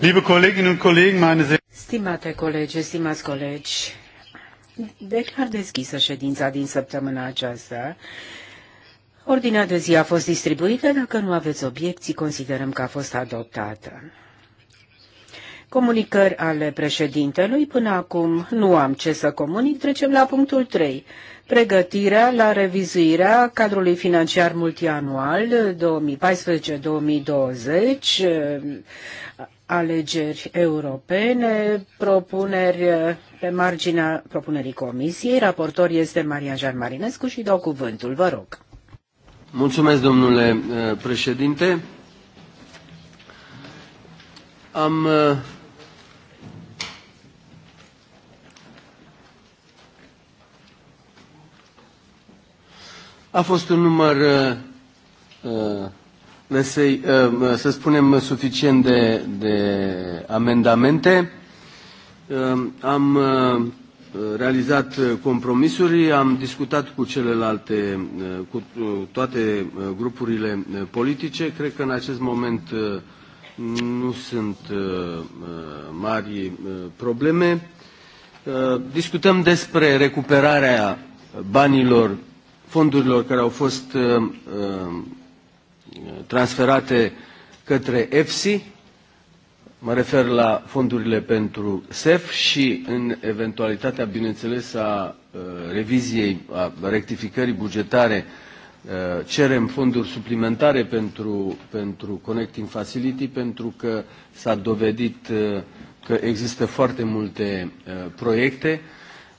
Liebe Kolleginnen und Kollegen, meine sehr Stimate colegi, stimați colegi, declar deschisă ședința din săptămâna aceasta. Ordinea de zi a fost distribuită, dacă nu aveți obiecții, considerăm că a fost adoptată. Comunicări ale președintelui, până acum nu am ce să comunic, trecem la punctul 3. Pregătirea la revizuirea cadrului financiar multianual 2014-2020 alegeri europene, propuneri eh, pe marginea propunerii comisiei. Raportor este Maria Jean Marinescu și dau cuvântul. Vă rog. Mulțumesc, domnule eh, președinte. Am eh, A fost un număr uh, lăsei, um, să spunem, suficient de, de amendamente. Um, am uh, realizat compromisuri, am discutat cu celelalte, uh, cu uh, toate grupurile politice. Cred că în acest moment nu sunt mari probleme. Discutăm despre recuperarea banilor, fondurilor care au fost transferate către EFSI, mă refer la fondurile pentru SEF și în eventualitatea, bineînțeles, a uh, reviziei, a rectificării bugetare, uh, cerem fonduri suplimentare pentru, pentru Connecting Facility, pentru că s-a dovedit uh, că există foarte multe proiecte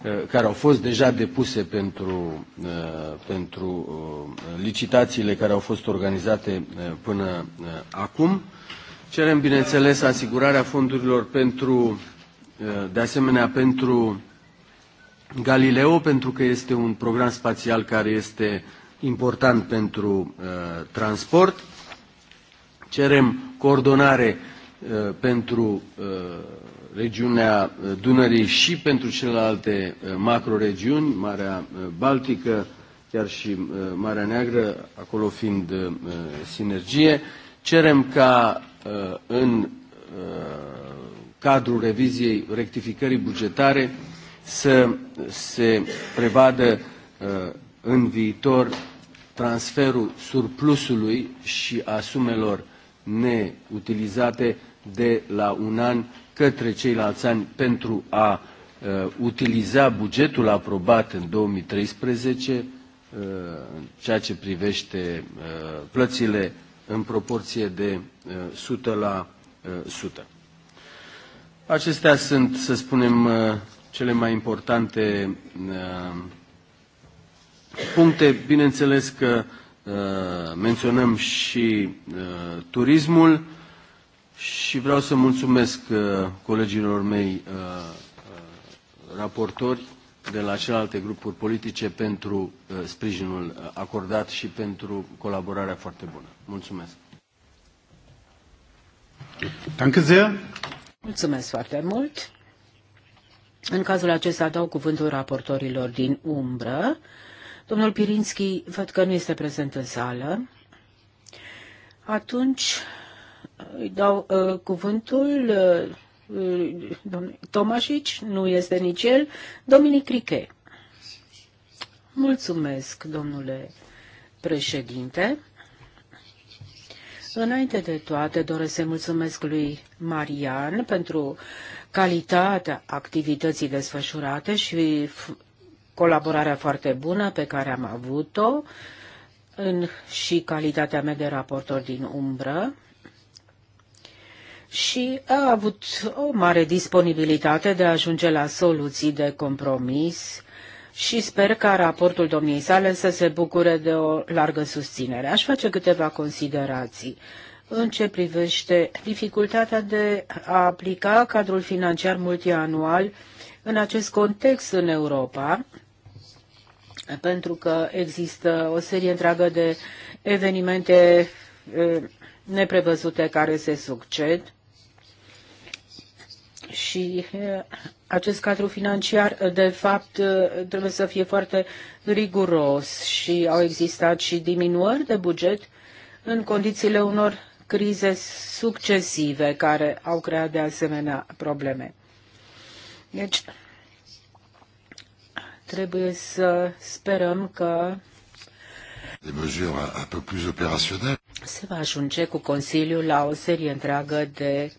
Uh, care au fost deja depuse pentru, uh, pentru uh, licitațiile care au fost organizate până acum. Cerem, bineînțeles, asigurarea fondurilor pentru, de asemenea, pentru Galileo, pentru că este un program spațial care este important pentru transport. Cerem coordonare pentru regiunea uh, Dunării și pentru celelalte uh, macroregiuni, Marea uh, Baltică, chiar și Marea Neagră, acolo fiind sinergie. Cerem ca în cadrul reviziei rectificării bugetare să se prevadă în viitor transferul surplusului și a sumelor neutilizate de la un an către ceilalți ani pentru a uh, utiliza bugetul aprobat în 2013 uh, în ceea ce privește uh, plățile în proporție de 100 uh, la 100. Uh, Acestea sunt, să spunem, uh, cele mai importante puncte. Bineînțeles că menționăm și turismul, și vreau să mulțumesc uh, colegilor mei uh, uh, raportori de la celelalte grupuri politice pentru sprijinul acordat și pentru colaborarea foarte bună. Mulțumesc! Danke sehr. Mulțumesc foarte mult! În cazul acesta dau cuvântul raportorilor din umbră. Domnul Pirinski, văd că nu este prezent în sală. Atunci îi dau uh, cuvântul uh, Tomașici, nu este nici el, Dominic Criche. Mulțumesc, domnule președinte. Înainte de toate, doresc să mulțumesc lui Marian pentru calitatea activității desfășurate și colaborarea foarte bună pe care am avut-o în și calitatea mea de raportor din umbră și a avut o mare disponibilitate de a ajunge la soluții de compromis și sper ca raportul domniei sale să se bucure de o largă susținere. Aș face câteva considerații în ce privește dificultatea de a aplica cadrul financiar multianual în acest context în Europa, pentru că există o serie întreagă de evenimente eh, neprevăzute care se succed și eh, acest cadru financiar, eh, de fapt, eh, trebuie să fie foarte riguros și au existat și diminuări de buget în condițiile unor crize succesive care au creat de asemenea probleme. Deci, trebuie să sperăm că se va ajunge cu Consiliul la o serie întreagă de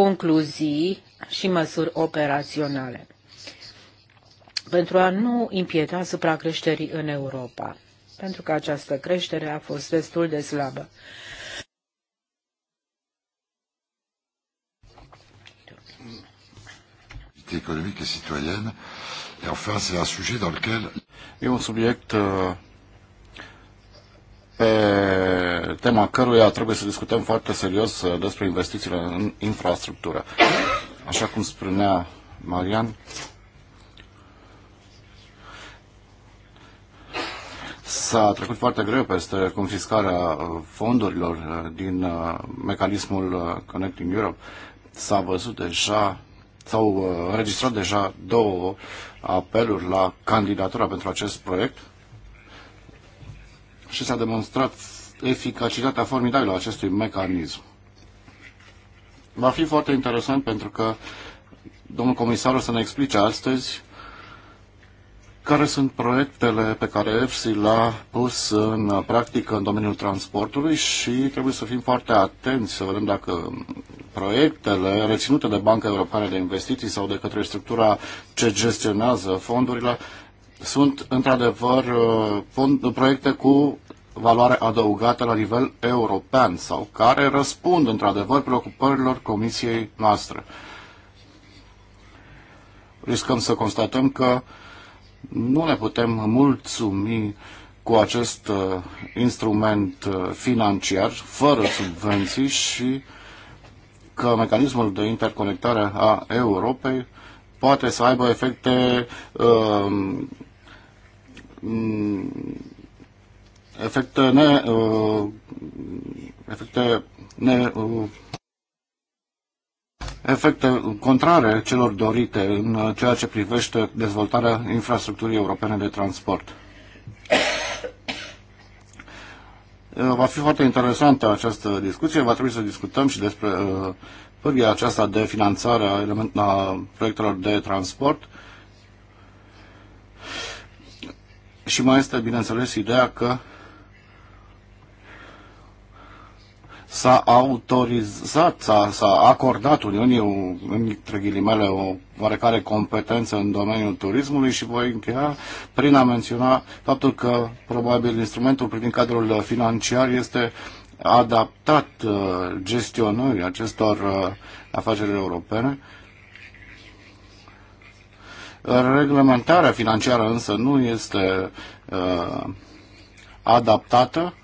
concluzii și măsuri operaționale pentru a nu impieta asupra creșterii în Europa, pentru că această creștere a fost destul de slabă. economică și citoyenne. Et enfin, c'est un sujet dans lequel... E un subiect uh pe tema căruia trebuie să discutăm foarte serios uh, despre investițiile în infrastructură. Așa cum spunea Marian, S-a trecut foarte greu peste confiscarea uh, fondurilor uh, din mecanismul Connecting Europe. S-a văzut deja, s-au înregistrat deja două apeluri la candidatura pentru acest proiect și s-a demonstrat eficacitatea formidabilă a acestui mecanism. Va fi foarte interesant pentru că domnul comisar o să ne explice astăzi care sunt proiectele pe care EFSI l-a pus în practică în domeniul transportului și trebuie să fim foarte atenți să vedem dacă proiectele reținute de Banca Europeană de Investiții sau de către structura ce gestionează fondurile sunt într-adevăr uh, proiecte cu valoare adăugată la nivel european sau care răspund într-adevăr preocupărilor comisiei noastre. Riscăm să constatăm că nu ne putem mulțumi cu acest uh, instrument uh, financiar fără subvenții și că mecanismul de interconectare a Europei poate să aibă efecte uh, Mm, efecte ne, uh, efecte ne, uh, efecte contrare celor dorite în ceea ce privește dezvoltarea infrastructurii europene de transport. Uh, va fi foarte interesantă această discuție, va trebui să discutăm și despre pârghia aceasta de finanțare a, element, a proiectelor de transport Și mai este, bineînțeles, ideea că s-a autorizat, s-a, acordat Uniunii, între ghilimele, o oarecare competență în domeniul turismului și voi încheia prin a menționa faptul că probabil instrumentul prin cadrul financiar este adaptat uh, gestionării acestor uh, afaceri europene Reglementarea financiară însă nu este uh, adaptată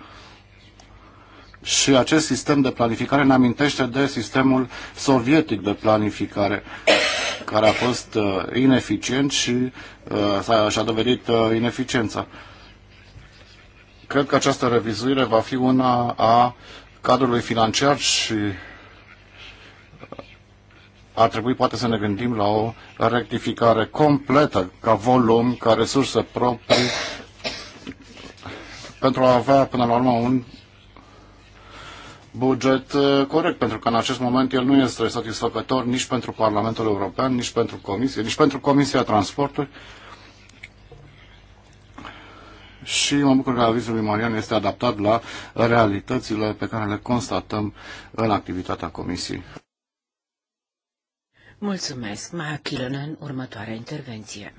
și acest sistem de planificare ne amintește de sistemul sovietic de planificare care a fost uh, ineficient și uh, și-a dovedit uh, ineficiența. Cred că această revizuire va fi una a cadrului financiar și ar trebui poate să ne gândim la o rectificare completă ca volum, ca resurse proprii, pentru a avea până la urmă un buget uh, corect, pentru că în acest moment el nu este satisfăcător nici pentru Parlamentul European, nici pentru Comisie, nici pentru Comisia Transporturi. Și mă bucur că avizul lui Marian este adaptat la realitățile pe care le constatăm în activitatea Comisiei. Mulțumesc, Maia Kilönen, următoarea intervenție.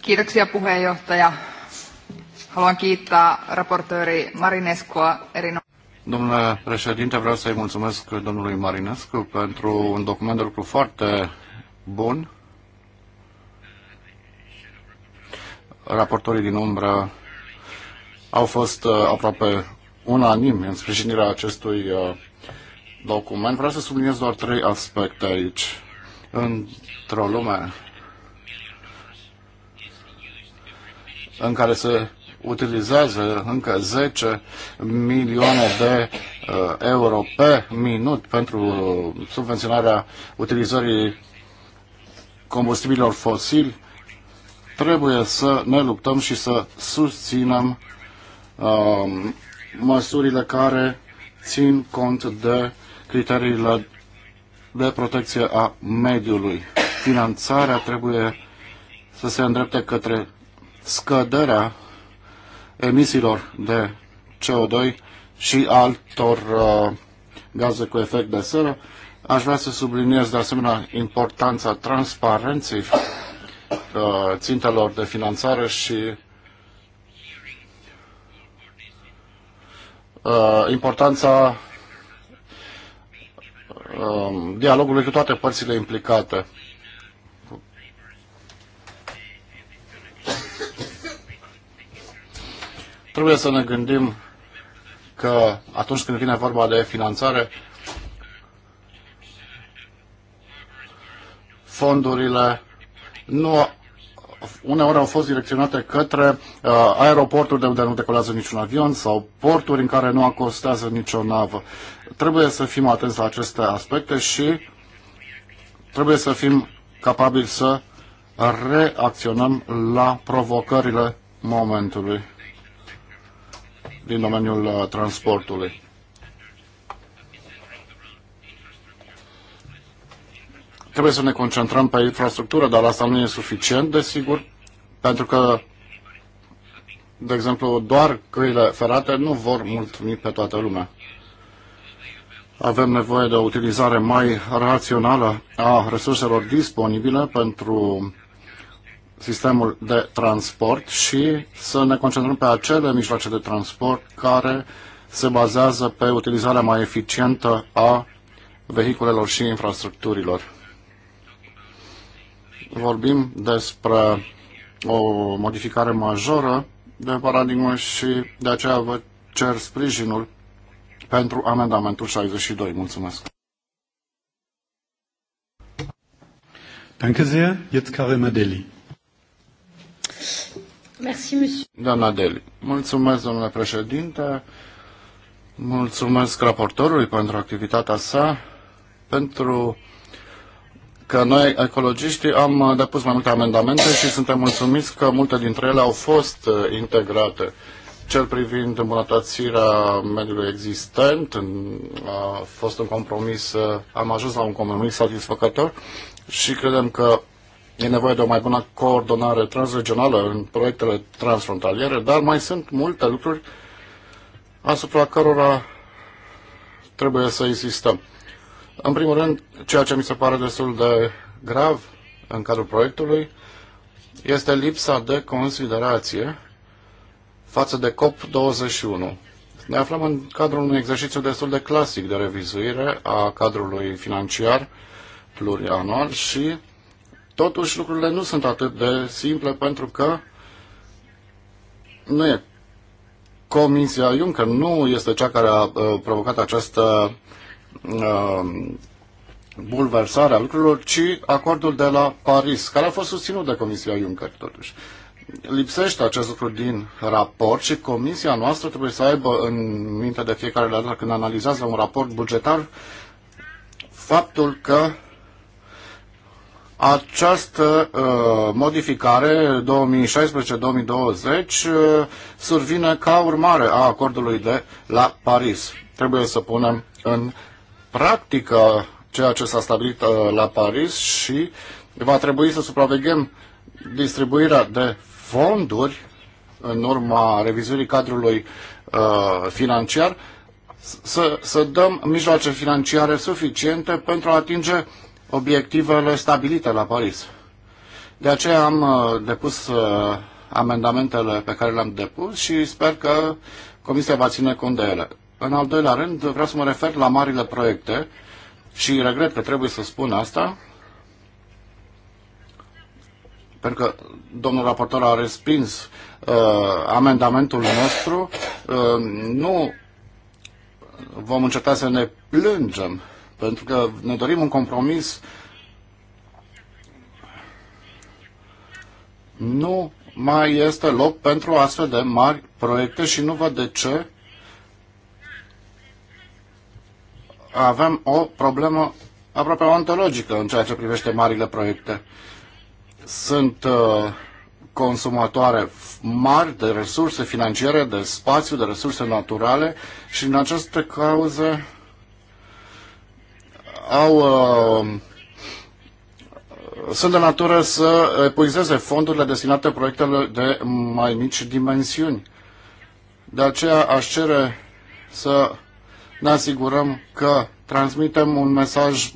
Kiitoksia puheenjohtaja. Haluan kiittää raportööri erinomaisesti. Domnule președinte, vreau să-i mulțumesc domnului Marinescu pentru un document de lucru foarte bun. Raportorii din umbră au fost uh, aproape unanim în sprijinirea acestui uh, document. Vreau să subliniez doar trei aspecte aici. Într-o lume în care se utilizează încă 10 milioane de uh, euro pe minut pentru uh, subvenționarea utilizării combustibilor fosili, trebuie să ne luptăm și să susținem uh, măsurile care țin cont de criteriile de protecție a mediului. Finanțarea trebuie să se îndrepte către scăderea emisiilor de CO2 și altor uh, gaze cu efect de seră. Aș vrea să subliniez de asemenea importanța transparenței uh, țintelor de finanțare și uh, importanța Um, dialogului cu toate părțile implicate. Trebuie să ne gândim că atunci când vine vorba de finanțare, fondurile nu uneori au fost direcționate către uh, aeroporturi de unde nu decolează niciun avion sau porturi în care nu acostează nicio navă. Trebuie să fim atenți la aceste aspecte și trebuie să fim capabili să reacționăm la provocările momentului din domeniul uh, transportului. Trebuie să ne concentrăm pe infrastructură, dar asta nu e suficient, desigur, pentru că, de exemplu, doar căile ferate nu vor mulțumi pe toată lumea. Avem nevoie de o utilizare mai rațională a resurselor disponibile pentru sistemul de transport și să ne concentrăm pe acele mijloace de transport care se bazează pe utilizarea mai eficientă a vehiculelor și infrastructurilor vorbim despre o modificare majoră de paradigmă și de aceea vă cer sprijinul pentru amendamentul 62. Mulțumesc! Danke sehr. Jetzt Karim Adeli. Merci, monsieur. Doamna Deli. Mulțumesc, domnule președinte. Mulțumesc raportorului pentru activitatea sa, pentru că noi, ecologiștii, am uh, depus mai multe amendamente și suntem mulțumiți că multe dintre ele au fost uh, integrate. Cel privind îmbunătățirea mediului existent a fost un compromis, uh, am ajuns la un compromis satisfăcător și credem că e nevoie de o mai bună coordonare transregională în proiectele transfrontaliere, dar mai sunt multe lucruri asupra cărora trebuie să insistăm. În primul rând, ceea ce mi se pare destul de grav în cadrul proiectului este lipsa de considerație față de COP21. Ne aflăm în cadrul unui exercițiu destul de clasic de revizuire a cadrului financiar plurianual și totuși lucrurile nu sunt atât de simple pentru că nu e Comisia Juncker nu este cea care a uh, provocat această Um, bulversarea lucrurilor, ci acordul de la Paris, care a fost susținut de Comisia Juncker, totuși. Lipsește acest lucru din raport și comisia noastră trebuie să aibă în minte de fiecare dată când analizează un raport bugetar faptul că această uh, modificare 2016-2020 uh, survine ca urmare a acordului de la Paris. Trebuie să punem în practică ceea ce s-a stabilit uh, la Paris și va trebui să supraveghem distribuirea de fonduri în urma revizuirii cadrului uh, financiar, să, să dăm mijloace financiare suficiente pentru a atinge obiectivele stabilite la Paris. De aceea am uh, depus uh, amendamentele pe care le-am depus și sper că Comisia va ține cont de ele. În al doilea rând, vreau să mă refer la marile proiecte și regret că trebuie să spun asta, pentru că domnul raportor a respins uh, amendamentul nostru. Uh, nu vom încerca să ne plângem, pentru că ne dorim un compromis. Nu mai este loc pentru astfel de mari proiecte și nu văd de ce avem o problemă aproape ontologică în ceea ce privește marile proiecte. Sunt uh, consumatoare mari de resurse financiare, de spațiu, de resurse naturale și în această cauză au uh, sunt de natură să epuizeze fondurile destinate proiectelor de mai mici dimensiuni. De aceea aș cere să ne asigurăm că transmitem un mesaj uh,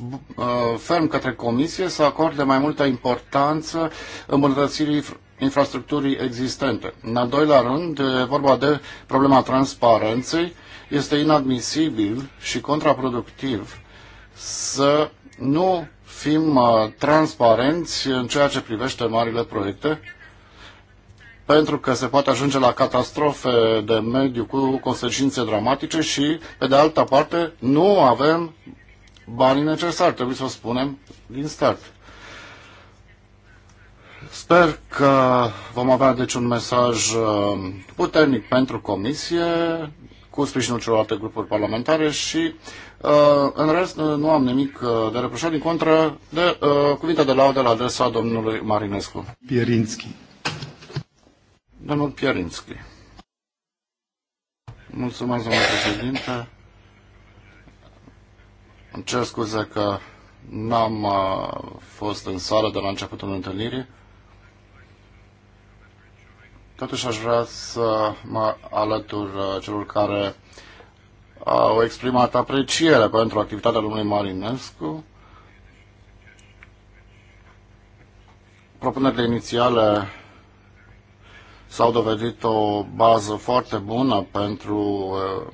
ferm către Comisie să acorde mai multă importanță îmbunătățirii infrastructurii existente. În al doilea rând, e vorba de problema transparenței. Este inadmisibil și contraproductiv să nu fim uh, transparenți în ceea ce privește marile proiecte pentru că se poate ajunge la catastrofe de mediu cu consecințe dramatice și, pe de altă parte, nu avem banii necesari, trebuie să o spunem din start. Sper că vom avea deci un mesaj uh, puternic pentru Comisie, cu sprijinul celorlalte grupuri parlamentare și uh, în rest uh, nu am nimic de reproșat, din contră de cuvinte de laudă la adresa domnului Marinescu. Pierinski. Domnul Piarinski, Mulțumesc, domnule președinte. Îmi cer scuze că n-am uh, fost în sală de la începutul întâlnirii. Totuși aș vrea să mă alătur uh, celor care au exprimat apreciere pentru activitatea domnului Marinescu. Propunerile inițiale s-au dovedit o bază foarte bună pentru uh,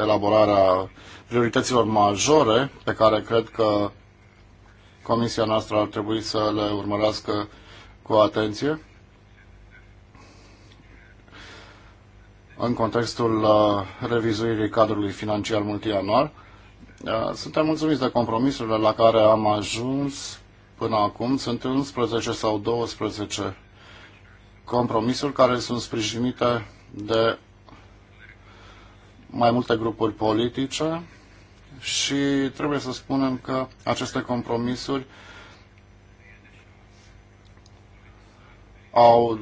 elaborarea priorităților majore pe care cred că comisia noastră ar trebui să le urmărească cu atenție în contextul uh, revizuirii cadrului financiar multianual. Uh, suntem mulțumiți de compromisurile la care am ajuns până acum. Sunt 11 sau 12 compromisul, care sunt sprijinite de mai multe grupuri politice și trebuie să spunem că aceste compromisuri au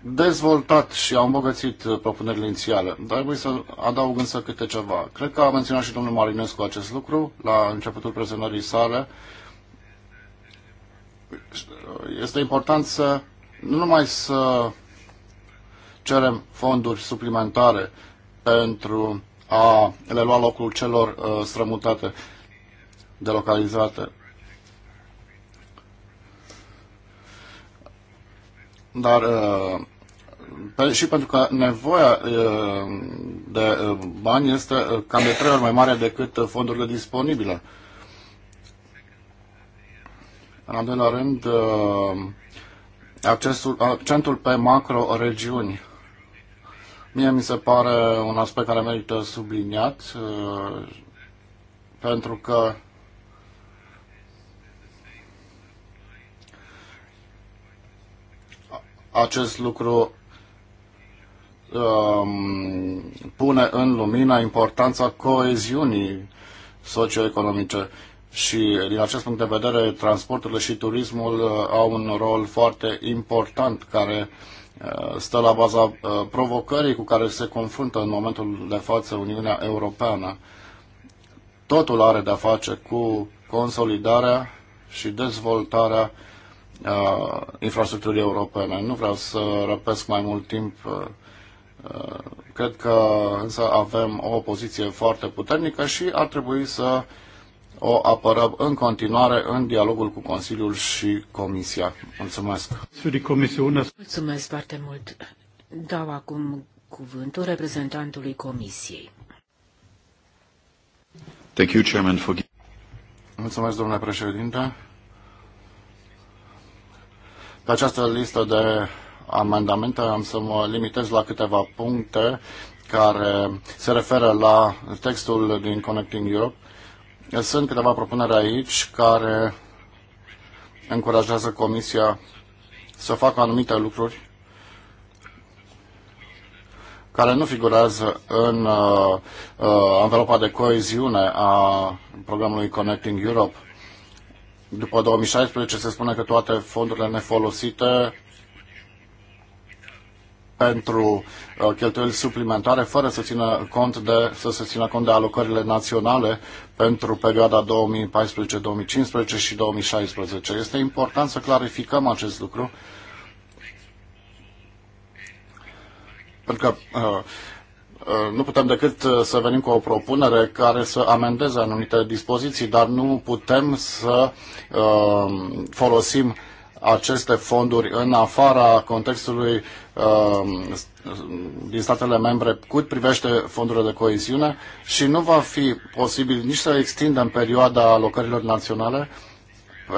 dezvoltat și au îmbogățit propunerile inițiale. Dar voi să adaug însă câte ceva. Cred că a menționat și domnul Marinescu acest lucru la începutul prezentării sale. Uh, este important să nu numai să cerem fonduri suplimentare pentru a le lua locul celor uh, strămutate, delocalizate. Dar uh, pe, și pentru că nevoia uh, de uh, bani este uh, cam de trei ori mai mare decât uh, fondurile disponibile. Uh, în al doilea rând, uh, accesul, accentul pe macro-regiuni. Mie mi se pare un aspect care merită subliniat, uh, pentru că acest lucru um, pune în lumina importanța coeziunii socioeconomice și din acest punct de vedere transporturile și turismul uh, au un rol foarte important care uh, stă la baza uh, provocării cu care se confruntă în momentul de față Uniunea Europeană. Totul are de-a face cu consolidarea și dezvoltarea uh, infrastructurii europene. Nu vreau să răpesc mai mult timp. Uh, cred că însă avem o poziție foarte puternică și ar trebui să uh, o apărăm în continuare în dialogul cu Consiliul și Comisia. Mulțumesc! Mulțumesc foarte mult! Dau acum cuvântul reprezentantului Comisiei. Thank you, Chairman, for... Mulțumesc, domnule președinte. Pe această listă de amendamente am să mă limitez la câteva puncte care se referă la textul din Connecting Europe sunt câteva propuneri aici care încurajează Comisia să facă anumite lucruri care nu figurează în uh, uh, anvelopa de coeziune a programului Connecting Europe. După 2016 se spune că toate fondurile nefolosite pentru uh, cheltuieli suplimentare fără să, țină cont de, să se țină cont de alocările naționale pentru perioada 2014-2015 și 2016. Este important să clarificăm acest lucru pentru că uh, uh, nu putem decât să venim cu o propunere care să amendeze anumite dispoziții, dar nu putem să uh, folosim aceste fonduri în afara contextului uh, din statele membre cât privește fondurile de coeziune și nu va fi posibil nici să extindem perioada alocărilor naționale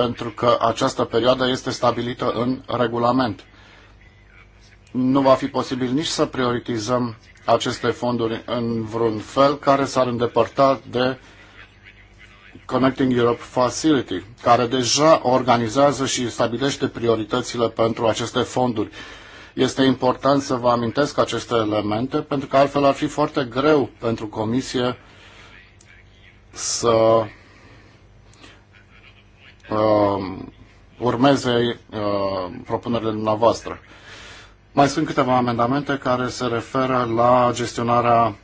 pentru că această perioadă este stabilită în regulament. Nu va fi posibil nici să prioritizăm aceste fonduri în vreun fel care s-ar îndepărta de Connecting Europe Facility, care deja organizează și stabilește prioritățile pentru aceste fonduri. Este important să vă amintesc aceste elemente, pentru că altfel ar fi foarte greu pentru Comisie să uh, urmeze uh, propunerile dumneavoastră. Mai sunt câteva amendamente care se referă la gestionarea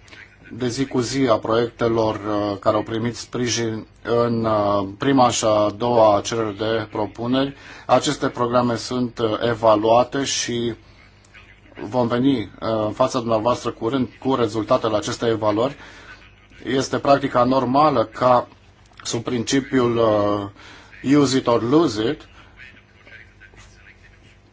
de zi cu zi a proiectelor uh, care au primit sprijin în uh, prima și a doua cerere de propuneri. Aceste programe sunt uh, evaluate și vom veni în fața dumneavoastră curând cu rezultatele acestei evaluări. Este practica normală ca sub principiul use it or lose it,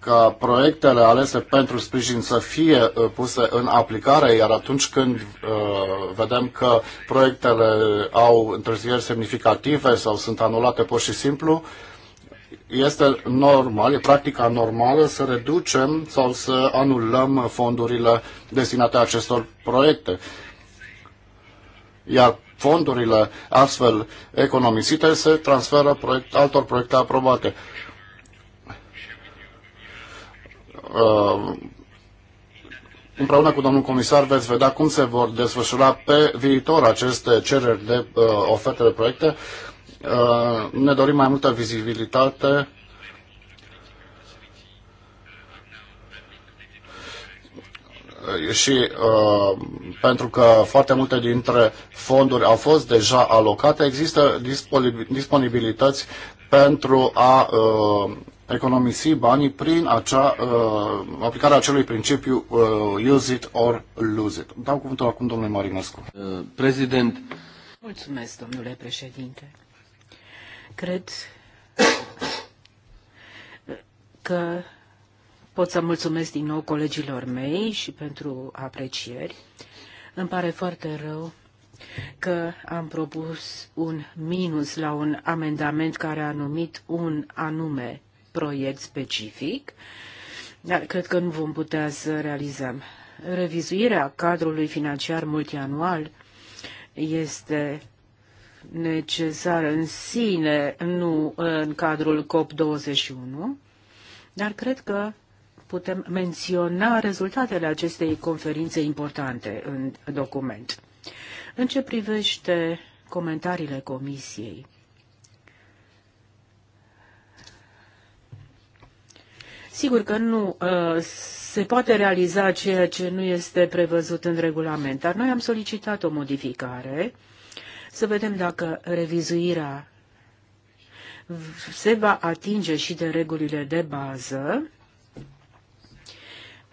ca proiectele alese pentru sprijin să fie uh, puse în aplicare, iar atunci când uh, vedem că proiectele au întârzieri semnificative sau sunt anulate pur și simplu, este normal, e practica normală să reducem sau să anulăm fondurile destinate acestor proiecte. Iar fondurile astfel economisite se transferă proiect, altor proiecte aprobate. Uh, Uh, împreună cu domnul comisar veți vedea cum se vor desfășura pe viitor aceste cereri de uh, oferte de proiecte. Uh, ne dorim mai multă vizibilitate. Uh, și uh, pentru că foarte multe dintre fonduri au fost deja alocate, există disponibilități pentru a uh, economisi banii prin acea, uh, aplicarea acelui principiu uh, use it or lose it. Dau cuvântul acum domnului Marinescu. Uh, prezident. Mulțumesc, domnule președinte. Cred că pot să mulțumesc din nou colegilor mei și pentru aprecieri. Îmi pare foarte rău că am propus un minus la un amendament care a numit un anume proiect specific, dar cred că nu vom putea să realizăm. Revizuirea cadrului financiar multianual este necesară în sine, nu în cadrul COP21, dar cred că putem menționa rezultatele acestei conferințe importante în document. În ce privește comentariile Comisiei, Sigur că nu uh, se poate realiza ceea ce nu este prevăzut în regulament, dar noi am solicitat o modificare să vedem dacă revizuirea se va atinge și de regulile de bază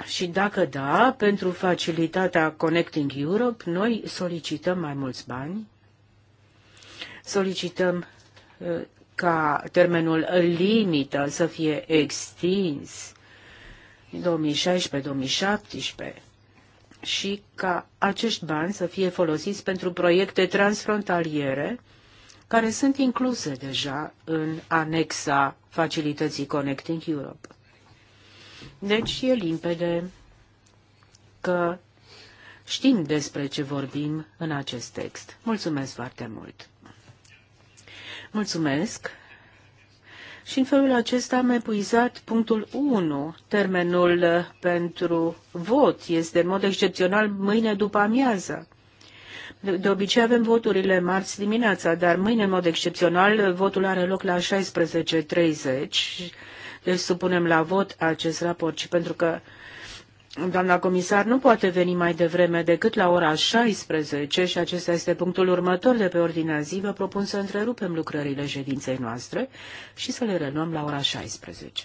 și dacă da, pentru facilitatea Connecting Europe, noi solicităm mai mulți bani, solicităm uh, ca termenul limită să fie extins 2016-2017 și ca acești bani să fie folosiți pentru proiecte transfrontaliere care sunt incluse deja în anexa facilității Connecting Europe. Deci e limpede că știm despre ce vorbim în acest text. Mulțumesc foarte mult! Mulțumesc. Și în felul acesta am epuizat punctul 1. Termenul uh, pentru vot este în mod excepțional mâine după amiază. De, obicei avem voturile marți dimineața, dar mâine, în mod excepțional, uh, votul are loc la 16.30. Deci supunem la vot acest raport și pentru că Doamna comisar nu poate veni mai devreme decât la ora 16 și acesta este punctul următor de pe ordinea zi. Vă propun să întrerupem lucrările ședinței noastre și să le reluăm la ora 16.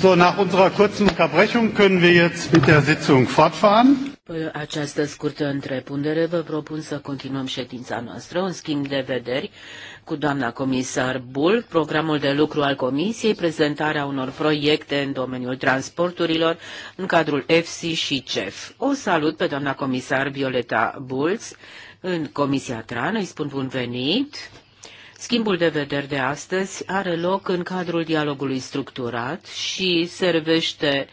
So, nach unserer kurzen Unterbrechung können wir jetzt mit der Sitzung fortfahren. Această scurtă întrepundere vă propun să continuăm ședința noastră, un schimb de vederi cu doamna comisar Bull, programul de lucru al comisiei, prezentarea unor proiecte în domeniul transporturilor în cadrul EFSI și CEF. O salut pe doamna comisar Violeta Bulls în Comisia Tran, îi spun bun venit. Schimbul de vederi de astăzi are loc în cadrul dialogului structurat și servește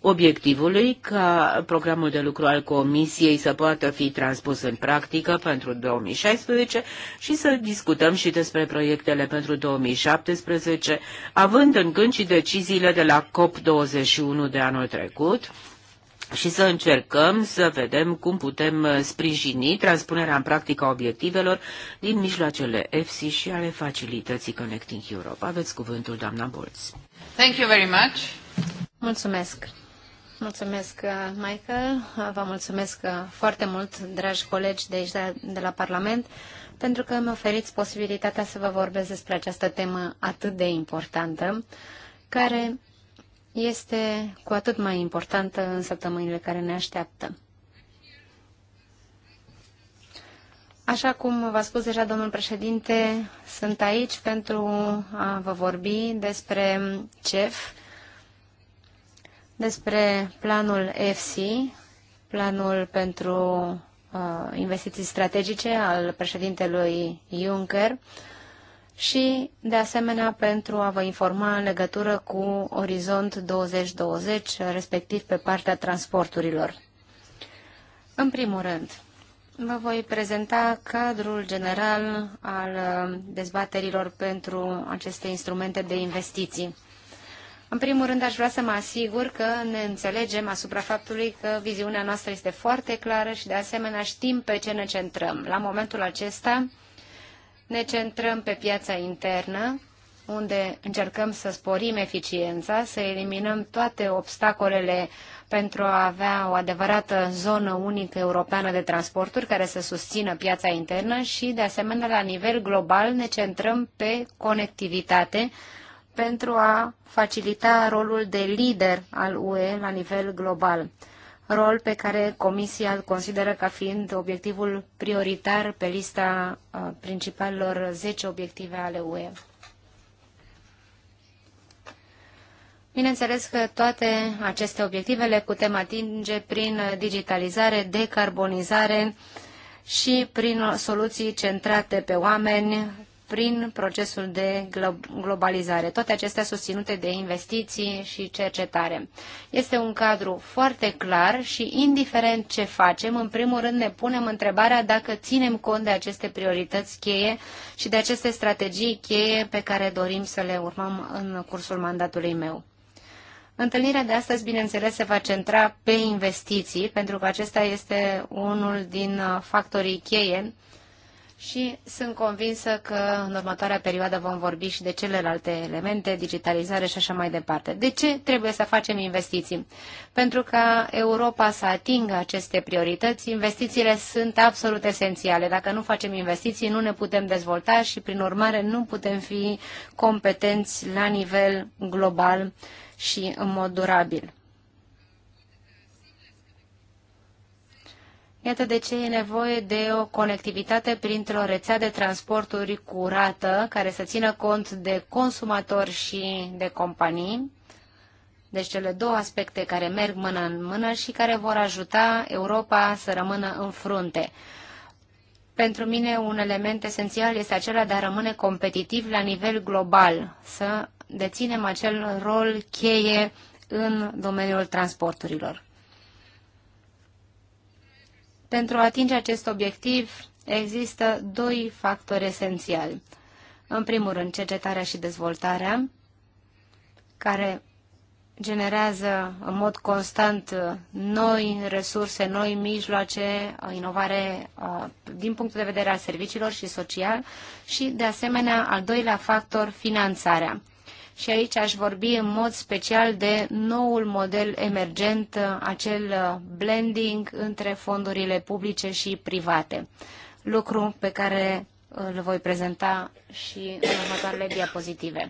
obiectivului ca programul de lucru al Comisiei să poată fi transpus în practică pentru 2016 și să discutăm și despre proiectele pentru 2017, având în gând și deciziile de la COP21 de anul trecut, și să încercăm să vedem cum putem sprijini transpunerea în practică a obiectivelor din mijloacele EFSI și ale facilității Connecting Europe. Aveți cuvântul, doamna Bolz. Thank you very much. Mulțumesc. Mulțumesc, uh, Michael. Vă mulțumesc uh, foarte mult, dragi colegi de aici, de la Parlament, pentru că mi oferiți posibilitatea să vă vorbesc despre această temă atât de importantă, care este cu atât mai importantă în săptămânile care ne așteaptă. Așa cum v-a spus deja domnul președinte, sunt aici pentru a vă vorbi despre CEF, despre planul EFSI, planul pentru uh, investiții strategice al președintelui Juncker, uh, și, de asemenea, pentru a vă informa în legătură cu Orizont 2020, respectiv pe partea transporturilor. În primul rând, vă voi prezenta cadrul general al uh, dezbaterilor pentru aceste instrumente de investiții. În primul rând, aș vrea să mă asigur că ne înțelegem asupra faptului că viziunea noastră este foarte clară și, de asemenea, știm pe ce ne centrăm. La momentul acesta, ne centrăm pe piața internă, unde încercăm să sporim eficiența, să eliminăm toate obstacolele pentru a avea o adevărată zonă unică europeană de transporturi care să susțină piața internă și, de asemenea, la nivel global ne centrăm pe conectivitate pentru a facilita rolul de lider al UE la nivel global rol pe care Comisia îl consideră ca fiind obiectivul prioritar pe lista uh, principalelor 10 obiective ale UE. Bineînțeles că toate aceste obiective le putem atinge prin digitalizare, decarbonizare și prin soluții centrate pe oameni prin procesul de globalizare. Toate acestea susținute de investiții și cercetare. Este un cadru foarte clar și indiferent ce facem, în primul rând ne punem întrebarea dacă ținem cont de aceste priorități cheie și de aceste strategii cheie pe care dorim să le urmăm în cursul mandatului meu. Întâlnirea de astăzi, bineînțeles, se va centra pe investiții, pentru că acesta este unul din uh, factorii cheie și sunt convinsă că în următoarea perioadă vom vorbi și de celelalte elemente, digitalizare și așa mai departe. De ce trebuie să facem investiții? Pentru ca Europa să atingă aceste priorități, investițiile sunt absolut esențiale. Dacă nu facem investiții, nu ne putem dezvolta și, prin urmare, nu putem fi competenți la nivel global și în mod durabil. Iată de ce e nevoie de o conectivitate printr-o rețea de transporturi curată, care să țină cont de consumatori și de companii, deci cele două aspecte care merg mână în mână și care vor ajuta Europa să rămână în frunte. Pentru mine un element esențial este acela de a rămâne competitiv la nivel global, să deținem acel rol cheie în domeniul transporturilor. Pentru a atinge acest obiectiv există doi factori esențiali. În primul rând, cercetarea și dezvoltarea, care generează în mod constant noi resurse, noi mijloace, inovare uh, din punctul de vedere al serviciilor și social și, de asemenea, al doilea factor, finanțarea. Și aici aș vorbi în mod special de noul model emergent, uh, acel uh, blending între fondurile publice și private. Lucru pe care uh, îl voi prezenta și în următoarele diapozitive.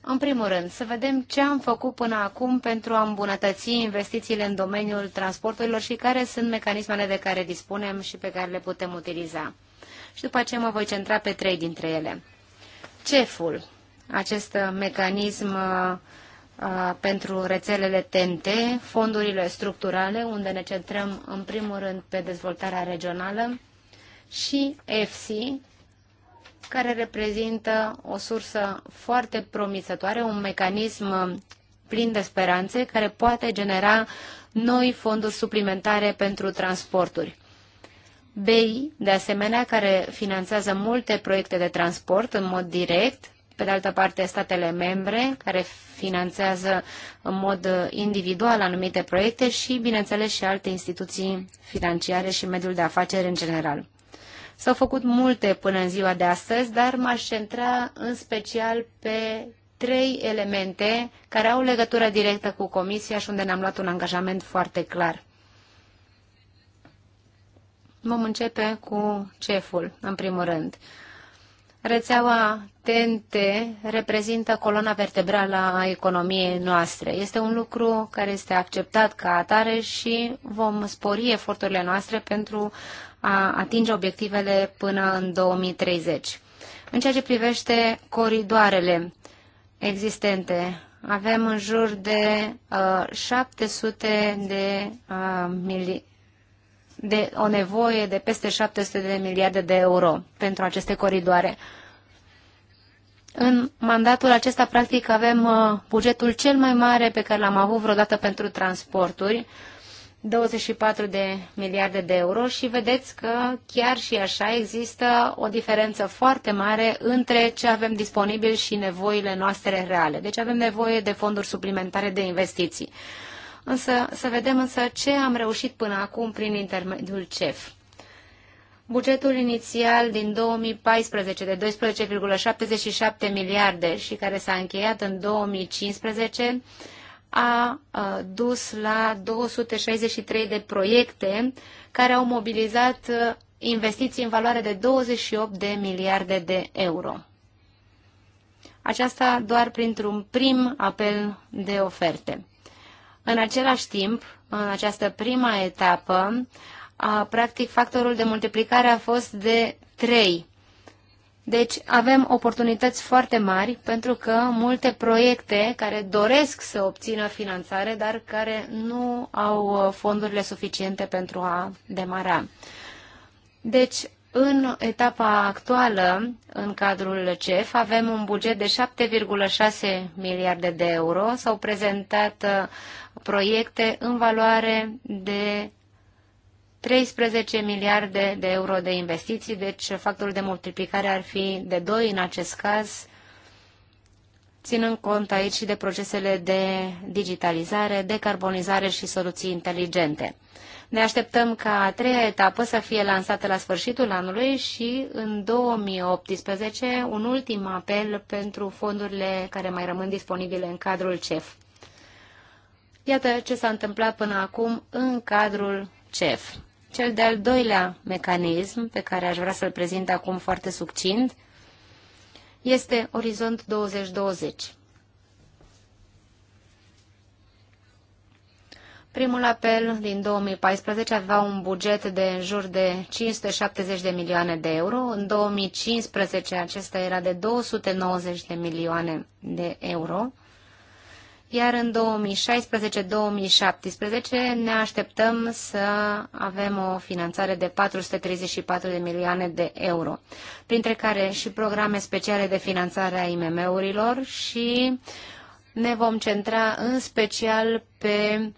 În primul rând, să vedem ce am făcut până acum pentru a îmbunătăți investițiile în domeniul transporturilor și care sunt mecanismele de care dispunem și pe care le putem utiliza. Și după aceea mă voi centra pe trei dintre ele. CEF-ul acest uh, mecanism uh, uh, pentru rețelele TNT, fondurile structurale, unde ne centrăm în primul rând pe dezvoltarea regională și EFSI, care reprezintă o sursă foarte promițătoare, un mecanism plin de speranțe care poate genera noi fonduri suplimentare pentru transporturi. BI, de asemenea, care finanțează multe proiecte de transport în mod direct, pe de altă parte statele membre care finanțează în mod individual anumite proiecte și, bineînțeles, și alte instituții financiare și mediul de afaceri în general. S-au făcut multe până în ziua de astăzi, dar m-aș centra în special pe trei elemente care au legătură directă cu Comisia și unde ne-am luat un angajament foarte clar. Vom începe cu ceful, în primul rând. Uh, Rețeaua TNT reprezintă coloana vertebrală a economiei noastre. Este un lucru care este acceptat ca atare și vom spori eforturile noastre pentru a atinge obiectivele până în 2030. În ceea ce privește coridoarele existente, avem în jur de uh, 700 de uh, mili de o nevoie de peste 700 de miliarde de euro pentru aceste coridoare. În mandatul acesta, practic, avem uh, bugetul cel mai mare pe care l-am avut vreodată pentru transporturi, 24 de miliarde de euro și vedeți că chiar și așa există o diferență foarte mare între ce avem disponibil și nevoile noastre reale. Deci avem nevoie de fonduri suplimentare de investiții însă să vedem însă ce am reușit până acum prin intermediul CEF. Bugetul inițial din 2014 de 12,77 miliarde și care s-a încheiat în 2015 a dus la 263 de proiecte care au mobilizat investiții în valoare de 28 de miliarde de euro. Aceasta doar printr-un prim apel de oferte. În același timp, în această prima etapă, a, practic factorul de multiplicare a fost de 3. Deci avem oportunități foarte mari pentru că multe proiecte care doresc să obțină finanțare, dar care nu au uh, fondurile suficiente pentru a demara. Deci, în etapa actuală, în cadrul CEF, avem un buget de 7,6 miliarde de euro. S-au prezentat uh, proiecte în valoare de 13 miliarde de euro de investiții, deci factorul de multiplicare ar fi de 2 în acest caz, ținând cont aici și de procesele de digitalizare, decarbonizare și soluții inteligente. Ne așteptăm ca a treia etapă să fie lansată la sfârșitul anului și în 2018 un ultim apel pentru fondurile care mai rămân disponibile în cadrul CEF. Iată ce s-a întâmplat până acum în cadrul CEF. Cel de-al doilea mecanism pe care aș vrea să-l prezint acum foarte succint este Orizont 2020. Primul apel din 2014 avea un buget de în jur de 570 de milioane de euro. În 2015 acesta era de 290 de milioane de euro iar în 2016-2017 ne așteptăm să avem o finanțare de 434 de milioane de euro, printre care și programe speciale de finanțare a IMM-urilor și ne vom centra în special pe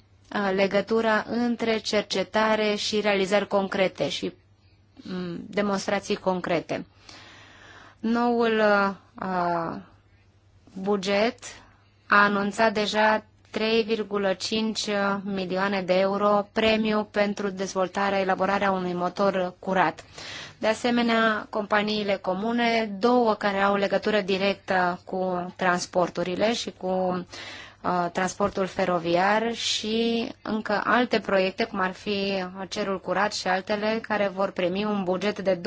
legătura între cercetare și realizări concrete și demonstrații concrete. Noul buget a anunțat deja 3,5 milioane de euro premiu pentru dezvoltarea, elaborarea unui motor curat. De asemenea, companiile comune, două care au legătură directă cu transporturile și cu uh, transportul feroviar și încă alte proiecte, cum ar fi Cerul Curat și altele, care vor primi un buget de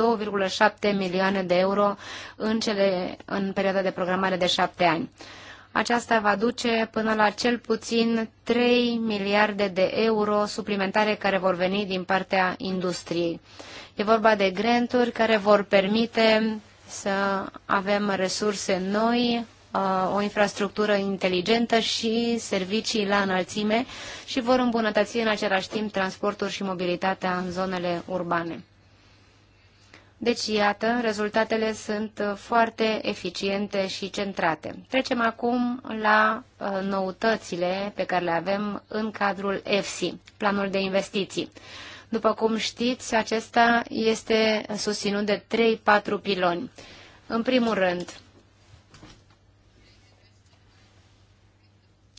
2,7 milioane de euro în, cele, în perioada de programare de șapte ani aceasta va duce până la cel puțin 3 miliarde de euro suplimentare care vor veni din partea industriei. E vorba de granturi care vor permite să avem resurse noi, uh, o infrastructură inteligentă și servicii la înălțime și vor îmbunătăți în același timp transportul și mobilitatea în zonele urbane. Deci, iată, rezultatele sunt uh, foarte eficiente și centrate. Trecem acum la uh, noutățile pe care le avem în cadrul EFSI, Planul de Investiții. După cum știți, acesta este susținut de 3-4 piloni. În primul rând,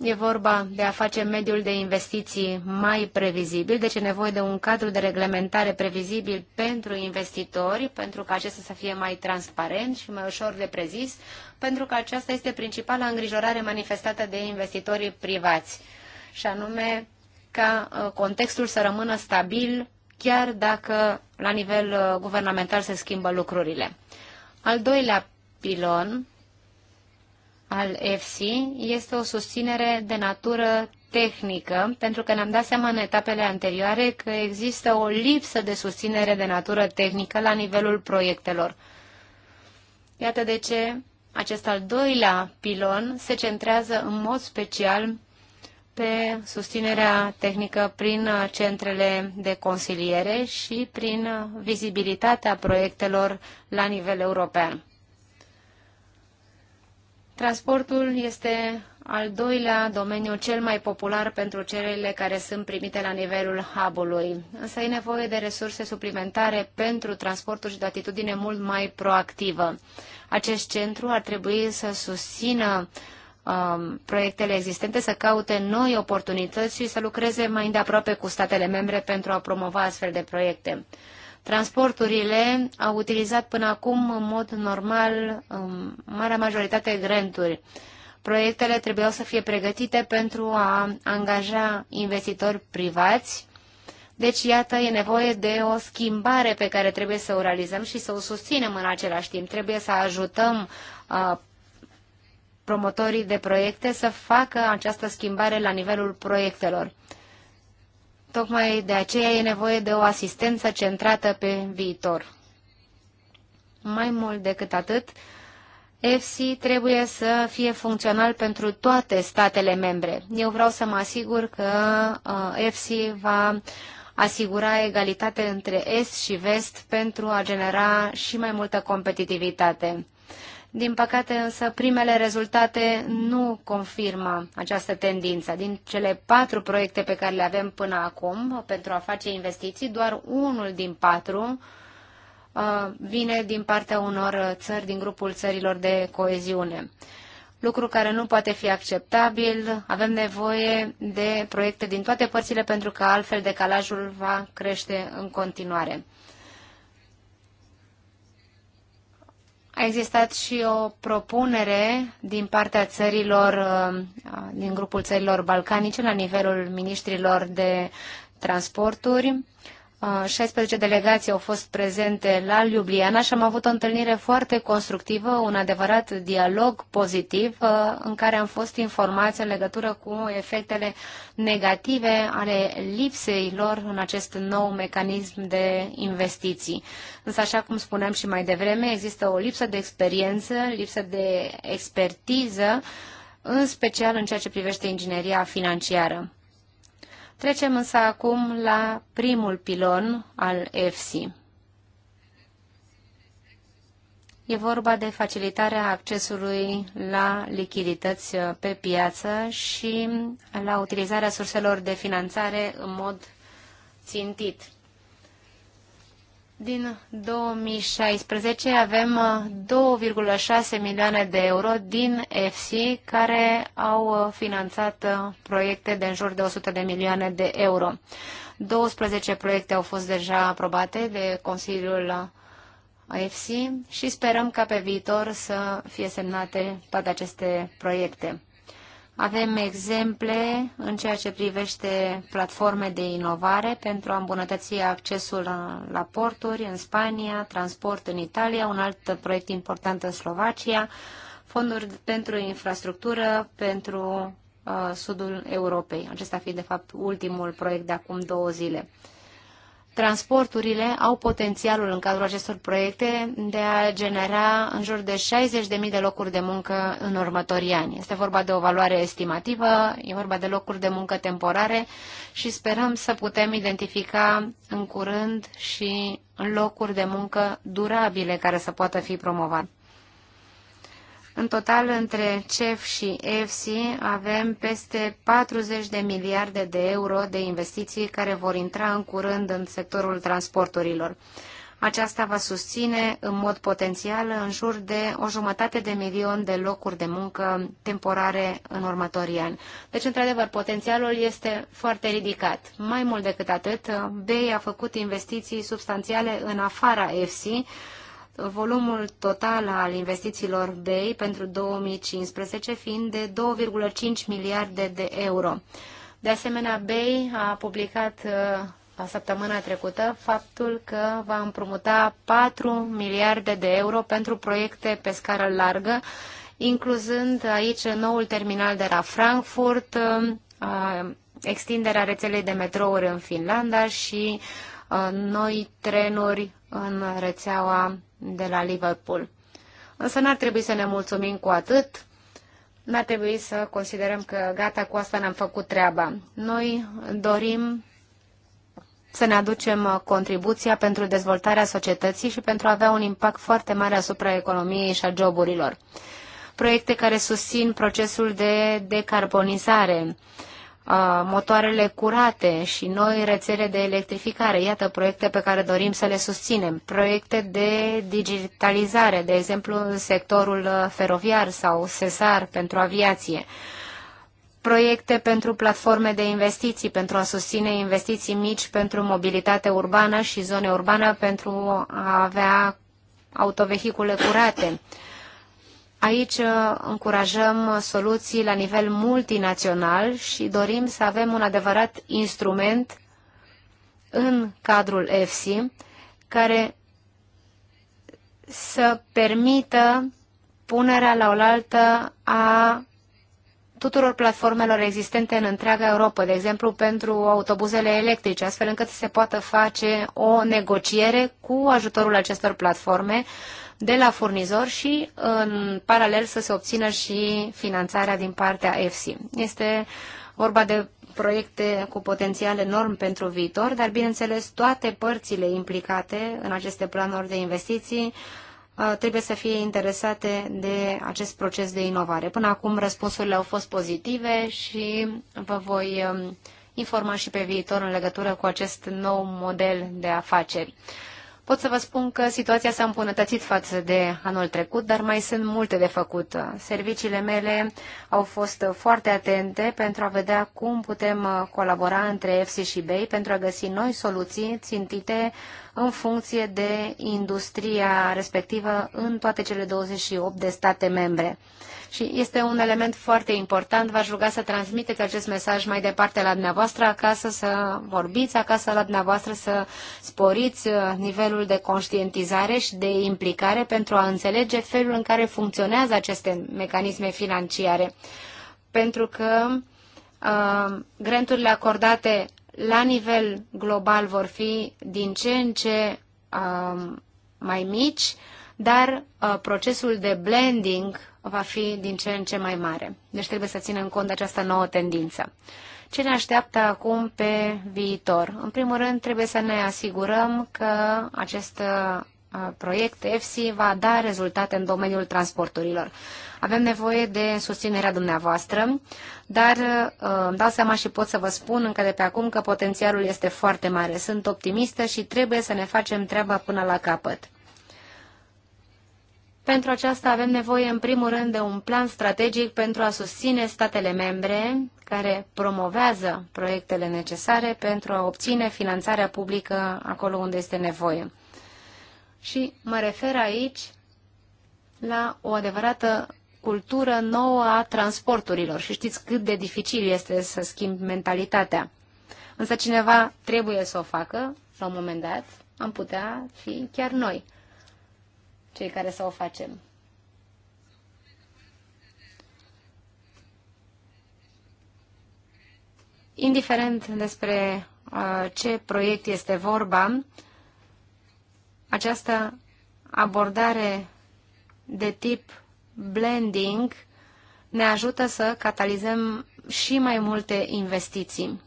E vorba de a face mediul de investiții mai previzibil, deci e nevoie de un cadru de reglementare previzibil pentru investitori, pentru ca acesta să fie mai transparent și mai ușor de prezis, pentru că aceasta este principala îngrijorare manifestată de investitorii privați, și anume ca ă, contextul să rămână stabil, chiar dacă la nivel ă, guvernamental se schimbă lucrurile. Al doilea pilon al EFSI este o susținere de natură tehnică, pentru că ne-am dat seama în etapele anterioare că există o lipsă de susținere de natură tehnică la nivelul proiectelor. Iată de ce acest al doilea pilon se centrează în mod special pe susținerea tehnică prin centrele de consiliere și prin vizibilitatea proiectelor la nivel european. Transportul este al doilea domeniu cel mai popular pentru cererile care sunt primite la nivelul hub-ului. Însă e nevoie de resurse suplimentare pentru transportul și de atitudine mult mai proactivă. Acest centru ar trebui să susțină um, proiectele existente, să caute noi oportunități și să lucreze mai îndeaproape cu statele membre pentru a promova astfel de proiecte. Transporturile au utilizat până acum în mod normal în marea majoritate granturi. Proiectele trebuiau să fie pregătite pentru a angaja investitori privați. Deci, iată, e nevoie de o schimbare pe care trebuie să o realizăm și să o susținem în același timp. Trebuie să ajutăm uh, promotorii de proiecte să facă această schimbare la nivelul proiectelor. Tocmai de aceea e nevoie de o asistență centrată pe viitor. Mai mult decât atât, FC trebuie să fie funcțional pentru toate statele membre. Eu vreau să mă asigur că uh, FC va asigura egalitate între Est și Vest pentru a genera și mai multă competitivitate. Din păcate însă primele rezultate nu confirmă această tendință. Din cele patru proiecte pe care le avem până acum pentru a face investiții, doar unul din patru uh, vine din partea unor țări din grupul țărilor de coeziune. Lucru care nu poate fi acceptabil, avem nevoie de proiecte din toate părțile pentru că altfel decalajul va crește în continuare. A existat și o propunere din partea țărilor, uh, din grupul țărilor balcanice, la nivelul ministrilor de transporturi, 16 delegații au fost prezente la Ljubljana și am avut o întâlnire foarte constructivă, un adevărat dialog pozitiv în care am fost informați în legătură cu efectele negative ale lipsei lor în acest nou mecanism de investiții. Însă, așa cum spuneam și mai devreme, există o lipsă de experiență, lipsă de expertiză, în special în ceea ce privește ingineria financiară. Trecem însă acum la primul pilon al EFSI. E vorba de facilitarea accesului la lichidități uh, pe piață și la utilizarea surselor de finanțare în mod țintit din 2016 avem 2,6 uh, milioane de euro din EFSI care au uh, finanțat uh, proiecte de în jur de 100 de milioane de euro. 12 proiecte au fost deja aprobate de Consiliul EFSI și sperăm ca pe viitor să fie semnate toate aceste proiecte. Avem exemple în ceea ce privește platforme de inovare pentru a îmbunătăți accesul la porturi în Spania, transport în Italia, un alt proiect important în Slovacia, fonduri pentru infrastructură pentru uh, sudul Europei. Acesta fiind, de fapt, ultimul proiect de acum două zile. Transporturile au potențialul în cadrul acestor proiecte de a genera în jur de 60.000 de locuri de muncă în următorii ani. Este vorba de o valoare estimativă, e vorba de locuri de muncă temporare și sperăm să putem identifica în curând și locuri de muncă durabile care să poată fi promovate. În total, între CEF și EFSI avem peste 40 de miliarde de euro de investiții care vor intra în curând în sectorul transporturilor. Aceasta va susține în mod potențial în jur de o jumătate de milion de locuri de muncă temporare în următorii ani. Deci, într-adevăr, potențialul este foarte ridicat. Mai mult decât atât, BEI a făcut investiții substanțiale în afara EFSI, volumul total al investițiilor BEI pentru 2015 fiind de 2,5 miliarde de euro. De asemenea, BEI a publicat uh, la săptămâna trecută faptul că va împrumuta 4 miliarde de euro pentru proiecte pe scară largă, incluzând aici noul terminal de la Frankfurt, uh, uh, extinderea rețelei de metrouri în Finlanda și noi trenuri în rețeaua de la Liverpool. Însă n-ar trebui să ne mulțumim cu atât, n-ar trebui să considerăm că gata, cu asta ne-am făcut treaba. Noi dorim să ne aducem contribuția pentru dezvoltarea societății și pentru a avea un impact foarte mare asupra economiei și a joburilor. Proiecte care susțin procesul de decarbonizare, motoarele curate și noi rețele de electrificare. Iată proiecte pe care dorim să le susținem. Proiecte de digitalizare, de exemplu în sectorul uh, feroviar sau sesar pentru aviație. Proiecte pentru platforme de investiții, pentru a susține investiții mici pentru mobilitate urbană și zone urbană pentru a avea autovehicule curate Aici uh, încurajăm soluții la nivel multinațional și dorim să avem un adevărat instrument în cadrul EFSI care să permită punerea la oaltă a tuturor platformelor existente în întreaga Europa, de exemplu pentru autobuzele electrice, astfel încât să se poată face o negociere cu ajutorul acestor platforme de la furnizor și în paralel să se obțină și finanțarea din partea EFSI. Este vorba de proiecte cu potențial enorm pentru viitor, dar bineînțeles toate părțile implicate în aceste planuri de investiții uh, trebuie să fie interesate de acest proces de inovare. Până acum răspunsurile au fost pozitive și vă voi um, informa și pe viitor în legătură cu acest nou model de afaceri. Pot să vă spun că situația s-a îmbunătățit față de anul trecut, dar mai sunt multe de făcut. Serviciile mele au fost foarte atente pentru a vedea cum putem colabora între EFSI și BEI pentru a găsi noi soluții țintite în funcție de industria respectivă în toate cele 28 de state membre. Și este un element foarte important. V-aș ruga să transmiteți acest mesaj mai departe la dumneavoastră acasă, să vorbiți acasă la dumneavoastră, să sporiți uh, nivelul de conștientizare și de implicare pentru a înțelege felul în care funcționează aceste mecanisme financiare. Pentru că uh, granturile acordate la nivel global vor fi din ce în ce uh, mai mici, dar uh, procesul de blending va fi din ce în ce mai mare. Deci trebuie să ținem cont de această nouă tendință. Ce ne așteaptă acum pe viitor? În primul rând, trebuie să ne asigurăm că acest uh, proiect EFSI va da rezultate în domeniul transporturilor. Avem nevoie de susținerea dumneavoastră, dar uh, îmi dau seama și pot să vă spun încă de pe acum că potențialul este foarte mare. Sunt optimistă și trebuie să ne facem treaba până la capăt. Pentru aceasta avem nevoie, în primul rând, de un plan strategic pentru a susține statele membre care promovează proiectele necesare pentru a obține finanțarea publică acolo unde este nevoie. Și mă refer aici la o adevărată cultură nouă a transporturilor și știți cât de dificil este să schimbi mentalitatea. Însă cineva trebuie să o facă, la un moment dat, am putea fi chiar noi, cei care să o facem. Indiferent despre uh, ce proiect este vorba, uh, această abordare de tip blending ne ajută să catalizăm și mai multe investiții.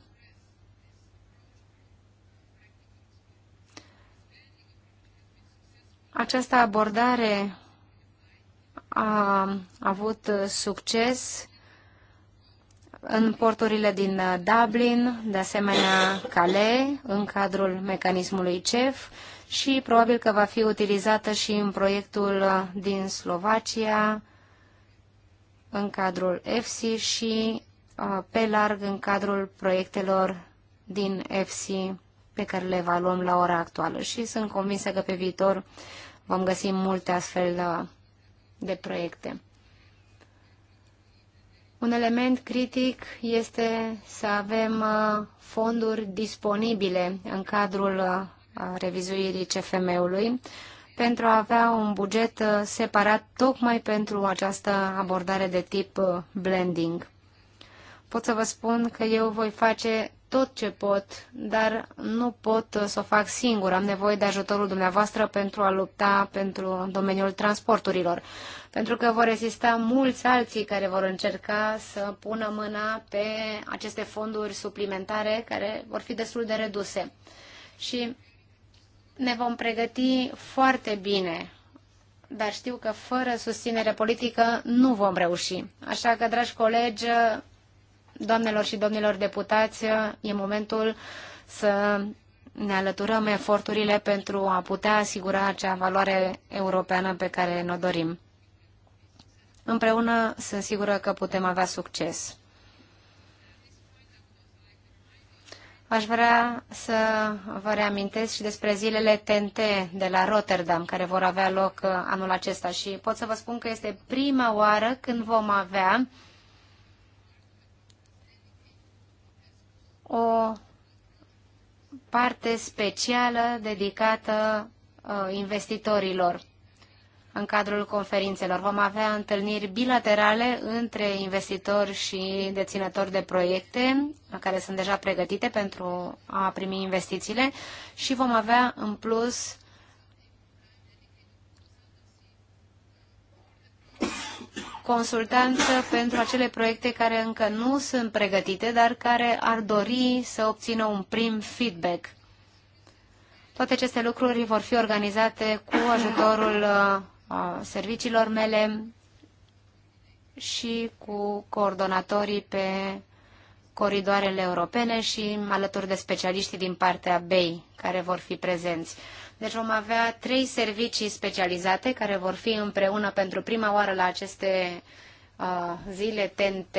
Această abordare a avut succes în porturile din Dublin, de asemenea Calais, în cadrul mecanismului CEF, și probabil că va fi utilizată și în proiectul din Slovacia, în cadrul EFSI și uh, pe larg în cadrul proiectelor din EFSI pe care le evaluăm la ora actuală și sunt convinsă că pe viitor vom găsi multe astfel uh, de proiecte. Un element critic este să avem uh, fonduri disponibile în cadrul a revizuirii CFM-ului, pentru a avea un buget uh, separat tocmai pentru această abordare de tip uh, blending. Pot să vă spun că eu voi face tot ce pot, dar nu pot uh, să o fac singur. Am nevoie de ajutorul dumneavoastră pentru a lupta pentru domeniul transporturilor. Pentru că vor exista mulți alții care vor încerca să pună mâna pe aceste fonduri suplimentare care vor fi destul de reduse. Și ne vom pregăti foarte bine, dar știu că fără susținere politică nu vom reuși. Așa că, dragi colegi, doamnelor și domnilor deputați, e momentul să ne alăturăm eforturile pentru a putea asigura acea valoare europeană pe care ne-o dorim. Împreună sunt sigură că putem avea succes. Aș vrea să vă reamintesc și despre zilele TNT de la Rotterdam, care vor avea loc uh, anul acesta și pot să vă spun că este prima oară când vom avea o parte specială dedicată uh, investitorilor în cadrul conferințelor. Vom avea întâlniri bilaterale între investitori și deținători de proiecte care sunt deja pregătite pentru a primi investițiile și vom avea în plus consultanță pentru acele proiecte care încă nu sunt pregătite, dar care ar dori să obțină un prim feedback. Toate aceste lucruri vor fi organizate cu ajutorul uh, serviciilor mele și cu coordonatorii pe coridoarele europene și alături de specialiștii din partea BEI care vor fi prezenți. Deci vom avea trei servicii specializate care vor fi împreună pentru prima oară la aceste uh, zile TNT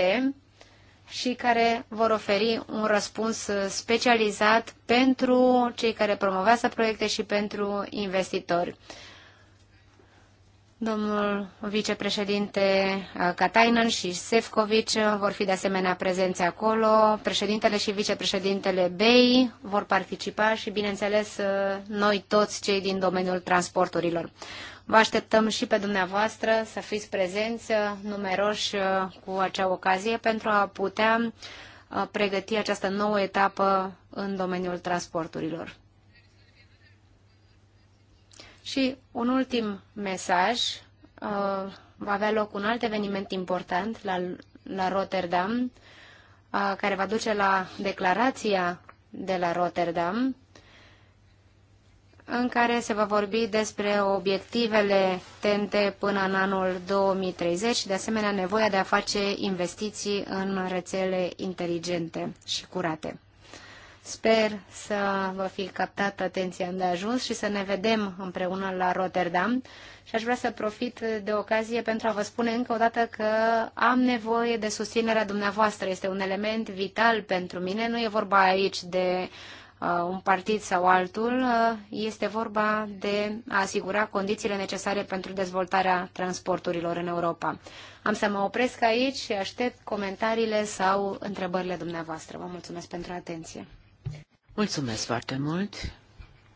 și care vor oferi un răspuns specializat pentru cei care promovează proiecte și pentru investitori. Domnul vicepreședinte uh, Katainen și Sefcovic uh, vor fi de asemenea prezenți acolo. Președintele și vicepreședintele BEI vor participa și, bineînțeles, uh, noi toți cei din domeniul transporturilor. Vă așteptăm și pe dumneavoastră să fiți prezenți numeroși cu acea ocazie pentru a putea pregăti această nouă etapă în domeniul transporturilor. Și un ultim mesaj. Uh, va avea loc un alt eveniment important la, la Rotterdam, uh, care va duce la declarația de la Rotterdam, în care se va vorbi despre obiectivele tente până în anul 2030 și, de asemenea, nevoia de a face investiții în rețele inteligente și curate. Sper să vă fi captat atenția de ajuns și să ne vedem împreună la Rotterdam. Și aș vrea să profit de ocazie pentru a vă spune încă o dată că am nevoie de susținerea dumneavoastră. Este un element vital pentru mine. Nu e vorba aici de uh, un partid sau altul. Uh, este vorba de a asigura condițiile necesare pentru dezvoltarea transporturilor în Europa. Am să mă opresc aici și aștept comentariile sau întrebările dumneavoastră. Vă mulțumesc pentru atenție. Mulțumesc foarte mult.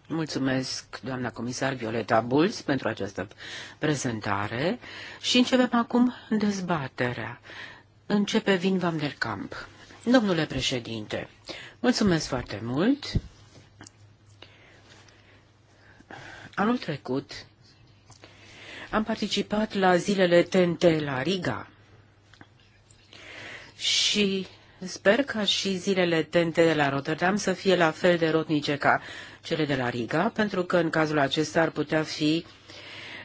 Mulțumesc, doamna comisar Violeta Bulz, pentru această prezentare și începem acum dezbaterea. Începe Vin Van der Camp. Domnule președinte, mulțumesc foarte mult. Anul trecut am participat la zilele TNT la Riga și Sper ca și zilele tente de la Rotterdam să fie la fel de rotnice ca cele de la Riga, pentru că în cazul acesta ar putea fi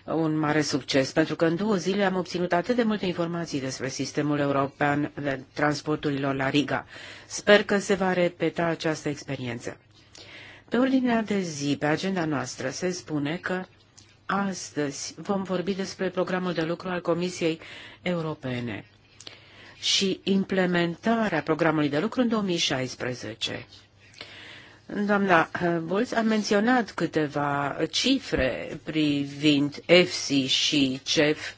un mare succes, pentru că în două zile am obținut atât de multe informații despre sistemul european de transporturilor la Riga. Sper că se va repeta această experiență. Pe ordinea de zi, pe agenda noastră, se spune că astăzi vom vorbi despre programul de lucru al Comisiei Europene și implementarea programului de lucru în 2016. Doamna uh, Bulț a menționat câteva cifre privind EFSI și CEF.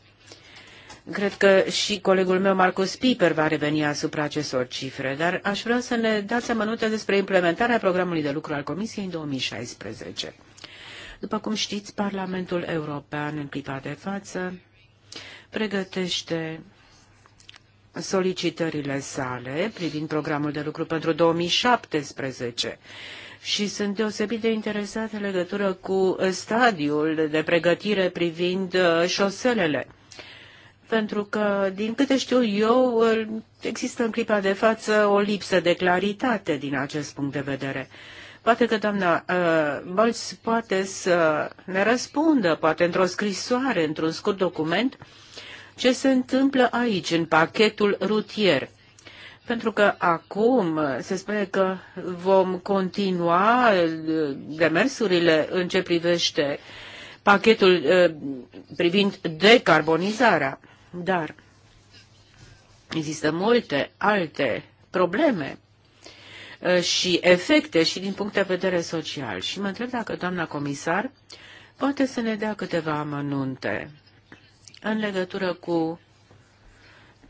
Cred că și colegul meu, Marcus Piper, va reveni asupra acestor cifre, dar aș vrea să ne dați amănunte despre implementarea programului de lucru al Comisiei în 2016. După cum știți, Parlamentul European, în clipa de față, pregătește solicitările sale privind programul de lucru pentru 2017 și sunt deosebit de interesat în legătură cu stadiul de pregătire privind uh, șoselele. Pentru că, din câte știu eu, există în clipa de față o lipsă de claritate din acest punct de vedere. Poate că doamna uh, Bolz poate să ne răspundă, poate într-o scrisoare, într-un scurt document, uh, ce se întâmplă aici, în pachetul rutier. Pentru că acum se spune că vom continua eh, demersurile în ce privește pachetul eh, privind decarbonizarea. Dar există multe alte probleme eh, și efecte și din punct de vedere social. Și mă întreb dacă doamna comisar poate să ne dea câteva amănunte în legătură cu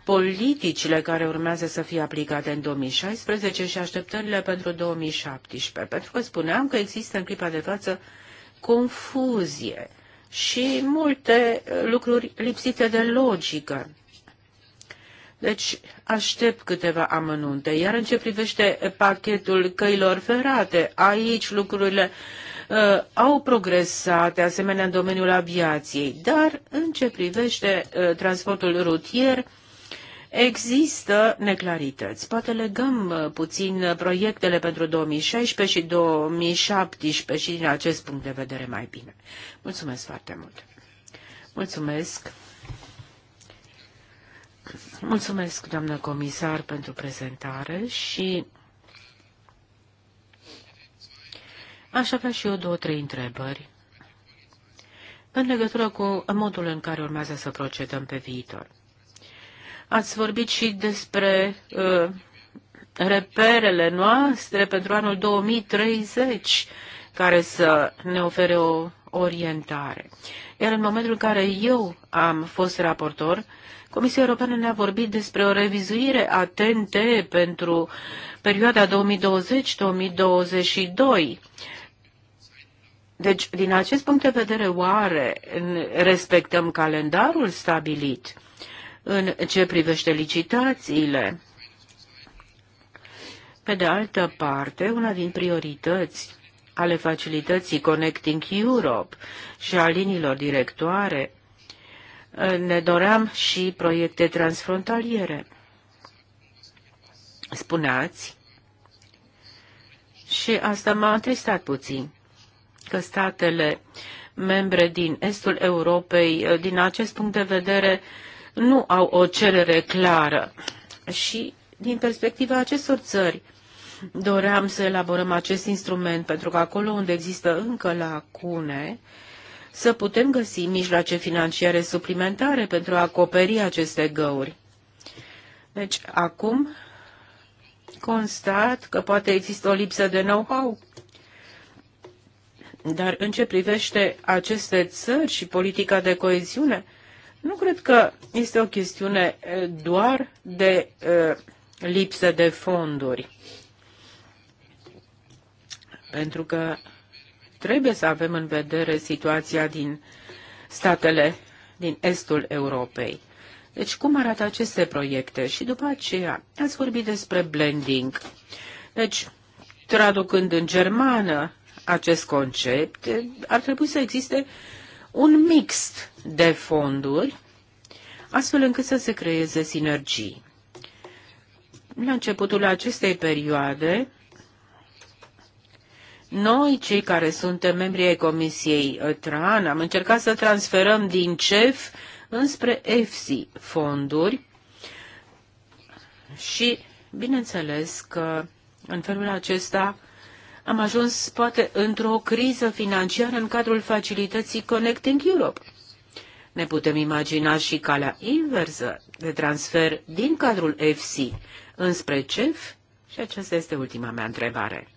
politicile care urmează să fie aplicate în 2016 și așteptările pentru 2017. Pentru că spuneam că există în clipa de față confuzie și multe lucruri lipsite de logică. Deci aștept câteva amănunte. Iar în ce privește pachetul căilor ferate, aici lucrurile uh, au progresat, de asemenea, în domeniul aviației, dar în ce privește uh, transportul rutier, Există neclarități. Poate legăm uh, puțin uh, proiectele pentru 2016 și 2017 și din acest punct de vedere mai bine. Mulțumesc foarte mult. Mulțumesc. Mulțumesc, doamnă comisar, pentru prezentare și Aș avea și eu două, trei întrebări în legătură cu modul în care urmează să procedăm pe viitor. Ați vorbit și despre uh, reperele noastre pentru anul 2030, care să ne ofere o orientare. Iar în momentul în care eu am fost raportor, Comisia Europeană ne-a vorbit despre o revizuire atente pentru perioada 2020-2022 deci, din acest punct de vedere, oare respectăm calendarul stabilit în ce privește licitațiile? Pe de altă parte, una din priorități ale facilității Connecting Europe și a liniilor directoare, ne doream și proiecte transfrontaliere. Spuneați, și asta m-a întristat puțin, că statele membre din estul Europei, uh, din acest punct de vedere, nu au o cerere clară. Și din perspectiva acestor țări, doream să elaborăm acest instrument pentru că acolo unde există încă lacune, să putem găsi mijloace financiare suplimentare pentru a acoperi aceste găuri. Deci, acum constat că poate există o lipsă de know-how dar în ce privește aceste țări și politica de coeziune, nu cred că este o chestiune doar de lipsă de fonduri. Pentru că trebuie să avem în vedere situația din statele din estul Europei. Deci cum arată aceste proiecte? Și după aceea ați vorbit despre blending. Deci, traducând în germană, acest concept, ar trebui să existe un mix de fonduri, astfel încât să se creeze sinergii. La începutul acestei perioade, noi, cei care suntem membri ai Comisiei TRAN, am încercat să transferăm din CEF înspre EFSI fonduri și, bineînțeles, că în felul acesta am ajuns poate într-o criză financiară în cadrul facilității Connecting Europe. Ne putem imagina și calea inversă de transfer din cadrul FC înspre CEF? Și aceasta este ultima mea întrebare.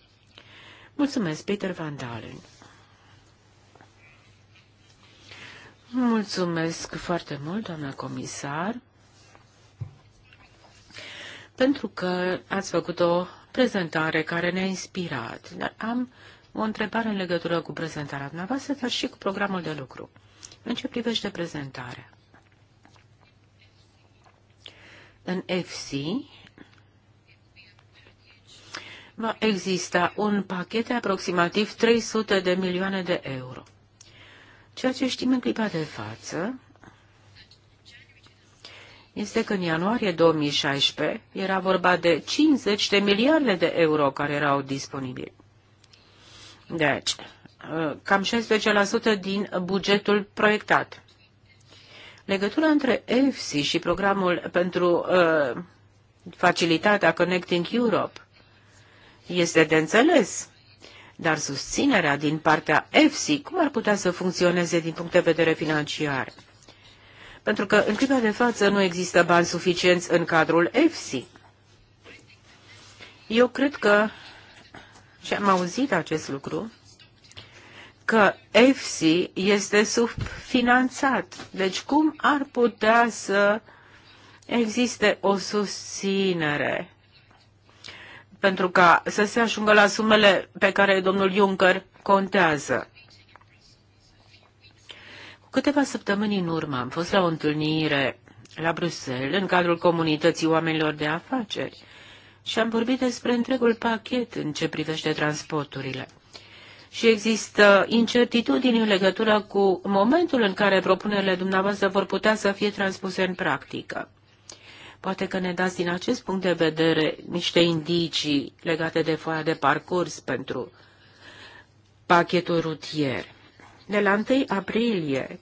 Mulțumesc, Peter Van Dalen. Mulțumesc foarte mult, doamna comisar, pentru că ați făcut o prezentare care ne-a inspirat, dar am o întrebare în legătură cu prezentarea dumneavoastră, dar și cu programul de lucru. În ce privește prezentarea? În FC va exista un pachet de aproximativ 300 de milioane de euro. Ceea ce știm în clipa de față este că în ianuarie 2016 era vorba de 50 de miliarde de euro care erau disponibili. Deci, cam 16% din bugetul proiectat. Legătura între EFSI și programul pentru uh, facilitatea Connecting Europe este de înțeles, dar susținerea din partea EFSI cum ar putea să funcționeze din punct de vedere financiar? pentru că în clipa de față nu există bani suficienți în cadrul EFSI. Eu cred că, și am auzit acest lucru, că EFSI este subfinanțat. Deci cum ar putea să existe o susținere pentru ca să se ajungă la sumele pe care domnul Juncker contează? câteva săptămâni în urmă am fost la o întâlnire la Bruxelles, în cadrul comunității oamenilor de afaceri, și am vorbit despre întregul pachet în ce privește transporturile. Și există incertitudini în legătură cu momentul în care propunerile dumneavoastră vor putea să fie transpuse în practică. Poate că ne dați din acest punct de vedere niște indicii legate de foaia de parcurs pentru pachetul rutier. De la 1 aprilie,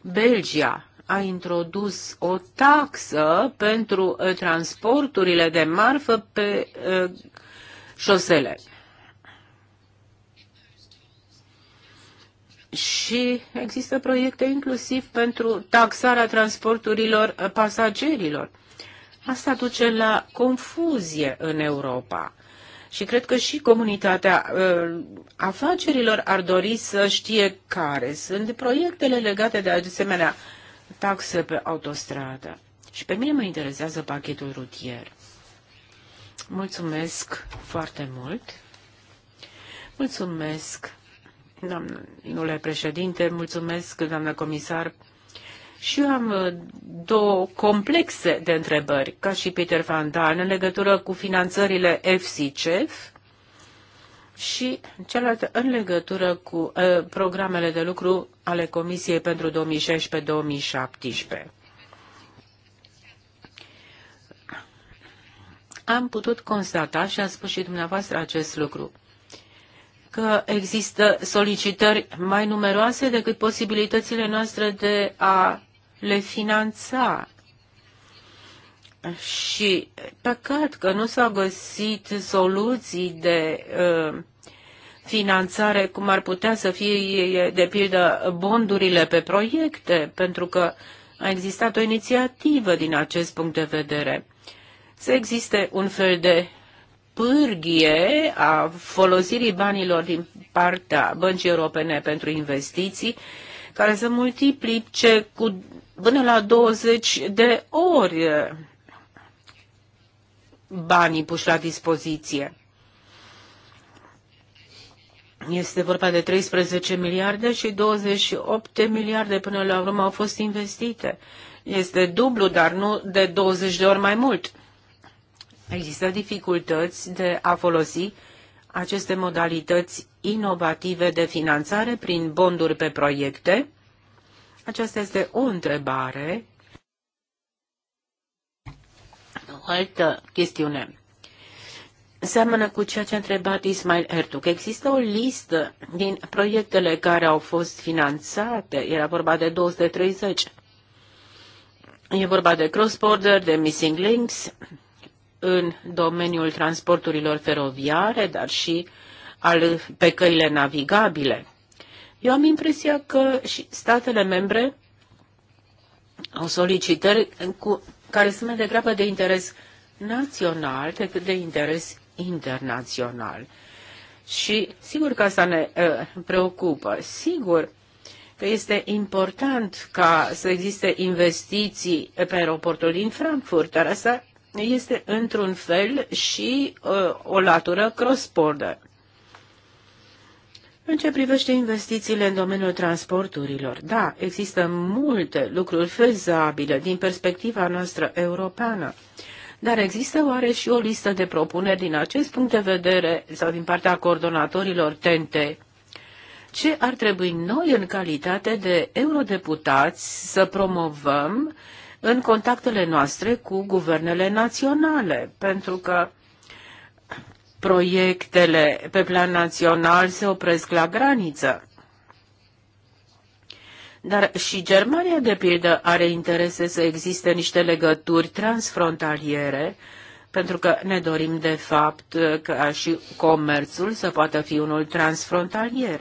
Belgia a introdus o taxă pentru uh, transporturile de marfă pe uh, șosele. și există proiecte inclusiv pentru taxarea transporturilor uh, pasagerilor. Asta duce la confuzie în Europa. Și cred că și comunitatea ă, afacerilor ar dori să știe care sunt proiectele legate de asemenea taxe pe autostradă. Și pe mine mă interesează pachetul rutier. Mulțumesc foarte mult. Mulțumesc, domnule președinte, mulțumesc, doamnă comisar, și eu am uh, două complexe de întrebări, ca și Peter Van Dan, în legătură cu finanțările FCCF și cealaltă în legătură cu uh, programele de lucru ale Comisiei pentru 2016-2017. Am putut constata și am spus și dumneavoastră acest lucru că există solicitări mai numeroase decât posibilitățile noastre de a le finanța. Și păcat că nu s-au găsit soluții de uh, finanțare, cum ar putea să fie, de pildă, bondurile pe proiecte, pentru că a existat o inițiativă din acest punct de vedere. Să existe un fel de pârghie a folosirii banilor din partea Băncii Europene pentru Investiții, care să multiplice cu până la 20 de ori eh, banii puși la dispoziție. Este vorba de 13 miliarde și 28 miliarde până la urmă au fost investite. Este dublu, dar nu de 20 de ori mai mult. Există dificultăți de a folosi aceste modalități inovative de finanțare prin bonduri pe proiecte aceasta este o întrebare. O altă chestiune. Seamănă cu ceea ce a întrebat Ismail că Există o listă din proiectele care au fost finanțate. Era vorba de 230. E vorba de cross-border, de missing links în domeniul transporturilor feroviare, dar și al, pe căile navigabile. Eu am impresia că și statele membre au solicitări cu, care sunt mai degrabă de interes național decât de interes internațional. Și sigur că asta ne uh, preocupă. Sigur că este important ca să existe investiții pe aeroportul din Frankfurt, dar asta este într-un fel și uh, o latură cross-border. În ce privește investițiile în domeniul transporturilor, da, există multe lucruri fezabile din perspectiva noastră europeană, dar există oare și o listă de propuneri din acest punct de vedere sau din partea coordonatorilor tente. Ce ar trebui noi în calitate de eurodeputați să promovăm în contactele noastre cu guvernele naționale? Pentru că proiectele pe plan național se opresc la graniță. Dar și Germania, de pildă, are interese să existe niște legături transfrontaliere, pentru că ne dorim, de fapt, ca și comerțul să poată fi unul transfrontalier.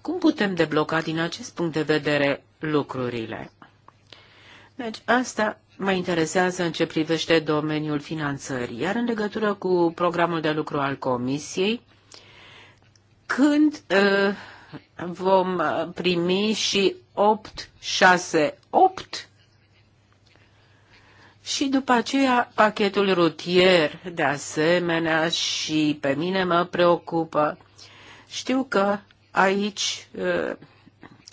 Cum putem debloca din acest punct de vedere lucrurile? Deci asta mă interesează în ce privește domeniul finanțării. Iar în legătură cu programul de lucru al Comisiei, când uh, vom uh, primi și 8 și după aceea pachetul rutier de asemenea și pe mine mă preocupă. Știu că aici uh,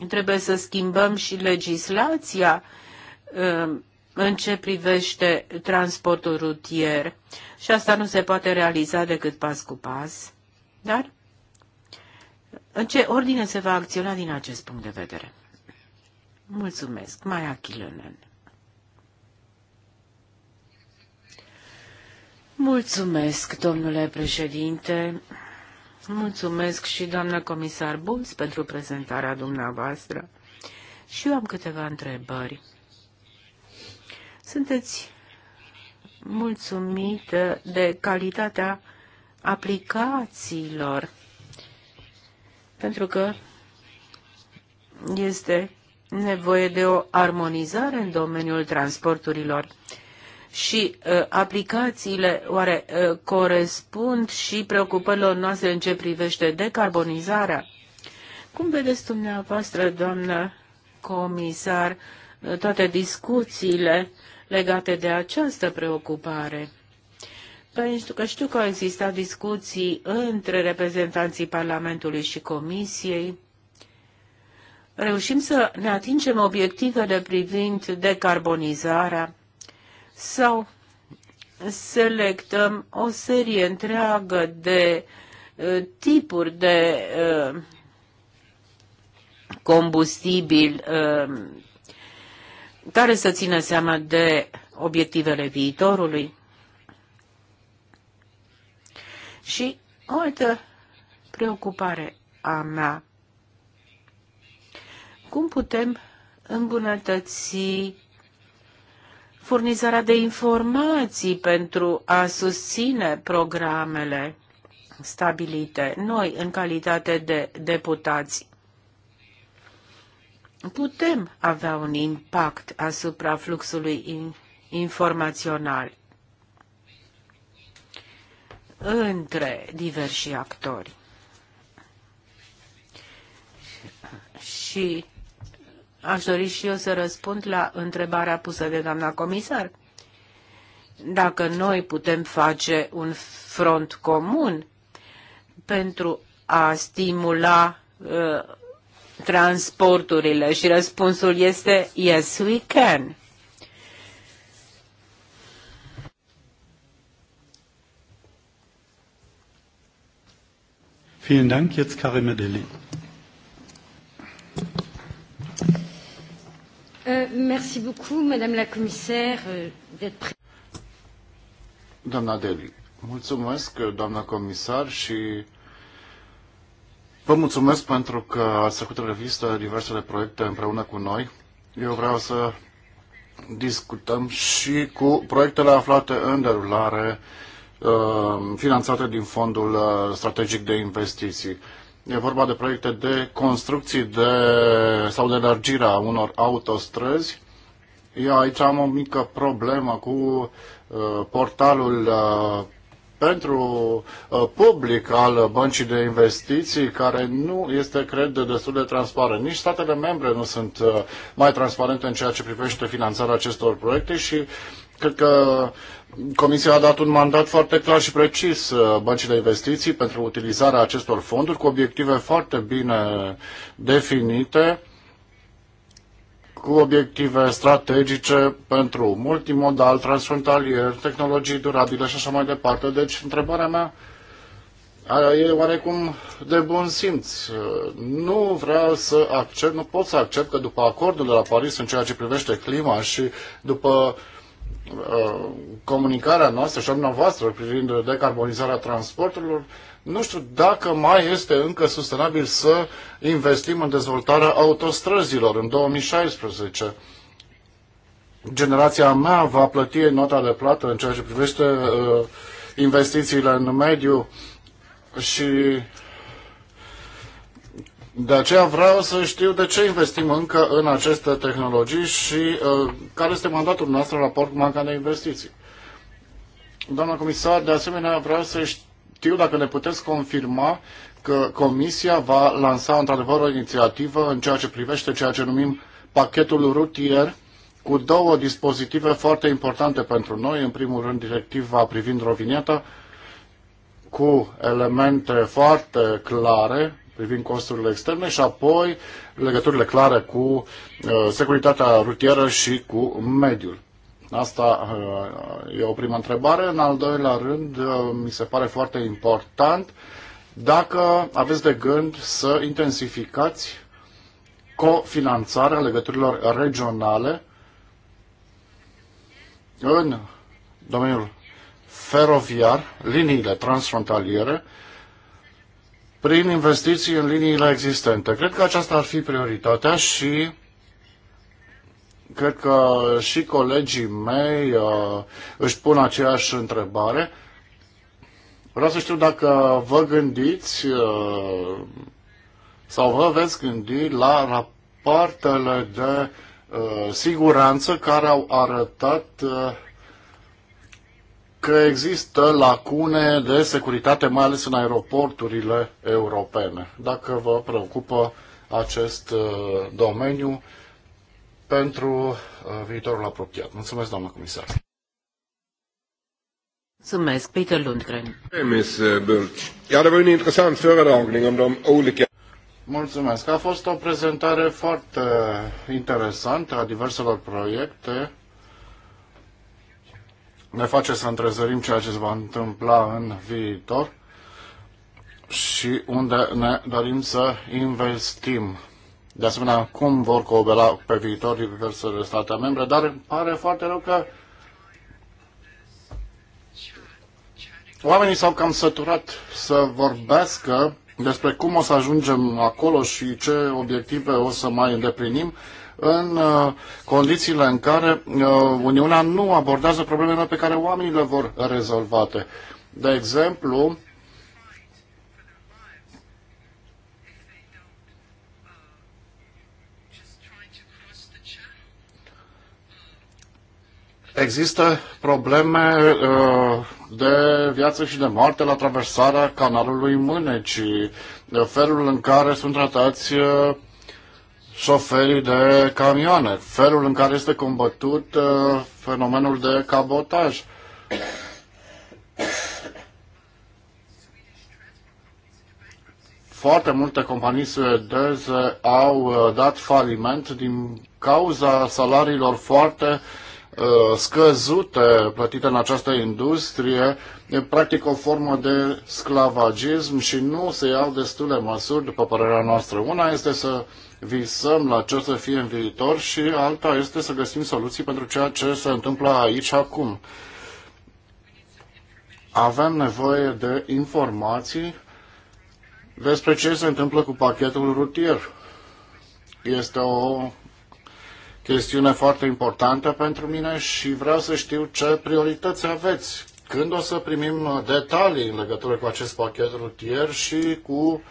trebuie să schimbăm și legislația uh, în ce privește transportul rutier. Și asta nu se poate realiza decât pas cu pas. Dar în ce ordine se va acționa din acest punct de vedere? Mulțumesc, mai Kilonen. Mulțumesc, domnule președinte. Mulțumesc și doamnă comisar Bulls pentru prezentarea dumneavoastră. Și eu am câteva întrebări. Sunteți mulțumită de calitatea aplicațiilor, pentru că este nevoie de o armonizare în domeniul transporturilor și uh, aplicațiile oare uh, corespund și preocupărilor noastre în ce privește decarbonizarea? Cum vedeți dumneavoastră, doamnă comisar, uh, toate discuțiile legate de această preocupare. Pentru păi, că știu că au existat discuții între reprezentanții Parlamentului și Comisiei. Reușim să ne atingem obiectivele privind decarbonizarea sau selectăm o serie întreagă de uh, tipuri de uh, combustibil uh, care să țină seama de obiectivele viitorului. Și o altă preocupare a mea. Cum putem îmbunătăți furnizarea de informații pentru a susține programele stabilite, noi în calitate de deputați putem avea un impact asupra fluxului informațional între diversi actori. Și aș dori și eu să răspund la întrebarea pusă de doamna comisar. Dacă noi putem face un front comun pentru a stimula uh, transporturile și răspunsul este yes, we can. Vielen Dank, jetzt Karim euh, merci beaucoup, Madame la Commissaire, euh, d'être Doamna Deli, mulțumesc, doamna comisar, și Vă mulțumesc pentru că ați făcut revistă diversele proiecte împreună cu noi. Eu vreau să discutăm și cu proiectele aflate în derulare uh, finanțate din Fondul uh, Strategic de Investiții. E vorba de proiecte de construcții de, sau de lărgire a unor autostrăzi. Eu aici am o mică problemă cu uh, portalul pentru uh, public al băncii de investiții care nu este, cred, destul de transparent. Nici statele membre nu sunt uh, mai transparente în ceea ce privește finanțarea acestor proiecte și cred că Comisia a dat un mandat foarte clar și precis uh, băncii de investiții pentru utilizarea acestor fonduri cu obiective foarte bine definite cu obiective strategice pentru multimodal, transfrontalier, tehnologii durabile și așa mai departe. Deci, întrebarea mea e oarecum de bun simț. Nu vreau să accept, nu pot să accept că după acordul de la Paris în ceea ce privește clima și după comunicarea noastră și a noastră privind decarbonizarea transporturilor, nu știu dacă mai este încă sustenabil să investim în dezvoltarea autostrăzilor în 2016. Generația mea va plăti nota de plată în ceea ce privește uh, investițiile în mediu și de aceea vreau să știu de ce investim încă în aceste tehnologii și uh, care este mandatul nostru în raport cu Banca de Investiții. Doamna comisar, de asemenea vreau să știu știu dacă ne puteți confirma că Comisia va lansa într-adevăr o inițiativă în ceea ce privește ceea ce numim pachetul rutier cu două dispozitive foarte importante pentru noi. În primul rând, directiva privind rovinieta cu elemente foarte clare privind costurile externe și apoi legăturile clare cu uh, securitatea rutieră și cu mediul. Asta uh, e o primă întrebare. În al doilea rând, uh, mi se pare foarte important dacă aveți de gând să intensificați cofinanțarea legăturilor regionale în domeniul feroviar, liniile transfrontaliere, prin investiții în liniile existente. Cred că aceasta ar fi prioritatea și cred că și colegii mei uh, își pun aceeași întrebare. Vreau să știu dacă vă gândiți uh, sau vă veți gândi la rapoartele de uh, siguranță care au arătat că există lacune de securitate, mai ales în aeroporturile europene. Dacă vă preocupă acest domeniu, pentru uh, viitorul apropiat. Mulțumesc, doamna comisar. Mulțumesc, Peter Lundgren. Miss uh, Bulch. Ja, om de Mulțumesc. A fost o prezentare foarte interesantă a diverselor proiecte. Ne face să întrezărim ceea ce se va întâmpla în viitor și unde ne dorim să investim de asemenea cum vor coopera pe viitor diversele state membre, dar îmi pare foarte rău că oamenii s-au cam săturat să vorbească despre cum o să ajungem acolo și ce obiective o să mai îndeplinim în uh, condițiile în care uh, Uniunea nu abordează problemele pe care oamenii le vor rezolvate. De exemplu, există probleme uh, de viață și de moarte la traversarea canalului Mâneci, felul în care sunt tratați uh, șoferii de camioane, felul în care este combătut uh, fenomenul de cabotaj. Foarte multe companii suedeze au dat faliment din cauza salariilor foarte uh, Uh, scăzute plătite în această industrie e practic o formă de sclavagism și nu se iau destule măsuri, după părerea noastră. Una este să visăm la ce să fie în viitor și alta este să găsim soluții pentru ceea ce se întâmplă aici acum. Avem nevoie de informații despre ce se întâmplă cu pachetul rutier. Este o chestiune foarte importantă pentru mine și vreau să știu ce priorități aveți. Când o să primim detalii în legătură cu acest pachet rutier și cu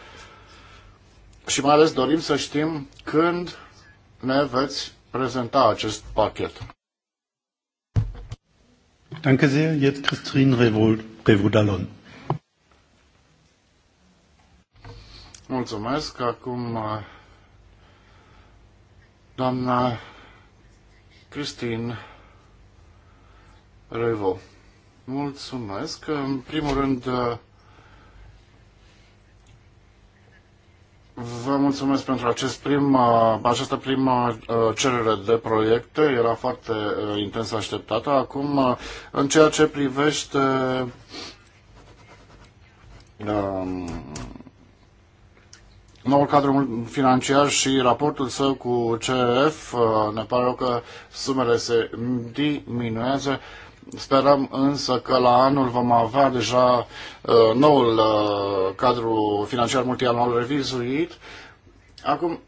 și mai ales dorim să știm când ne veți prezenta acest pachet. Danke sehr. Jetzt Christine Mulțumesc. Acum doamna Cristin Revo. Mulțumesc. În primul rând, Vă mulțumesc pentru acest prim, această primă uh, cerere de proiecte. Era foarte uh, intens așteptată. Acum, uh, în ceea ce privește um, noul cadru financiar și raportul său cu CF. Uh, ne pare că sumele se diminuează. Sperăm însă că la anul vom avea deja uh, noul uh, cadru financiar multianual revizuit. Acum,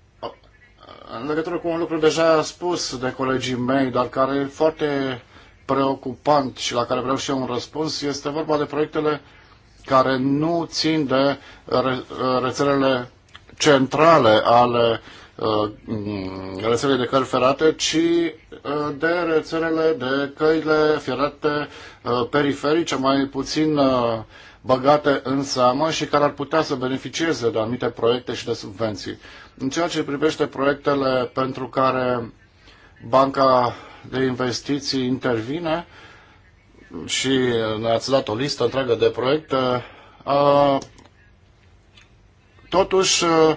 în legătură cu un lucru deja spus de colegii mei, dar care e foarte preocupant și la care vreau și eu un răspuns, este vorba de proiectele care nu țin de re- rețelele centrale ale uh, mm, rețelei de căi ferate, ci uh, de rețelele de căile ferate uh, periferice, mai puțin băgate în seamă și care ar putea să beneficieze de anumite proiecte și de subvenții. În ceea ce privește proiectele pentru care Banca de Investiții intervine și ne-ați dat o listă întreagă de proiecte, Totuși, uh,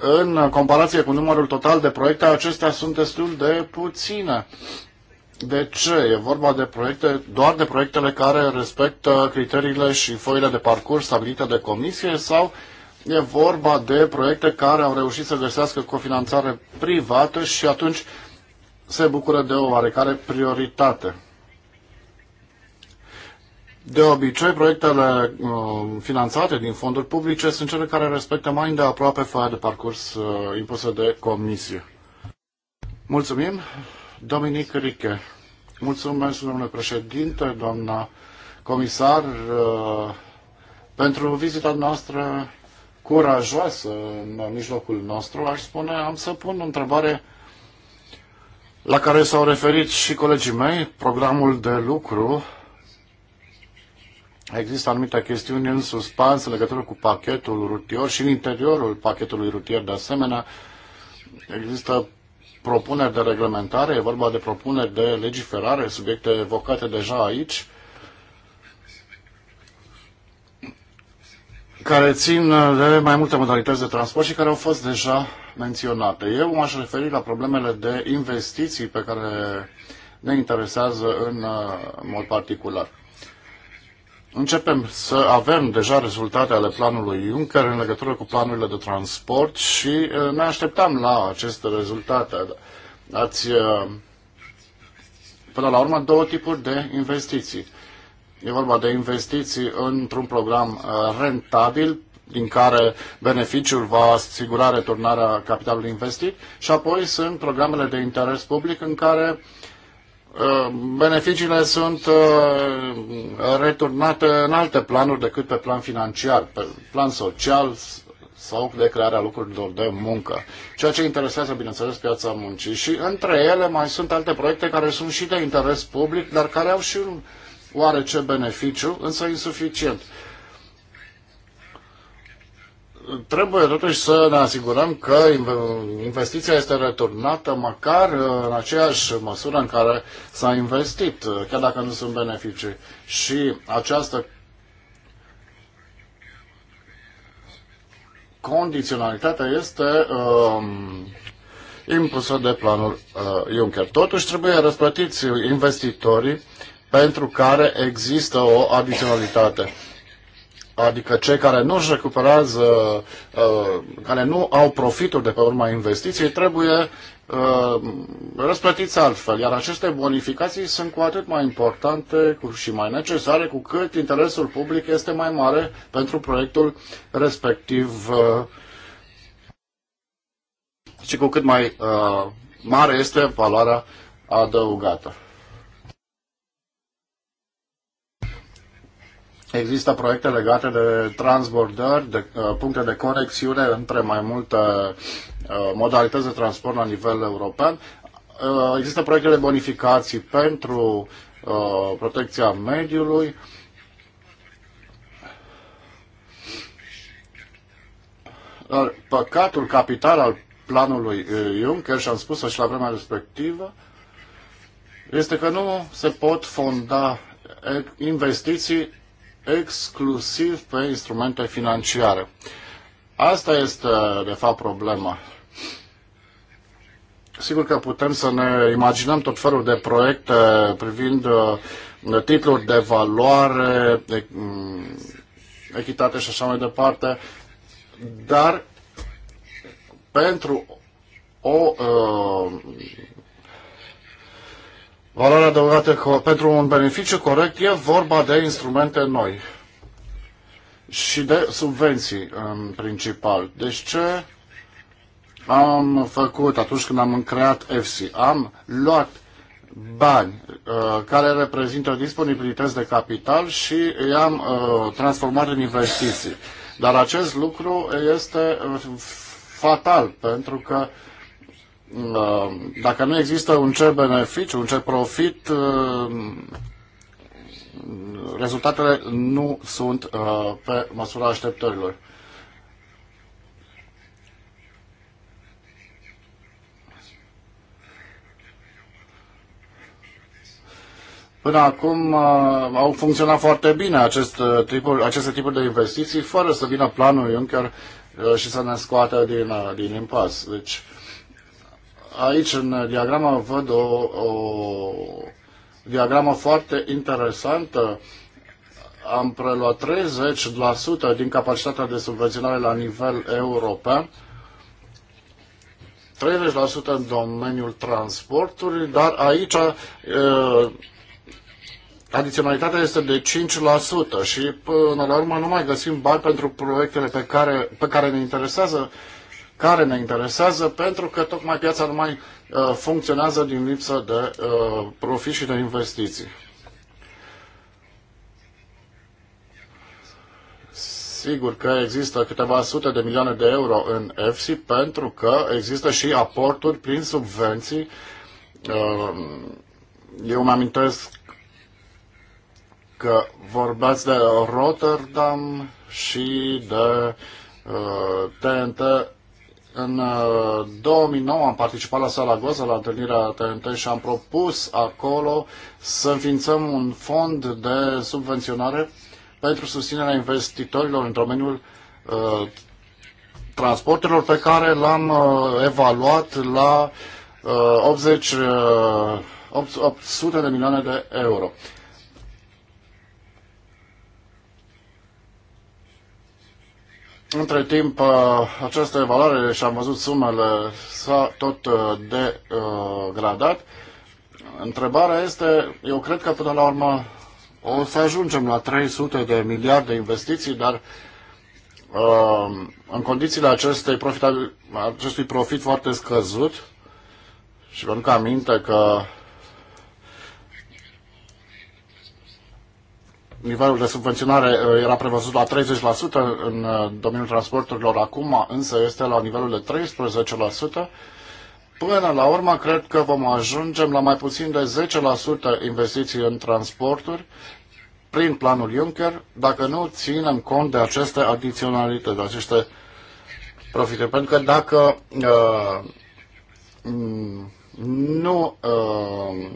în comparație cu numărul total de proiecte, acestea sunt destul de puține. De ce? E vorba de proiecte, doar de proiectele care respectă criteriile și foile de parcurs stabilite de comisie sau e vorba de proiecte care au reușit să găsească cofinanțare privată și atunci se bucură de o oarecare prioritate. De obicei, proiectele uh, finanțate din fonduri publice sunt cele care respectă mai îndeaproape foaia de parcurs uh, impusă de comisie. Mulțumim, Dominic Riche. Mulțumesc, domnule președinte, doamna comisar, uh, pentru vizita noastră curajoasă în mijlocul nostru, aș spune, am să pun o întrebare la care s-au referit și colegii mei, programul de lucru Există anumite chestiuni în suspans în legătură cu pachetul rutier și în interiorul pachetului rutier de asemenea. Există propuneri de reglementare, e vorba de propuneri de legiferare, subiecte evocate deja aici, care țin de mai multe modalități de transport și care au fost deja menționate. Eu m-aș referi la problemele de investiții pe care ne interesează în uh, mod particular începem să avem deja rezultate ale planului Juncker în legătură cu planurile de transport și ne așteptam la aceste rezultate. Ați, până la urmă, două tipuri de investiții. E vorba de investiții într-un program rentabil din care beneficiul va asigura returnarea capitalului investit și apoi sunt programele de interes public în care uh, Uh, beneficiile sunt uh, returnate în alte planuri decât pe plan financiar, pe plan social sau de crearea lucrurilor de muncă, ceea ce interesează, bineînțeles, piața muncii. Și între ele mai sunt alte proiecte care sunt și de interes public, dar care au și un oarece beneficiu, însă insuficient trebuie totuși să ne asigurăm că investiția este returnată măcar în aceeași măsură în care s-a investit, chiar dacă nu sunt beneficii. Și această condiționalitate este um, impusă de planul uh, Juncker. Totuși trebuie răsplătiți investitorii pentru care există o adiționalitate adică cei care nu își recuperează, uh, care nu au profituri de pe urma investiției, trebuie uh, răsplătiți altfel, iar aceste bonificații sunt cu atât mai importante și mai necesare cu cât interesul public este mai mare pentru proiectul respectiv uh, și cu cât mai mare este valoarea adăugată. Există proiecte legate de transbordări, de uh, puncte de conexiune între mai multe uh, modalități de transport la nivel european. Uh, există proiecte de bonificații pentru uh, protecția mediului. Dar păcatul capital al planului uh, Juncker, și am spus-o și la vremea respectivă, este că nu se pot fonda uh, investiții exclusiv pe instrumente financiare. Asta este, de fapt, problema. Sigur că putem să ne imaginăm tot felul de proiecte privind uh, titluri de valoare, mm, echitate și așa mai departe, dar pentru o uh, Valoarea adăugată pentru un beneficiu corect, e vorba de instrumente noi și de subvenții în principal. Deci ce am făcut atunci când am creat FC? Am luat bani uh, care reprezintă disponibilități de capital și i-am uh, transformat în investiții. Dar acest lucru este uh, fatal pentru că uh, Uh, dacă nu există un cer beneficiu, un cer profit, uh, rezultatele nu sunt uh, pe măsura așteptărilor. Până acum au funcționat foarte bine acest, tipul, tipuri, aceste tipuri de investiții, fără să vină planul Juncker și să ne scoată din, din impas. Deci, uh, aici în diagramă văd o, o diagramă foarte interesantă. Am preluat 30% din capacitatea de subvenționare la nivel european, 30% în domeniul transportului, dar aici e, adiționalitatea este de 5% și până la urmă nu mai găsim bani pentru proiectele pe care, pe care ne interesează care ne interesează, pentru că tocmai piața nu mai uh, funcționează din lipsă de uh, profit și de investiții. Sigur că există câteva sute de milioane de euro în EFSI pentru că există și aporturi prin subvenții. Uh, eu mi-amintesc că vorbeați de Rotterdam și de TNT în 2009 uh, am participat la Goza, la întâlnirea TNT și am propus acolo să înființăm un fond de subvenționare pentru susținerea investitorilor în domeniul uh, transportelor pe care l-am uh, evaluat la uh, 80, 800 uh, de milioane de euro. Între timp, uh, această evaluare, și am văzut sumele, s-a tot uh, degradat. Întrebarea este, eu cred că până la urmă o să ajungem la 300 de miliarde de investiții, dar uh, în condițiile acestei profit, acestui profit foarte scăzut, și vă că aminte că nivelul de subvenționare uh, era prevăzut la 30% în uh, domeniul transporturilor, acum însă este la nivelul de 13%. Până la urmă, cred că vom ajungem la mai puțin de 10% investiții în transporturi prin planul Juncker, dacă nu ținem cont de aceste adiționalități, de aceste profite, Pentru că dacă uh, nu uh,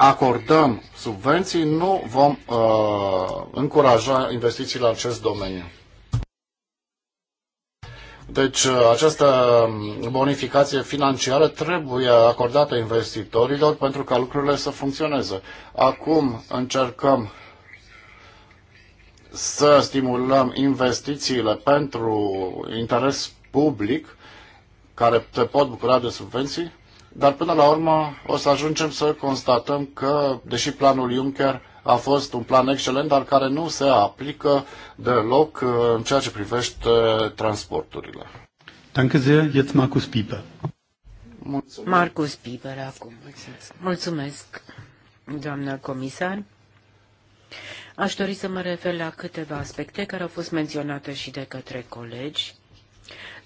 acordăm subvenții, nu vom uh, încuraja investițiile în acest domeniu. Deci uh, această um, bonificație financiară trebuie acordată investitorilor pentru ca lucrurile să funcționeze. Acum încercăm să stimulăm investițiile pentru interes public care te pot bucura de subvenții dar până la urmă o să ajungem să constatăm că, deși planul Juncker a fost un plan excelent, dar care nu se aplică deloc uh, în ceea ce privește transporturile. Danke sehr, jetzt Markus Pieper. Mulțumesc. Marcus Pieper acum. Mulțumesc. Mulțumesc, doamnă comisar. Aș dori să mă refer la câteva aspecte care au fost menționate și de către colegi.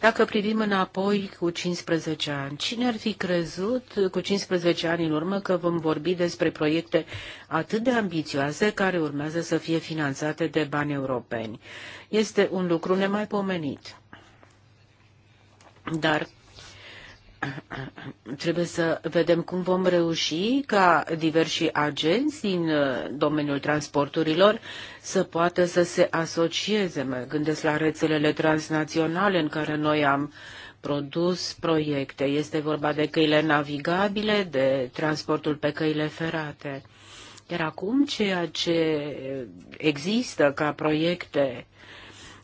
Dacă privim înapoi cu 15 ani, cine ar fi crezut cu 15 ani în urmă că vom vorbi despre proiecte atât de ambițioase care urmează să fie finanțate de bani europeni? Este un lucru nemaipomenit. Dar trebuie să vedem cum vom reuși ca diversi agenți din uh, domeniul transporturilor să poată să se asocieze. Mă gândesc la rețelele transnaționale în care noi am produs proiecte. Este vorba de căile navigabile, de transportul pe căile ferate. Iar acum ceea ce există ca proiecte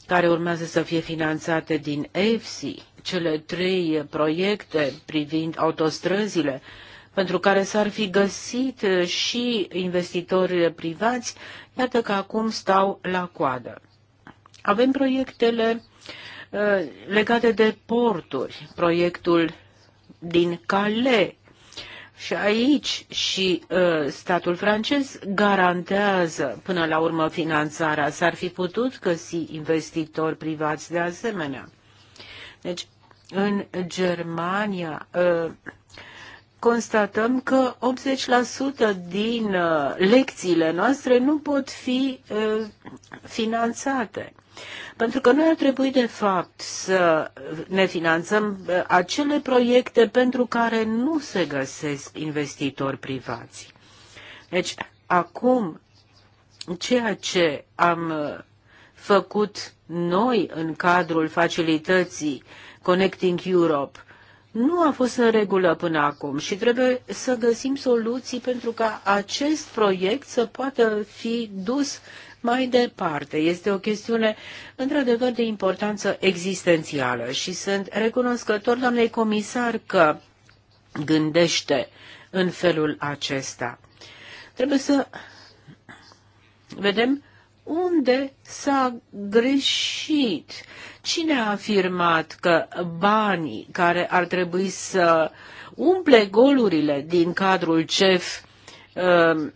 care urmează să fie finanțate din EFSI, cele trei proiecte privind autostrăzile, pentru care s-ar fi găsit și investitori privați, iată că acum stau la coadă. Avem proiectele uh, legate de porturi, proiectul din Calais. Și aici și uh, statul francez garantează până la urmă finanțarea. S-ar fi putut găsi investitori privați de asemenea. Deci în Germania, ă, constatăm că 80% din ă, lecțiile noastre nu pot fi ă, finanțate. Pentru că noi ar trebui, de fapt, să ne finanțăm acele proiecte pentru care nu se găsesc investitori privați. Deci, acum, ceea ce am făcut noi în cadrul facilității uh, Connecting Europe nu a fost în regulă până acum și trebuie să găsim soluții pentru ca acest proiect să poată fi dus mai departe. Este o chestiune într-adevăr de importanță existențială și sunt recunoscător doamnei comisar că gândește în felul acesta. Trebuie să vedem unde s-a greșit? Cine a afirmat că banii care ar trebui să umple golurile din cadrul CEF um,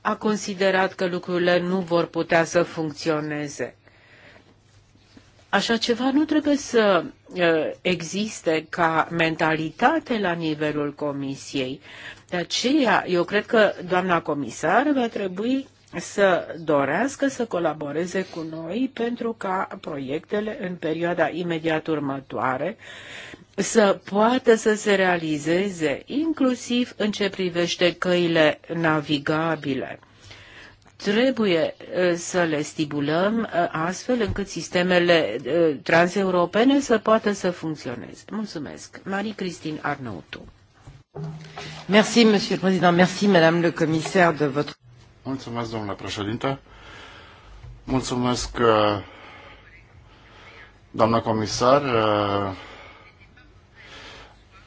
a considerat că lucrurile nu vor putea să funcționeze? Așa ceva nu trebuie să uh, existe ca mentalitate la nivelul Comisiei. De aceea, eu cred că doamna comisar va trebui să dorească să colaboreze cu noi pentru ca proiectele în perioada imediat următoare să poată să se realizeze, inclusiv în ce privește căile navigabile. Trebuie uh, să le stimulăm uh, astfel încât sistemele uh, transeuropene să poată să funcționeze. Mulțumesc. Marie-Christine Arnautu. Merci, Monsieur le Président. Merci, Madame le Commissaire, de votre... Mulțumesc, domnule președinte. Mulțumesc, uh, doamna comisar. Uh,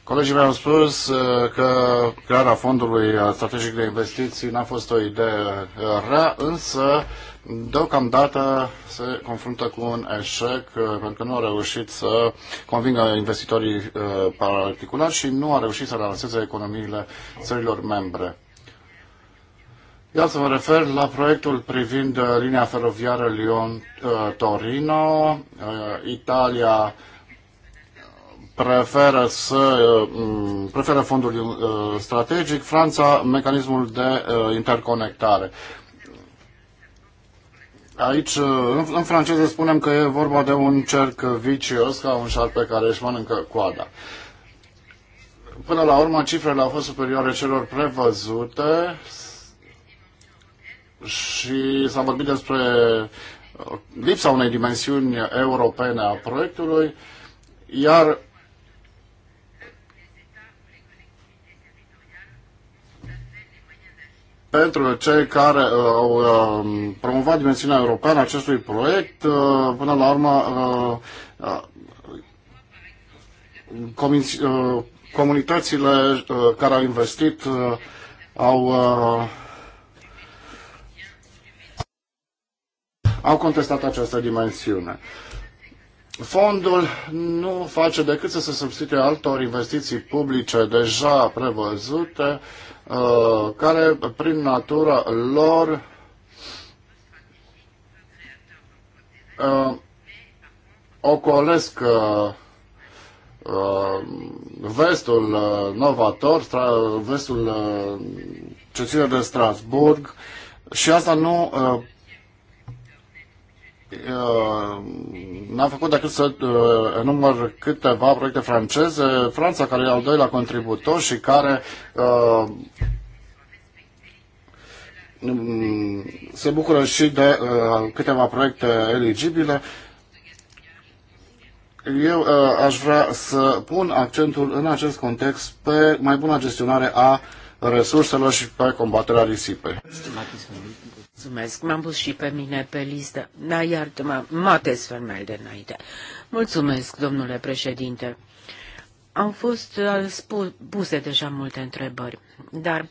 colegii mei au spus uh, că crearea fondului strategic de investiții n-a fost o idee rea, însă deocamdată se confruntă cu un eșec pentru că nu a reușit să convingă investitorii particulari și nu a reușit să relanseze economiile țărilor membre. Eu da, să mă refer la proiectul privind uh, linia feroviară Lyon-Torino. Uh, Italia preferă, să, uh, mm, preferă fondul strategic, Franța mecanismul de interconectare. Aici, în franceză, spunem că e vorba de un cerc vicios, ca un șarpe care își mănâncă coada. Până la urmă, cifrele au fost superioare celor prevăzute și s-a vorbit despre uh, lipsa unei dimensiuni europene a proiectului, iar pentru cei care uh, au uh, promovat dimensiunea europeană acestui proiect, până la urmă comunitățile care au investit au au contestat această dimensiune. Fondul nu face decât să se substituie altor investiții publice deja prevăzute, uh, care prin natura lor uh, ocolesc uh, vestul novator, vestul ce ține de Strasburg și asta nu Uh, n-am făcut decât să uh, număr câteva proiecte franceze. Franța, care e al doilea contributor și care uh, mm, se bucură și de câteva proiecte eligibile. Eu aș vrea să pun accentul în acest context pe mai bună gestionare a resurselor și pe combaterea risipei. Mulțumesc, m-am pus și pe mine pe listă. Da, iartă-mă, Mates mai de înainte. Mulțumesc, domnule președinte. Am fost puse deja multe întrebări, dar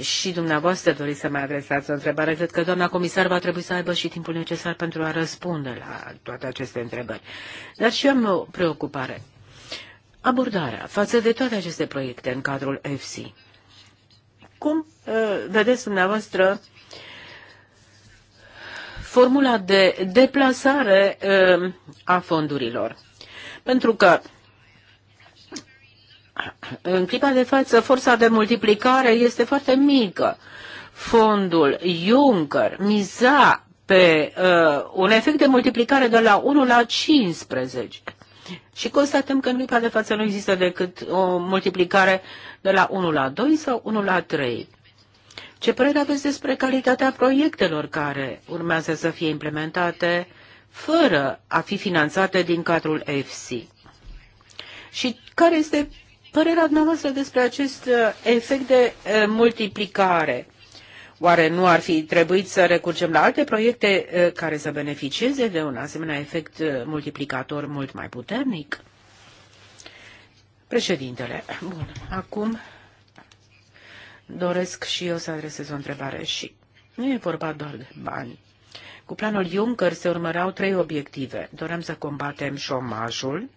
și dumneavoastră doriți să mai adresați o întrebare. Cred că doamna comisar va trebui să aibă și timpul necesar pentru a răspunde la toate aceste întrebări. Dar și eu am o preocupare. Abordarea față de toate aceste proiecte în cadrul EFSI. Cum Eh, vedeți dumneavoastră formula de deplasare eh, a fondurilor. Pentru că în clipa de față, forța de multiplicare este foarte mică. Fondul Juncker miza pe uh, un efect de multiplicare de la 1 la 15. Și constatăm că în clipa de față nu există decât o multiplicare de la 1 la 2 sau 1 la 3. Ce părere aveți despre calitatea proiectelor care urmează să fie implementate fără a fi finanțate din cadrul EFSI? Și care este părerea noastră despre acest uh, efect de uh, multiplicare? Oare nu ar fi trebuit să recurgem la alte proiecte uh, care să beneficieze de un asemenea efect multiplicator mult mai puternic? Președintele, bun, acum doresc și eu să adresez o întrebare și nu e vorba doar de bani. Cu planul Juncker se urmăreau trei obiective. Dorem să combatem șomajul,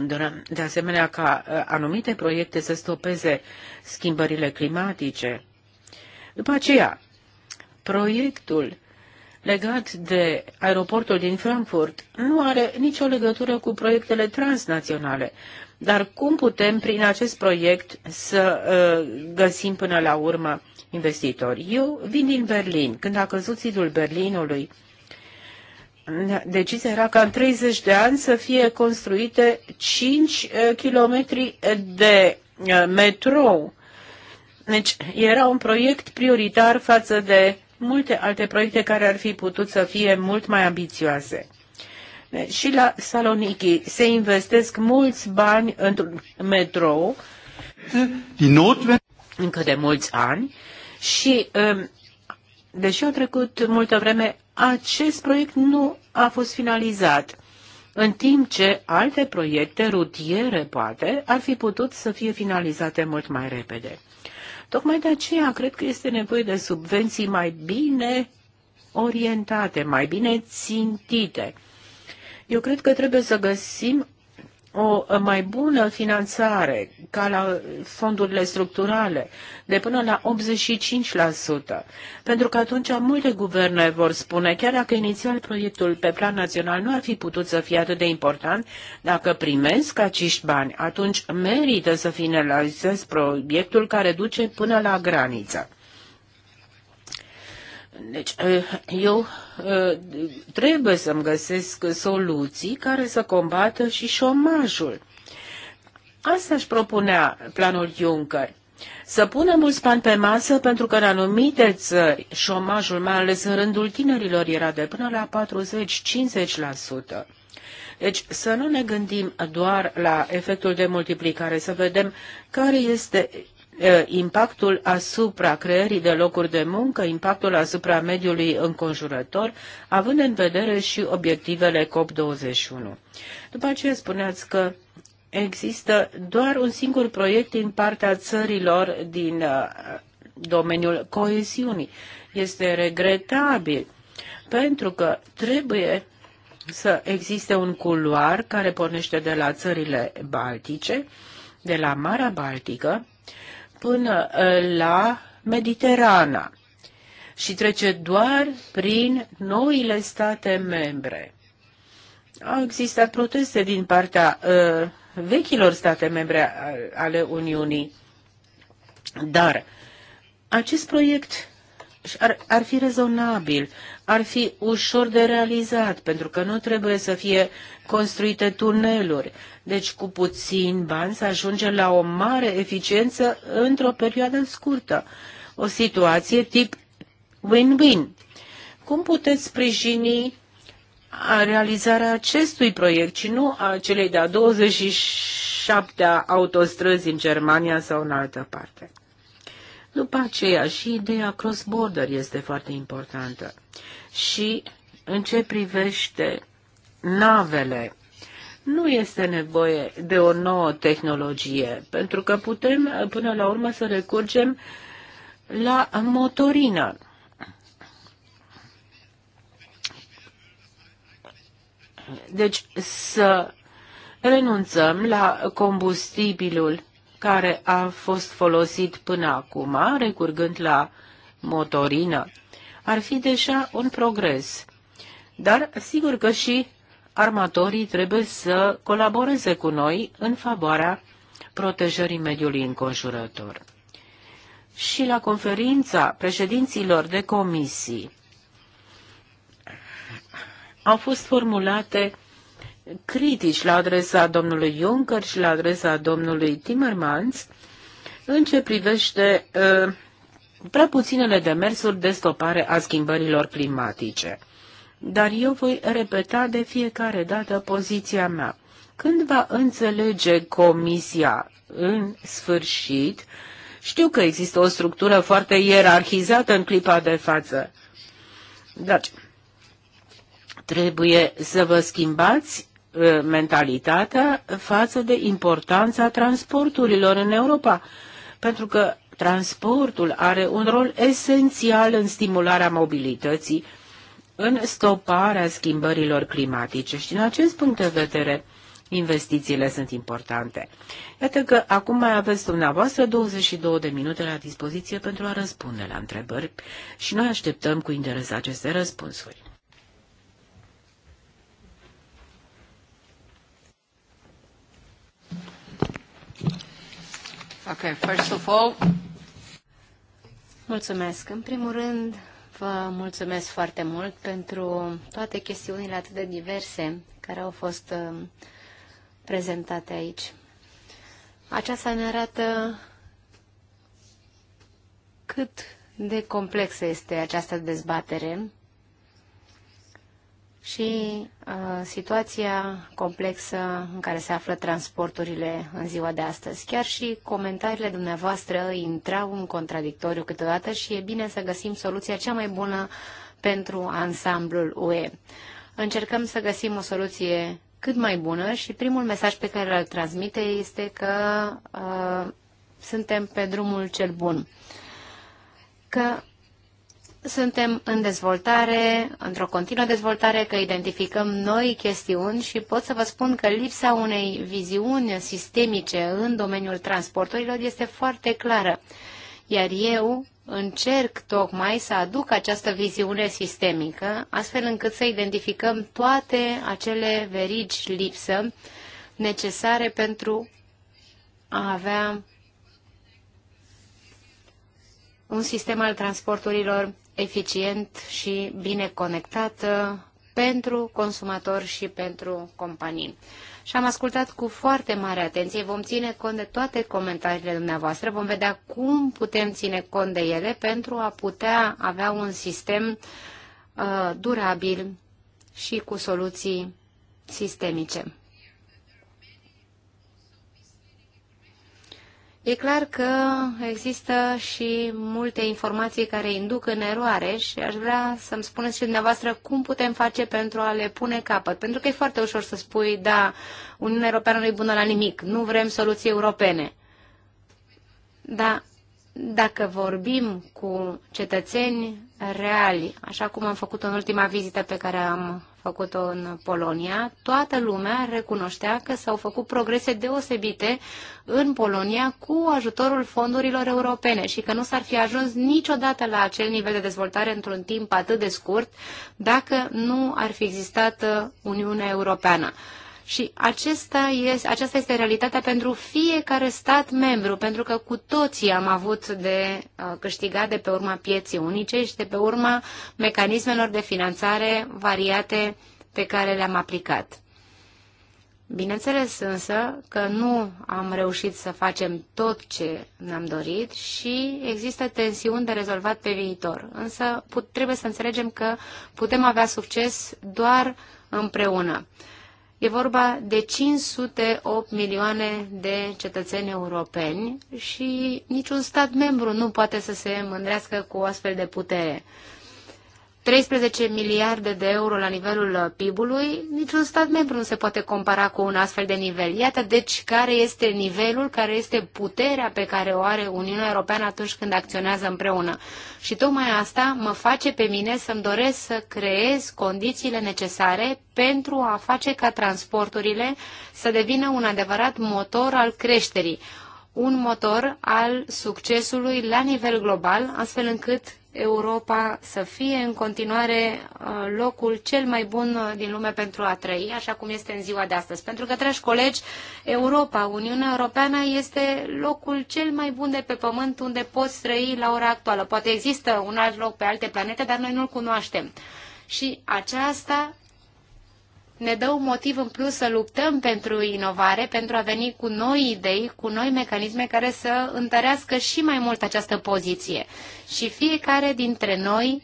dorem de asemenea ca uh, anumite proiecte să stopeze schimbările climatice. După aceea, proiectul legat de aeroportul din Frankfurt nu are nicio legătură cu proiectele transnaționale. Dar cum putem prin acest proiect să uh, găsim până la urmă investitori? Eu vin din Berlin. Când a căzut zidul Berlinului, decizia era ca în 30 de ani să fie construite 5 uh, km de uh, metrou. Deci era un proiect prioritar față de multe alte proiecte care ar fi putut să fie mult mai ambițioase. Și la Saloniki se investesc mulți bani într-un metrou încă de mulți ani și um, deși au trecut multă vreme, acest proiect nu a fost finalizat în timp ce alte proiecte rutiere, poate, ar fi putut să fie finalizate mult mai repede. Tocmai de aceea cred că este nevoie de subvenții mai bine orientate, mai bine țintite. Eu cred că trebuie să găsim o mai bună finanțare ca la fondurile structurale, de până la 85%, pentru că atunci multe guverne vor spune, chiar dacă inițial proiectul pe plan național nu ar fi putut să fie atât de important, dacă primesc acești bani, atunci merită să finalizez proiectul care duce până la graniță. Deci, eh, eu eh, trebuie să-mi găsesc soluții care să combată și șomajul. Asta își propunea planul Juncker. Să punem mulți bani pe masă pentru că în anumite țări șomajul, mai ales în rândul tinerilor, era de până la 40-50%. Deci să nu ne gândim doar la efectul de multiplicare, să vedem care este Eh, impactul asupra creării de locuri de muncă, impactul asupra mediului înconjurător, având în vedere și obiectivele COP21. După aceea spuneați că există doar un singur proiect din partea țărilor din eh, domeniul coeziunii. Este regretabil pentru că trebuie să existe un culoar care pornește de la țările baltice, de la Marea Baltică, până eh, la Mediterana și trece doar prin noile state membre. Au existat proteste din partea uh, vechilor state membre eh, ale Uniunii, dar acest proiect ar, ar fi rezonabil ar fi ușor de realizat, pentru că nu trebuie să fie construite tuneluri. Deci cu puțin bani se ajunge la o mare eficiență într-o perioadă scurtă. O situație tip win-win. Cum puteți sprijini realizarea acestui proiect și nu a celei de-a 27-a autostrăzi în Germania sau în altă parte? După aceea și ideea cross-border este foarte importantă. Și în ce privește navele, nu este nevoie de o nouă tehnologie, pentru că putem până la urmă să recurgem la motorină. Deci să renunțăm la combustibilul care a fost folosit până acum, recurgând la motorină, ar fi deja un progres. Dar sigur că și armatorii trebuie să colaboreze cu noi în favoarea protejării mediului înconjurător. Și la conferința președinților de comisii au fost formulate critici la adresa domnului Juncker și la adresa domnului Timmermans în ce privește uh, prea puținele demersuri de stopare a schimbărilor climatice. Dar eu voi repeta de fiecare dată poziția mea. Când va înțelege Comisia în sfârșit, știu că există o structură foarte ierarhizată în clipa de față, dar deci, trebuie să vă schimbați Uh, mentalitatea față de importanța transporturilor în Europa, pentru că transportul are un rol esențial în stimularea mobilității, în stoparea schimbărilor climatice și din acest punct de vedere investițiile sunt importante. Iată că acum mai aveți dumneavoastră 22 de minute la dispoziție pentru a răspunde la întrebări și noi așteptăm cu interes aceste răspunsuri. Okay, first of all... Mulțumesc. În primul rând, vă mulțumesc foarte mult pentru toate chestiunile atât de diverse care au fost uh, prezentate aici. Aceasta ne arată cât de complexă este această dezbatere și uh, situația complexă în care se află transporturile în ziua de astăzi. Chiar și comentariile dumneavoastră intrau în contradictoriu câteodată și e bine să găsim soluția cea mai bună pentru ansamblul UE. Încercăm să găsim o soluție cât mai bună și primul mesaj pe care îl transmite este că uh, suntem pe drumul cel bun. Că suntem în dezvoltare, într-o continuă dezvoltare, că identificăm noi chestiuni și pot să vă spun că lipsa unei viziuni sistemice în domeniul transporturilor este foarte clară. Iar eu încerc tocmai să aduc această viziune sistemică, astfel încât să identificăm toate acele verigi lipsă necesare pentru a avea un sistem al transporturilor eficient și bine conectată pentru consumatori și pentru companii. Și am ascultat cu foarte mare atenție, vom ține cont de toate comentariile dumneavoastră, vom vedea cum putem ține cont de ele pentru a putea avea un sistem uh, durabil și cu soluții sistemice. E clar că există și multe informații care induc în eroare și aș vrea să-mi spuneți și dumneavoastră cum putem face pentru a le pune capăt. Pentru că e foarte ușor să spui, da, Uniunea Europeană nu e bună la nimic, nu vrem soluții europene. Dar dacă vorbim cu cetățeni reali, așa cum am făcut în ultima vizită pe care am făcut-o în Polonia, toată lumea recunoștea că s-au făcut progrese deosebite în Polonia cu ajutorul fondurilor europene și că nu s-ar fi ajuns niciodată la acel nivel de dezvoltare într-un timp atât de scurt dacă nu ar fi existat uh, Uniunea Europeană. Și acesta este, aceasta este realitatea pentru fiecare stat membru, pentru că cu toții am avut de uh, câștigat de pe urma pieții unice și de pe urma mecanismelor de finanțare variate pe care le-am aplicat. Bineînțeles însă că nu am reușit să facem tot ce ne-am dorit și există tensiuni de rezolvat pe viitor. Însă put, trebuie să înțelegem că putem avea succes doar împreună. E vorba de 508 milioane de cetățeni europeni și niciun stat membru nu poate să se mândrească cu o astfel de putere. 13 miliarde de euro la nivelul uh, PIB-ului, niciun stat membru nu se poate compara cu un astfel de nivel. Iată deci care este nivelul, care este puterea pe care o are Uniunea Europeană atunci când acționează împreună. Și tocmai asta mă face pe mine să-mi doresc să creez condițiile necesare pentru a face ca transporturile să devină un adevărat motor al creșterii un motor al succesului la nivel global, astfel încât Europa să fie în continuare uh, locul cel mai bun uh, din lume pentru a trăi, așa cum este în ziua de astăzi. Pentru că, dragi colegi, Europa, Uniunea Europeană, este locul cel mai bun de pe pământ unde poți trăi la ora actuală. Poate există un alt loc pe alte planete, dar noi nu-l cunoaștem. Și aceasta ne dă un motiv în plus să luptăm pentru inovare, pentru a veni cu noi idei, cu noi mecanisme care să întărească și mai mult această poziție. Și fiecare dintre noi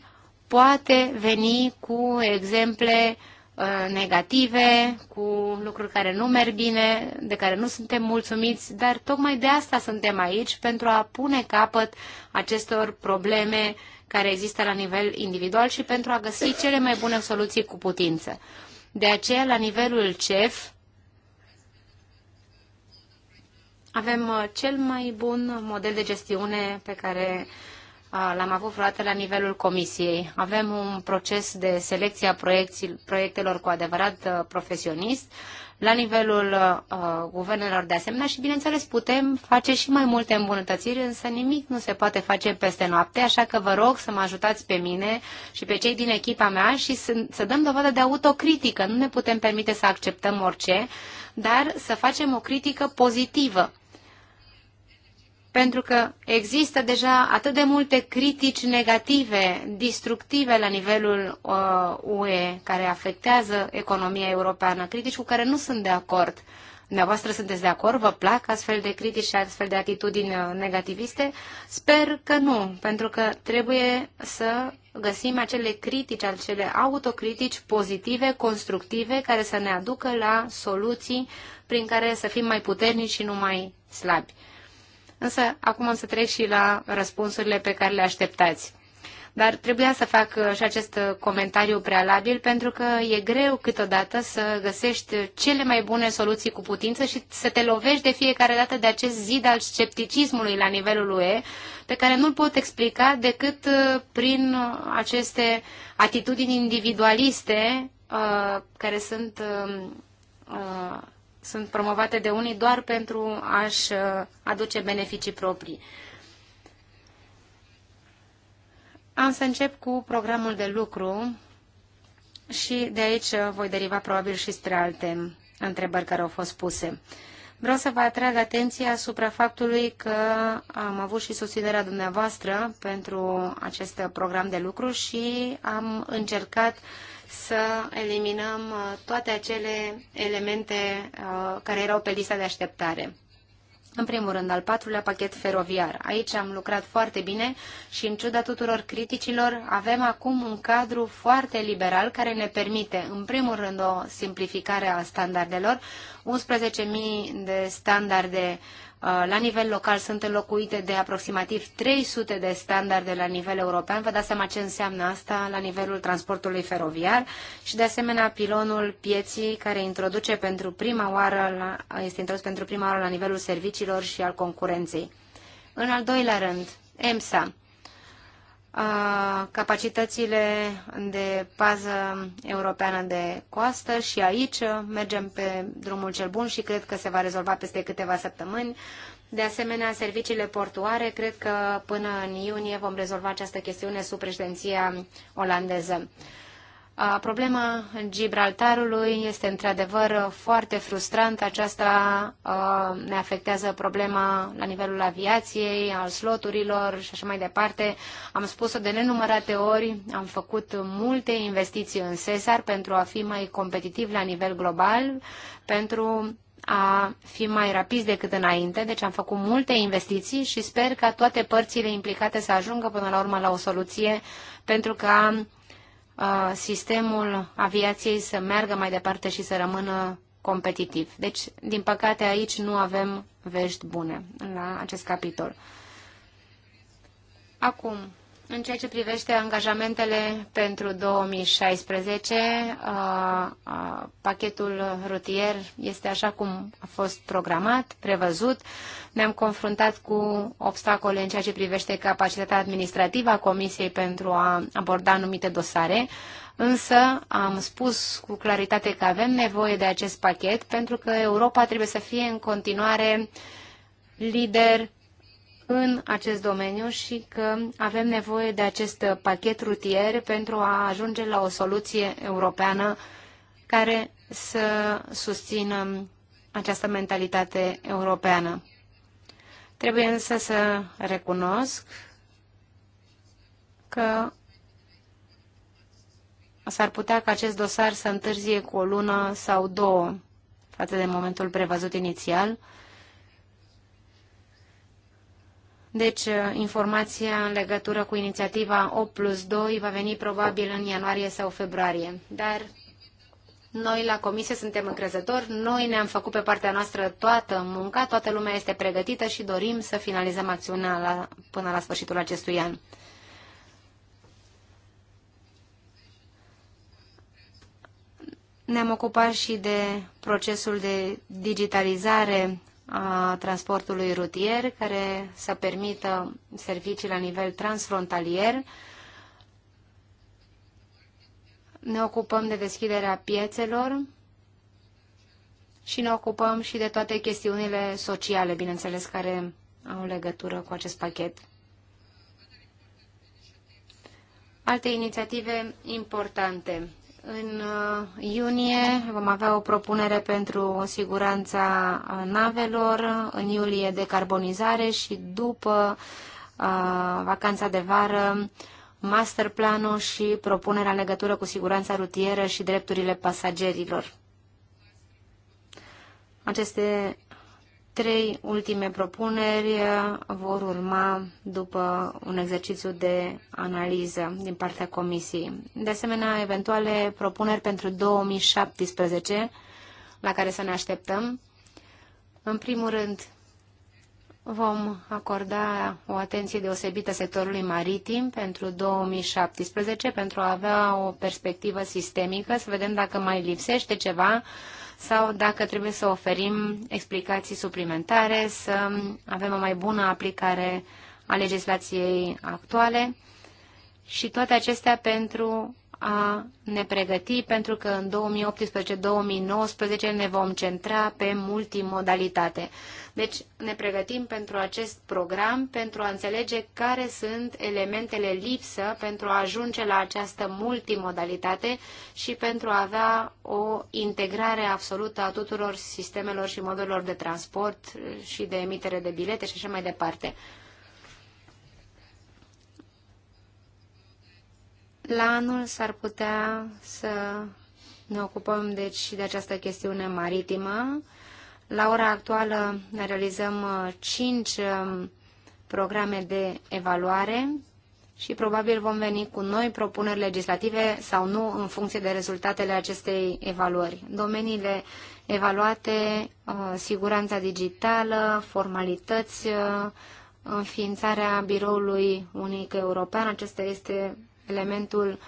poate veni cu exemple uh, negative, cu lucruri care nu merg bine, de care nu suntem mulțumiți, dar tocmai de asta suntem aici, pentru a pune capăt acestor probleme care există la nivel individual și pentru a găsi cele mai bune soluții cu putință. De aceea, la nivelul CEF, avem uh, cel mai bun model de gestiune pe care uh, l-am avut vreodată la nivelul comisiei. Avem un proces de selecție a proiectelor cu adevărat uh, profesionist la nivelul uh, guvernelor de asemenea și, bineînțeles, putem face și mai multe îmbunătățiri, însă nimic nu se poate face peste noapte, așa că vă rog să mă ajutați pe mine și pe cei din echipa mea și să, să dăm dovadă de autocritică. Nu ne putem permite să acceptăm orice, dar să facem o critică pozitivă pentru că există deja atât de multe critici negative, destructive la nivelul uh, UE, care afectează economia europeană, critici cu care nu sunt de acord. Dumneavoastră sunteți de acord? Vă plac astfel de critici și astfel de atitudini uh, negativiste? Sper că nu, pentru că trebuie să găsim acele critici, acele autocritici pozitive, constructive, care să ne aducă la soluții prin care să fim mai puternici și nu mai slabi. Însă acum am să trec și la răspunsurile pe care le așteptați. Dar trebuia să fac uh, și acest uh, comentariu prealabil pentru că e greu câteodată să găsești cele mai bune soluții cu putință și să te lovești de fiecare dată de acest zid al scepticismului la nivelul UE, pe care nu-l pot explica decât uh, prin aceste atitudini individualiste care sunt um, sunt promovate de unii doar pentru a-și uh, aduce beneficii proprii. Am să încep cu programul de lucru și de aici uh, voi deriva probabil și spre alte întrebări care au fost puse. Vreau să vă atrag atenția asupra faptului că am avut și susținerea dumneavoastră pentru acest program de lucru și am încercat uh, să eliminăm uh, toate acele elemente uh, care erau pe lista de așteptare. În primul rând, al patrulea pachet feroviar. Aici am lucrat foarte bine și, în ciuda tuturor criticilor, avem acum un cadru foarte liberal care ne permite, în primul rând, o simplificare a standardelor, 11.000 de standarde Uh, la nivel local sunt înlocuite de aproximativ 300 de standarde la nivel european. Vă dați seama ce înseamnă asta la nivelul transportului feroviar și de asemenea pilonul pieții care introduce pentru prima oară la, este introdus pentru prima oară la nivelul serviciilor și al concurenței. În al doilea rând, EMSA capacitățile de pază europeană de coastă și aici mergem pe drumul cel bun și cred că se va rezolva peste câteva săptămâni. De asemenea, serviciile portuare, cred că până în iunie vom rezolva această chestiune sub președinția olandeză. Problema Gibraltarului este într-adevăr foarte frustrantă. Aceasta ne afectează problema la nivelul aviației, al sloturilor și așa mai departe. Am spus-o de nenumărate ori, am făcut multe investiții în Cesar pentru a fi mai competitiv la nivel global, pentru a fi mai rapizi decât înainte, deci am făcut multe investiții și sper ca toate părțile implicate să ajungă până la urmă la o soluție pentru ca sistemul aviației să meargă mai departe și să rămână competitiv. Deci, din păcate, aici nu avem vești bune la acest capitol. Acum, în ceea ce privește angajamentele pentru 2016, pachetul rutier este așa cum a fost programat, prevăzut. Ne-am confruntat cu obstacole în ceea ce privește capacitatea administrativă a Comisiei pentru a aborda anumite dosare, însă am spus cu claritate că avem nevoie de acest pachet pentru că Europa trebuie să fie în continuare lider în acest domeniu și că avem nevoie de acest pachet rutier pentru a ajunge la o soluție europeană care să susțină această mentalitate europeană. Trebuie însă să recunosc că s-ar putea ca acest dosar să întârzie cu o lună sau două față de momentul prevăzut inițial, Deci, uh, informația în legătură cu inițiativa 8 plus 2 va veni probabil în ianuarie sau februarie. Dar noi la comisie suntem încrezători, noi ne-am făcut pe partea noastră toată munca, toată lumea este pregătită și dorim să finalizăm acțiunea la, până la sfârșitul acestui an. Ne-am ocupat și de procesul de digitalizare transportului rutier care să permită servicii la nivel transfrontalier. Ne ocupăm de deschiderea piețelor și ne ocupăm și de toate chestiunile sociale, bineînțeles, care au legătură cu acest pachet. Alte inițiative importante în uh, iunie vom avea o propunere pentru siguranța uh, navelor, în iulie decarbonizare și după uh, vacanța de vară masterplanul și propunerea în legătură cu siguranța rutieră și drepturile pasagerilor. Aceste trei ultime propuneri vor urma după un exercițiu de analiză din partea Comisiei. De asemenea, eventuale propuneri pentru 2017 la care să ne așteptăm. În primul rând, vom acorda o atenție deosebită sectorului maritim pentru 2017 pentru a avea o perspectivă sistemică, să vedem dacă mai lipsește ceva sau dacă trebuie să oferim explicații suplimentare, să avem o mai bună aplicare a legislației actuale și toate acestea pentru a ne pregăti pentru că în 2018-2019 ne vom centra pe multimodalitate. Deci ne pregătim pentru acest program, pentru a înțelege care sunt elementele lipsă pentru a ajunge la această multimodalitate și pentru a avea o integrare absolută a tuturor sistemelor și modurilor de transport și de emitere de bilete și așa mai departe. La anul s-ar putea să ne ocupăm deci și de această chestiune maritimă. La ora actuală ne realizăm 5 uh, um, programe de evaluare și probabil vom veni cu noi propuneri legislative sau nu în funcție de rezultatele acestei evaluări. Domeniile evaluate, uh, siguranța digitală, formalități, uh, înființarea biroului unic european, acesta este elementul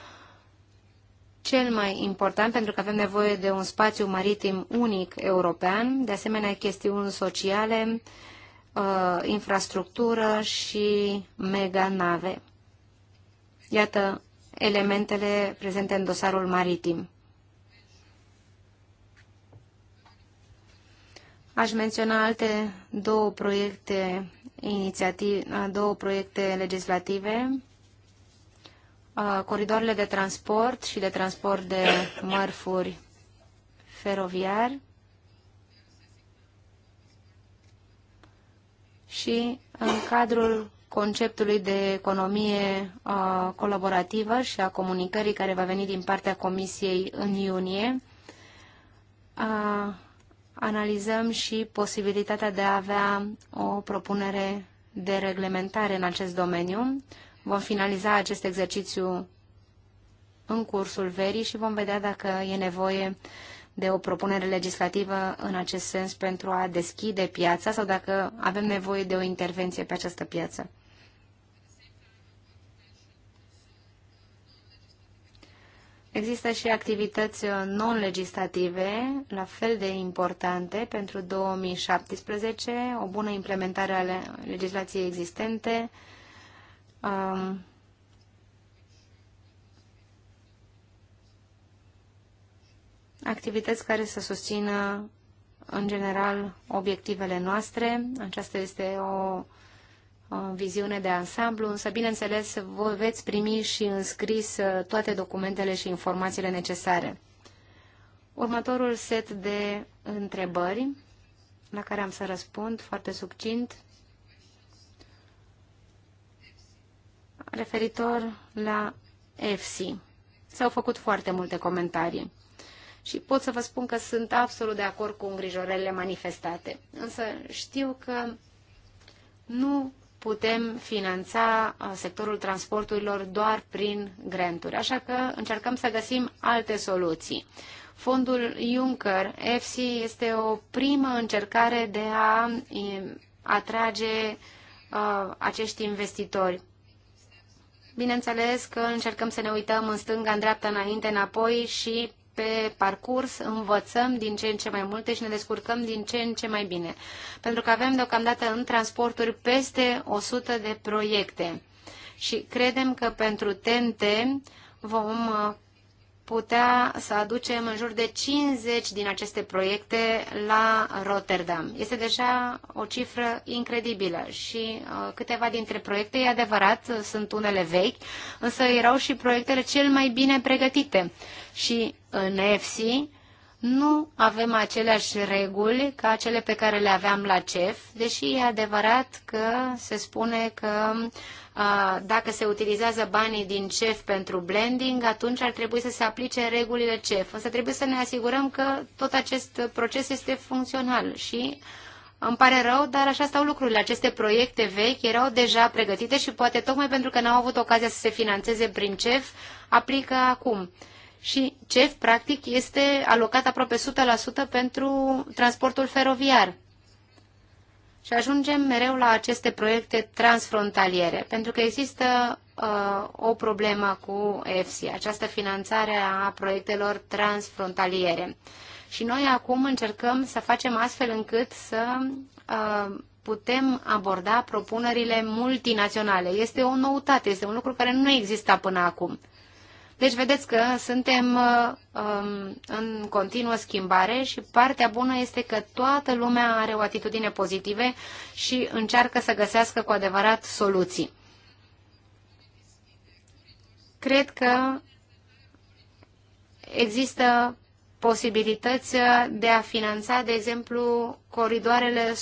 cel mai important, pentru că avem nevoie de un spațiu maritim unic european, de asemenea chestiuni sociale, uh, infrastructură și mega nave. Iată elementele prezente în dosarul maritim. Aș menționa alte două proiecte, inițiative, două proiecte legislative Uh, coridoarele de transport și de transport de mărfuri feroviar și în cadrul conceptului de economie uh, colaborativă și a comunicării care va veni din partea Comisiei în iunie, uh, analizăm și posibilitatea de a avea o propunere de reglementare în acest domeniu Vom finaliza acest exercițiu în cursul verii și vom vedea dacă e nevoie de o propunere legislativă în acest sens pentru a deschide piața sau dacă avem nevoie de o intervenție pe această piață. Există și activități non-legislative, la fel de importante pentru 2017, o bună implementare a legislației existente, um, activități care să susțină în general obiectivele noastre. Aceasta este o, o viziune de ansamblu, însă bineînțeles vă veți primi și înscris uh, toate documentele și informațiile necesare. Următorul set de întrebări la care am să răspund foarte succint referitor la EFSI. S-au făcut foarte multe comentarii și pot să vă spun că sunt absolut de acord cu îngrijorările manifestate. Însă știu că nu putem finanța uh, sectorul transporturilor doar prin granturi, așa că încercăm să găsim alte soluții. Fondul Juncker, Fc este o primă încercare de a uh, atrage uh, acești investitori Bineînțeles că încercăm să ne uităm în stânga, în dreapta, înainte, înapoi și pe parcurs învățăm din ce în ce mai multe și ne descurcăm din ce în ce mai bine. Pentru că avem deocamdată în transporturi peste 100 de proiecte și credem că pentru TNT vom uh, putea să aducem în jur de 50 din aceste proiecte la Rotterdam. Este deja o cifră incredibilă și uh, câteva dintre proiecte, e adevărat, sunt unele vechi, însă erau și proiectele cel mai bine pregătite. Și în EFSI nu avem aceleași reguli ca cele pe care le aveam la CEF, deși e adevărat că se spune că dacă se utilizează banii din CEF pentru blending, atunci ar trebui să se aplice regulile CEF. Însă trebuie să ne asigurăm că tot acest proces este funcțional și îmi pare rău, dar așa stau lucrurile. Aceste proiecte vechi erau deja pregătite și poate tocmai pentru că n-au avut ocazia să se financeze prin CEF, aplică acum și CEF, practic, este alocat aproape 100% pentru transportul feroviar. Și ajungem mereu la aceste proiecte transfrontaliere, pentru că există uh, o problemă cu EFSI, această finanțare a proiectelor transfrontaliere. Și noi acum încercăm să facem astfel încât să uh, putem aborda propunerile multinaționale. Este o noutate, este un lucru care nu exista până acum. Deci vedeți că suntem uh, um, în continuă schimbare și partea bună este că toată lumea are o atitudine pozitive și încearcă să găsească cu adevărat soluții. Cred că există posibilități de a finanța, de exemplu, coridoarele 100%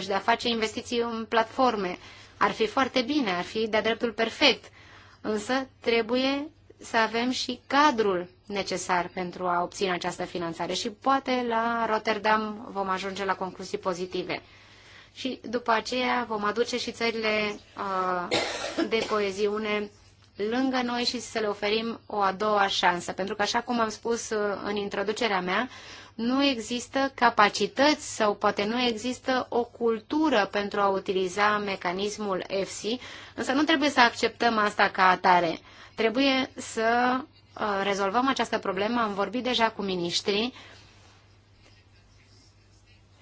și de a face investiții în platforme. Ar fi foarte bine, ar fi de-a dreptul perfect, însă trebuie să avem și cadrul necesar pentru a obține această finanțare și poate la Rotterdam vom ajunge la concluzii pozitive. Și după aceea vom aduce și țările uh, de coeziune lângă noi și să le oferim o a doua șansă. Pentru că, așa cum am spus uh, în introducerea mea, nu există capacități sau poate nu există o cultură pentru a utiliza mecanismul EFSI, însă nu trebuie să acceptăm asta ca atare. Trebuie să uh, rezolvăm această problemă. Am vorbit deja cu miniștrii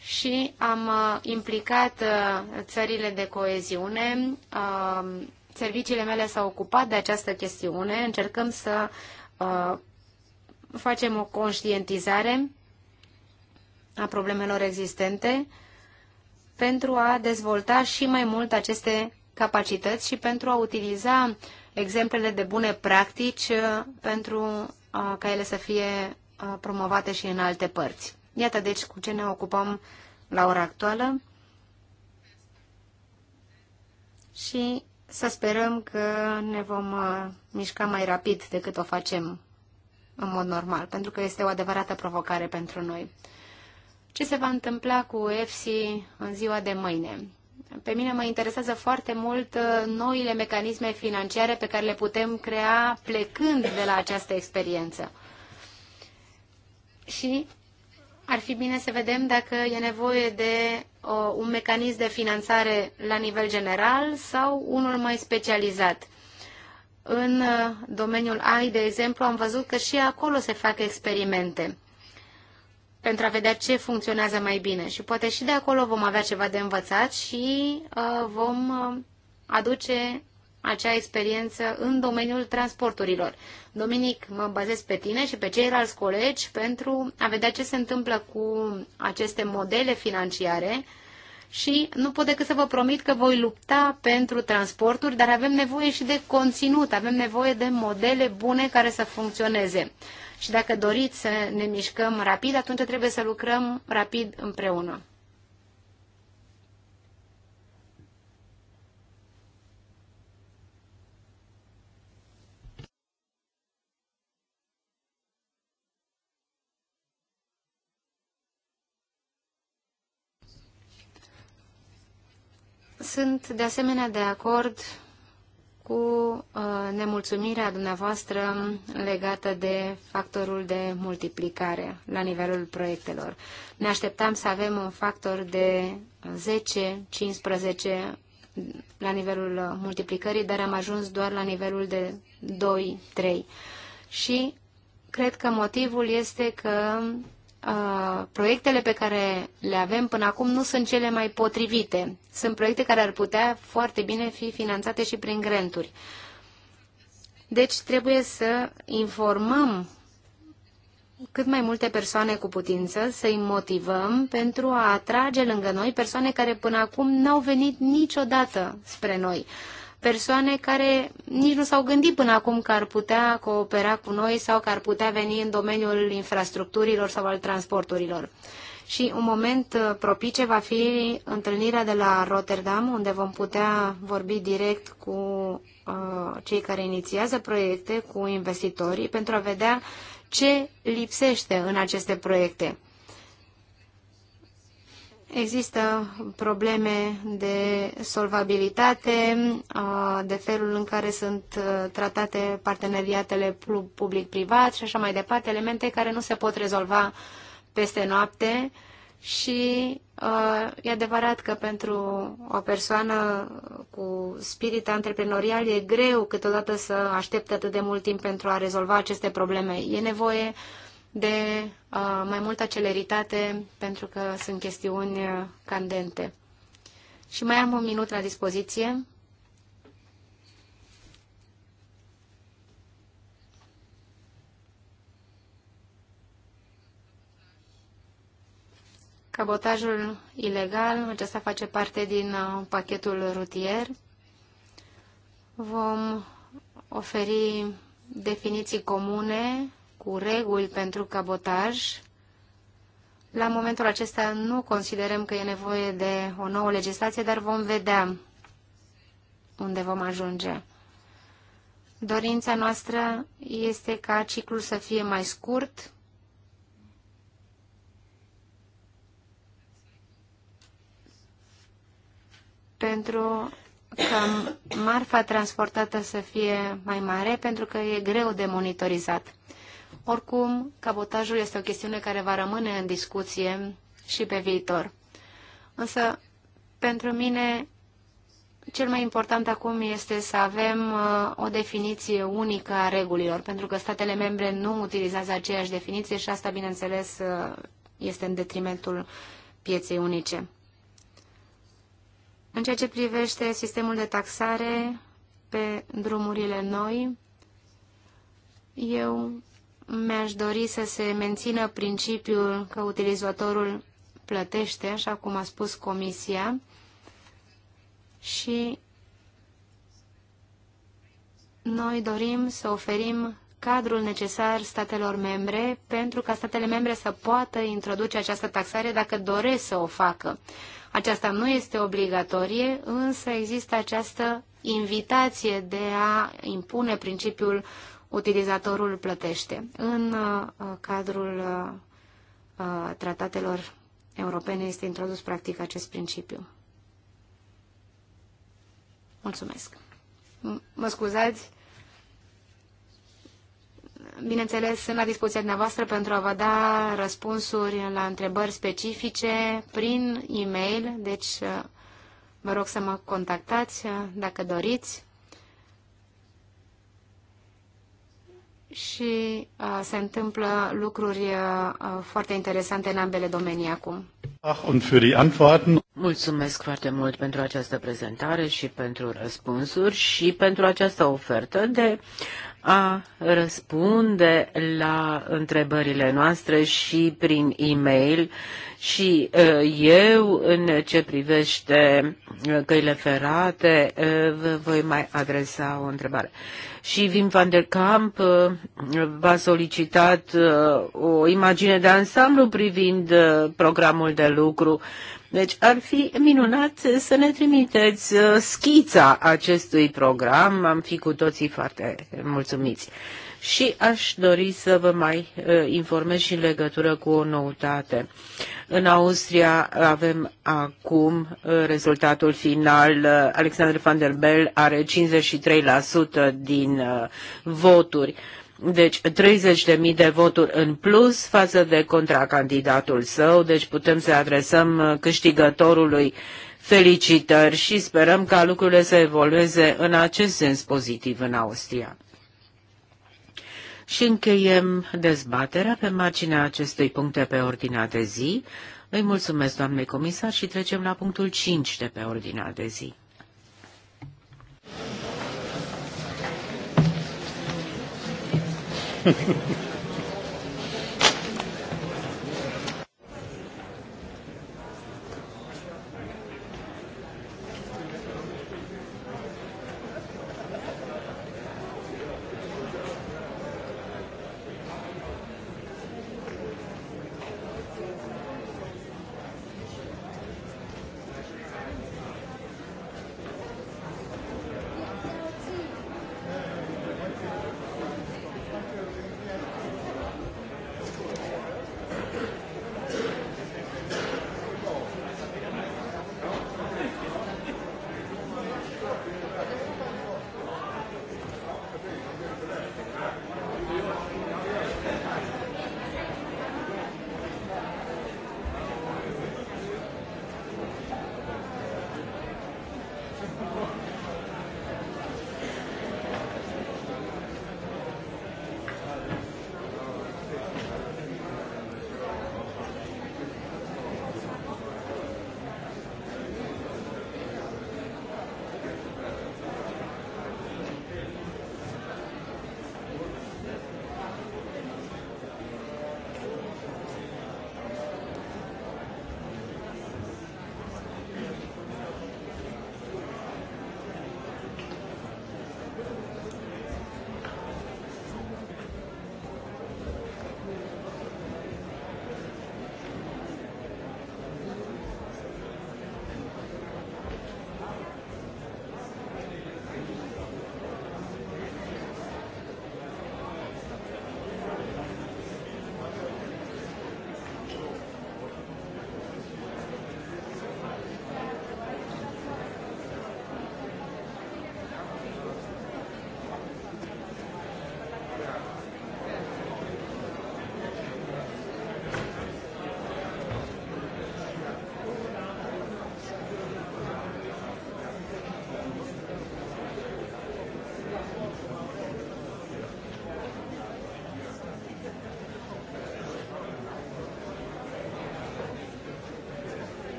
și am uh, implicat uh, țările de coeziune. Serviciile mele s-au ocupat de această chestiune. Încercăm să facem o conștientizare a problemelor existente pentru a dezvolta și mai mult aceste capacități și pentru a utiliza exemplele de bune practici uh, pentru uh, ca ele să fie uh, promovate și în alte părți. Iată deci cu ce ne ocupăm la ora actuală și să sperăm că ne vom mișca mai rapid decât o facem în mod normal, pentru că este o adevărată provocare pentru noi. Ce se va întâmpla cu EFSI în ziua de mâine? Pe mine mă interesează foarte mult uh, noile mecanisme financiare pe care le putem crea plecând de la această experiență. Și ar fi bine să vedem dacă e nevoie de o, uh, un mecanism de finanțare la nivel general sau unul mai specializat. În uh, domeniul AI, de exemplu, am văzut că și acolo se fac experimente pentru a vedea ce funcționează mai bine. Și poate și de acolo vom avea ceva de învățat și uh, vom uh, aduce acea experiență în domeniul transporturilor. Dominic, mă bazez pe tine și pe ceilalți colegi pentru a vedea ce se întâmplă cu aceste modele financiare și nu pot decât să vă promit că voi lupta pentru transporturi, dar avem nevoie și de conținut, avem nevoie de modele bune care să funcționeze și dacă doriți să ne mișcăm rapid, atunci trebuie să lucrăm rapid împreună. Sunt de asemenea de acord cu uh, nemulțumirea dumneavoastră legată de factorul de multiplicare la nivelul proiectelor. Ne așteptam să avem un factor de 10-15 la nivelul multiplicării, dar am ajuns doar la nivelul de 2-3. Și cred că motivul este că proiectele pe care le avem până acum nu sunt cele mai potrivite. Sunt proiecte care ar putea foarte bine fi finanțate și prin granturi. Deci trebuie să informăm cât mai multe persoane cu putință, să-i motivăm pentru a atrage lângă noi persoane care până acum n-au venit niciodată spre noi persoane care nici nu s-au gândit până acum că ar putea coopera cu noi sau că ar putea veni în domeniul infrastructurilor sau al transporturilor. Și un moment uh, propice va fi întâlnirea de la Rotterdam, unde vom putea vorbi direct cu uh, cei care inițiază proiecte, cu investitorii, pentru a vedea ce lipsește în aceste proiecte. Există probleme de solvabilitate, de felul în care sunt tratate parteneriatele public-privat și așa mai departe, elemente care nu se pot rezolva peste noapte și e adevărat că pentru o persoană cu spirit antreprenorial e greu câteodată să aștepte atât de mult timp pentru a rezolva aceste probleme. E nevoie uh, de uh, mai multă celeritate pentru că sunt chestiuni uh, candente. Și mai am un minut la dispoziție. Cabotajul ilegal, acesta face parte din uh, pachetul rutier. Vom oferi definiții comune cu reguli pentru cabotaj. La momentul acesta nu considerăm că e nevoie de o nouă legislație, dar vom vedea unde vom ajunge. Dorința noastră este ca ciclul să fie mai scurt, pentru ca marfa transportată să fie mai mare, pentru că e greu de monitorizat. Oricum, cabotajul este o chestiune care va rămâne în discuție și pe viitor. Însă, pentru mine, cel mai important acum este să avem uh, o definiție unică a regulilor, pentru că statele membre nu utilizează aceeași definiție și asta, bineînțeles, uh, este în detrimentul pieței unice. În ceea ce privește sistemul de taxare pe drumurile noi, eu mi-aș dori să se mențină principiul că utilizatorul plătește, așa cum a spus Comisia, și noi dorim să oferim cadrul necesar statelor membre pentru ca statele membre să poată introduce această taxare dacă doresc să o facă. Aceasta nu este obligatorie, însă există această invitație de a impune principiul utilizatorul plătește. În uh, cadrul uh, uh, tratatelor europene este introdus practic acest principiu. Mulțumesc. Mă scuzați. Bineînțeles, sunt la dispoziția dumneavoastră pentru a vă da răspunsuri la întrebări specifice prin e-mail, deci vă rog să mă contactați dacă doriți. și uh, se întâmplă lucruri uh, foarte interesante în ambele domenii acum. Mulțumesc foarte mult pentru această prezentare și pentru răspunsuri și pentru această ofertă de a răspunde la întrebările noastre și prin e-mail și eu în ce privește căile ferate vă voi mai adresa o întrebare și Wim van der Kamp uh, v-a solicitat uh, o imagine de ansamblu privind uh, programul de lucru. Deci ar fi minunat să ne trimiteți schița acestui program. Am fi cu toții foarte mulțumiți și aș dori să vă mai uh, informez și în legătură cu o noutate. În Austria avem acum uh, rezultatul final. Uh, Alexander van der Bell are 53% din voturi. Deci 30.000 de voturi în plus față de contracandidatul său, deci putem să adresăm câștigătorului felicitări și sperăm ca lucrurile să evolueze în acest sens pozitiv în Austria și încheiem dezbaterea pe marginea acestui puncte pe ordinea de zi. Îi mulțumesc, doamne comisar, și trecem la punctul 5 de pe ordinea de zi. Thank you.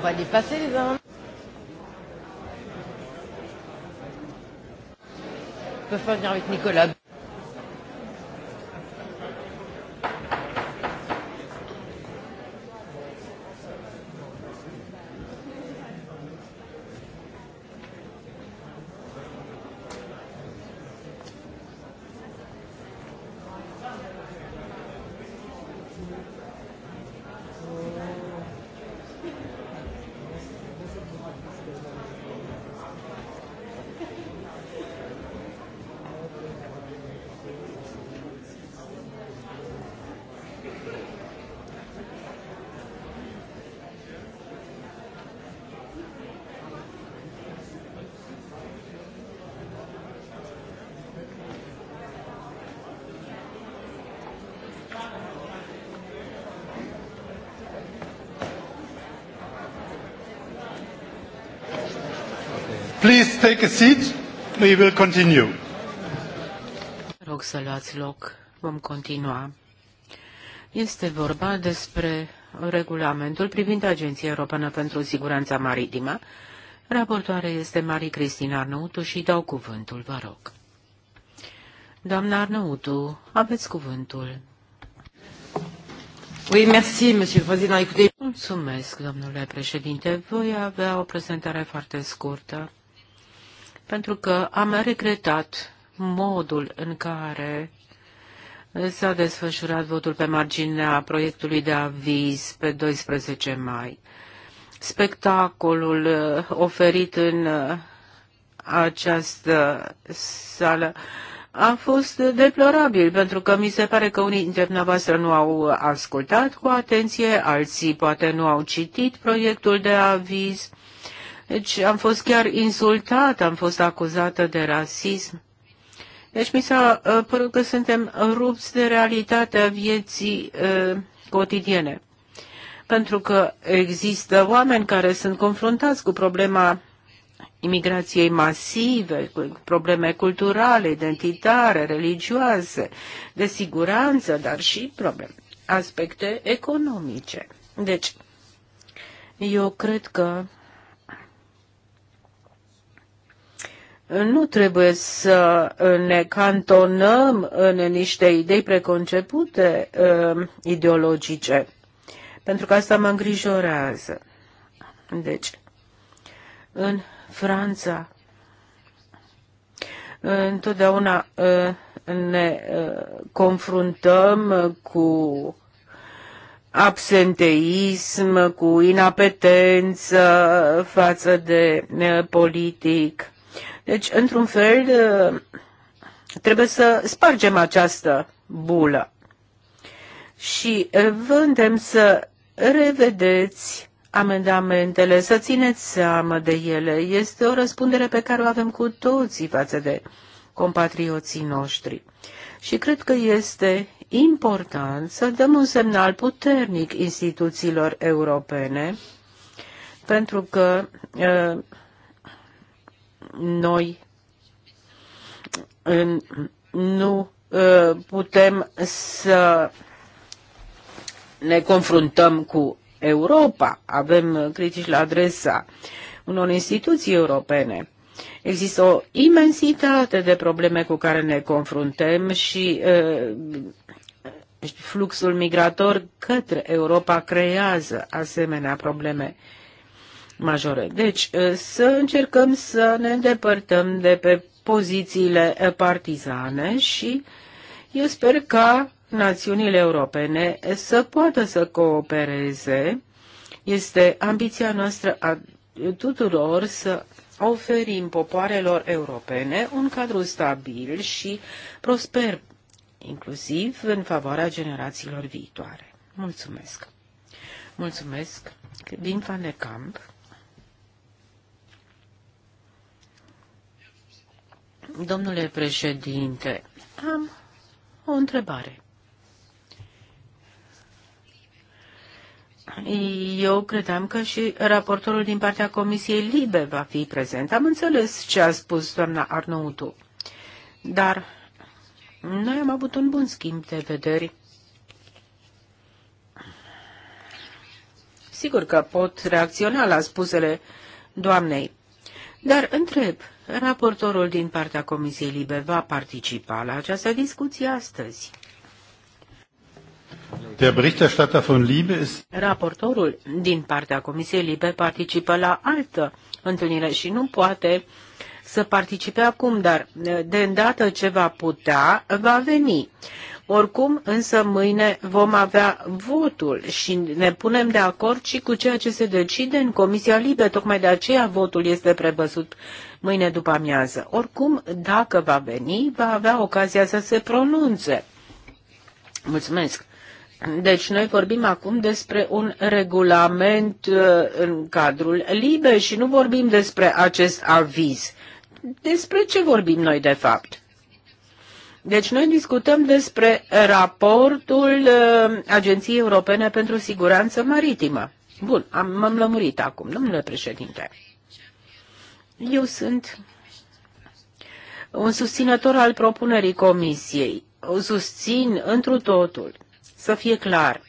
on va dépasser les 20 On peut peuvent pas venir avec Nicolas. Please take a seat. We will continue. Rog să luați loc. Vom continua. Este vorba despre regulamentul privind Agenția Europeană pentru Siguranța Maritimă. Raportoare este Marie Cristina Arnautu și dau cuvântul, vă rog. Doamna Arnautu, aveți cuvântul. Oui, merci, monsieur le président. Mulțumesc, domnule președinte. Voi avea o prezentare foarte scurtă pentru că am regretat modul în care s-a desfășurat votul pe marginea proiectului de aviz pe 12 mai. Spectacolul uh, oferit în uh, această sală a fost deplorabil, pentru că mi se pare că unii dintre dumneavoastră nu au ascultat cu atenție, alții poate nu au citit proiectul de aviz deci am fost chiar insultată, am fost acuzată de rasism. Deci mi s-a uh, părut că suntem rupți de realitatea vieții uh, cotidiene. Pentru că există oameni care sunt confruntați cu problema imigrației masive, cu probleme culturale, identitare, religioase, de siguranță, dar și probleme, aspecte economice. Deci, eu cred că Nu trebuie să ne cantonăm în niște idei preconcepute um, ideologice, pentru că asta mă îngrijorează. Deci, în Franța, întotdeauna uh, ne uh, confruntăm cu absenteism, cu inapetență față de uh, politic. Deci, într-un fel, uh, trebuie să spargem această bulă. Și uh, vă îndemn să revedeți amendamentele, să țineți seama de ele. Este o răspundere pe care o avem cu toții față de compatrioții noștri. Și cred că este important să dăm un semnal puternic instituțiilor europene, pentru că uh, noi nu ă, putem să ne confruntăm cu Europa. Avem critici la adresa unor instituții europene. Există o imensitate de probleme cu care ne confruntăm și uh, fluxul migrator către Europa creează asemenea probleme majore. Deci uh, să încercăm să ne îndepărtăm de pe pozițiile uh, partizane și eu sper ca națiunile europene uh, să poată să coopereze. Este ambiția noastră a tuturor să oferim popoarelor europene un cadru stabil și prosper, inclusiv în favoarea generațiilor viitoare. Mulțumesc! Mulțumesc, Vin van de Camp. Domnule președinte, am o întrebare. Eu credeam că și raportorul din partea Comisiei Libe va fi prezent. Am înțeles ce a spus doamna Arnautu. Dar noi am avut un bun schimb de vederi. Sigur că pot reacționa la spusele doamnei, dar întreb, Raportorul din partea Comisiei Libe va participa la această discuție astăzi. Der Berichterstatter von Liebe ist Raportorul din partea Comisiei Libe participă la altă întâlnire și nu poate să participe acum, dar de îndată ce va putea, va veni. Oricum, însă mâine vom avea votul și ne punem de acord și cu ceea ce se decide în Comisia Libe. Tocmai de aceea votul este prevăzut mâine după amiază. Oricum, dacă va veni, va avea ocazia să se pronunțe. Mulțumesc. Deci noi vorbim acum despre un regulament uh, în cadrul liber și nu vorbim despre acest aviz. Despre ce vorbim noi de fapt? Deci noi discutăm despre raportul uh, Agenției Europene pentru Siguranță Maritimă. Bun, am, m-am lămurit acum, domnule președinte. Eu sunt un susținător al propunerii comisiei. O susțin întru totul. Să fie clar.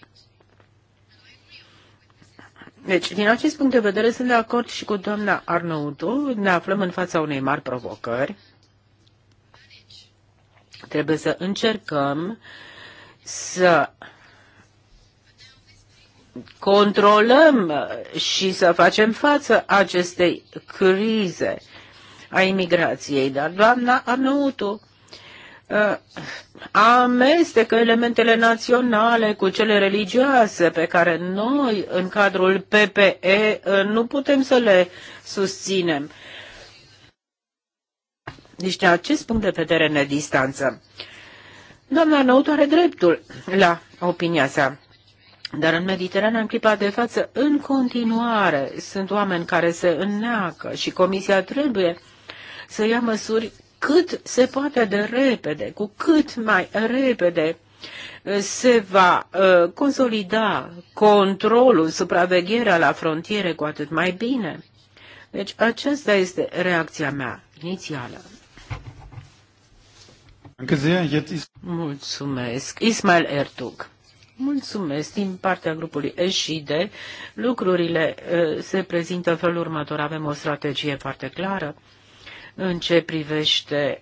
Deci, din acest punct de vedere, sunt de acord și cu doamna Arnautu. Ne aflăm în fața unei mari provocări Trebuie să încercăm să controlăm și să facem față acestei crize a imigrației. Dar doamna Anutu uh, amestecă elementele naționale cu cele religioase pe care noi, în cadrul PPE, uh, nu putem să le susținem nici deci, din acest punct de vedere, ne distanță. Doamna Năut are dreptul la opinia sa. Dar în Mediterana, în clipa de față, în continuare, sunt oameni care se înneacă și Comisia trebuie să ia măsuri cât se poate de repede, cu cât mai repede se va uh, consolida controlul, supravegherea la frontiere, cu atât mai bine. Deci aceasta este reacția mea inițială. Mulțumesc. Ismail Ertug. Mulțumesc. Din partea grupului ESHIDE, lucrurile se prezintă în felul următor. Avem o strategie foarte clară în ce privește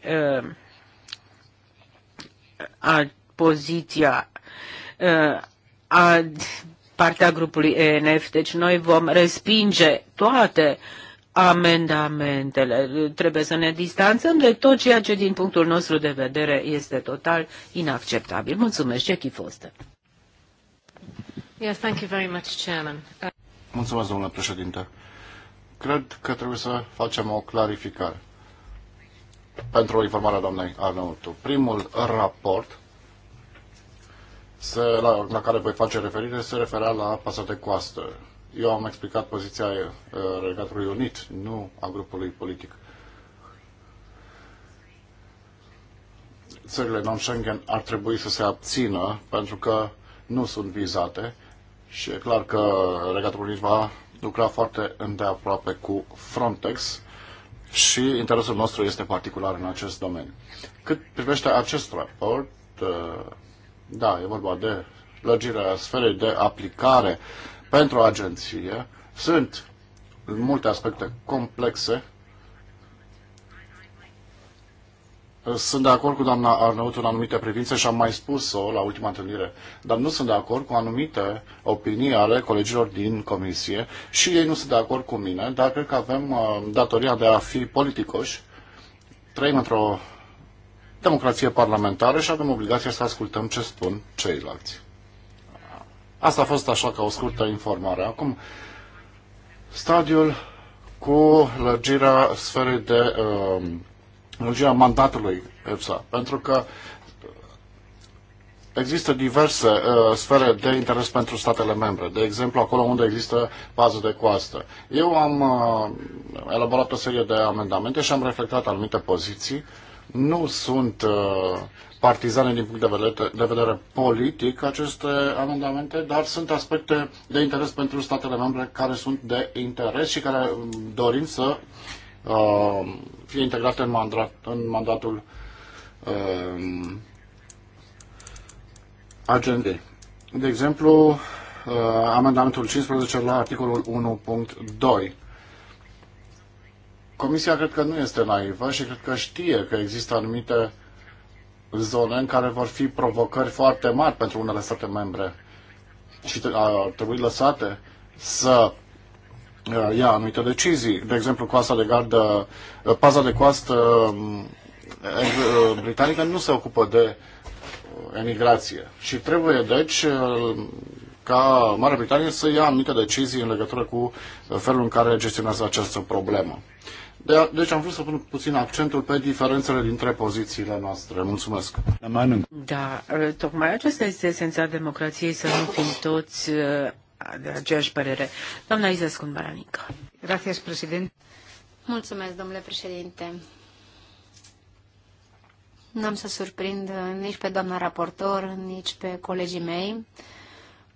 a, poziția a partea grupului ENF. Deci noi vom respinge toate uh, amendamentele. Trebuie să ne distanțăm de tot ceea ce din punctul nostru de vedere este total inacceptabil. Mulțumesc, Jackie Foster. Yes, thank you very much, Chairman. Mulțumesc, domnule președinte. Cred că trebuie să facem o clarificare pentru informarea doamnei Arnautu. Primul raport se, la, la care voi face referire se referea la pasate coastă eu am explicat poziția uh, Regatului Unit, nu a grupului politic. Țările non-Schengen ar trebui să se abțină pentru că nu sunt vizate și e clar că Regatul Unit va lucra foarte îndeaproape cu Frontex și interesul nostru este particular în acest domeniu. Cât privește acest raport, uh, da, e vorba de lărgirea sferei de aplicare pentru agenție. Sunt multe aspecte complexe. Sunt de acord cu doamna Arnaut în anumite privințe și am mai spus-o la ultima întâlnire, dar nu sunt de acord cu anumite opinii ale colegilor din comisie și ei nu sunt de acord cu mine, dar cred că avem uh, datoria de a fi politicoși. Trăim într-o democrație parlamentară și avem obligația să ascultăm ce spun ceilalți. Asta a fost așa ca o scurtă informare. Acum, stadiul cu lărgirea sferei de uh, lărgirea mandatului EPSA, pentru că există diverse uh, sfere de interes pentru statele membre, de exemplu acolo unde există bază de coastă. Eu am uh, elaborat o serie de amendamente și am reflectat anumite poziții. Nu sunt uh, partizane din punct de vedere, de vedere politic aceste amendamente, dar sunt aspecte de interes pentru statele membre care sunt de interes și care um, dorim să uh, fie integrate în, mandat, în mandatul uh, agendei. De exemplu, uh, amendamentul 15 la articolul 1.2. Comisia cred că nu este naivă și cred că știe că există anumite uh, zone în care vor fi provocări foarte mari pentru unele state membre și ar trebui lăsate să uh, ia anumite decizii. De exemplu, coasta de gardă, uh, paza de coastă um, uh, britanică nu se ocupă de emigrație și trebuie, deci, ca Marea Britanie să ia anumite decizii în legătură cu felul în care gestionează această problemă. De, da, deci am vrut să pun puțin accentul pe diferențele dintre pozițiile noastre. Mulțumesc. Da, uh, tocmai acesta este esența democrației, să nu fim toți uh, de aceeași părere. Doamna Izescu Baranica. Gracias, președinte. Mulțumesc, domnule președinte. N-am să surprind uh, nici pe doamna raportor, nici pe colegii mei.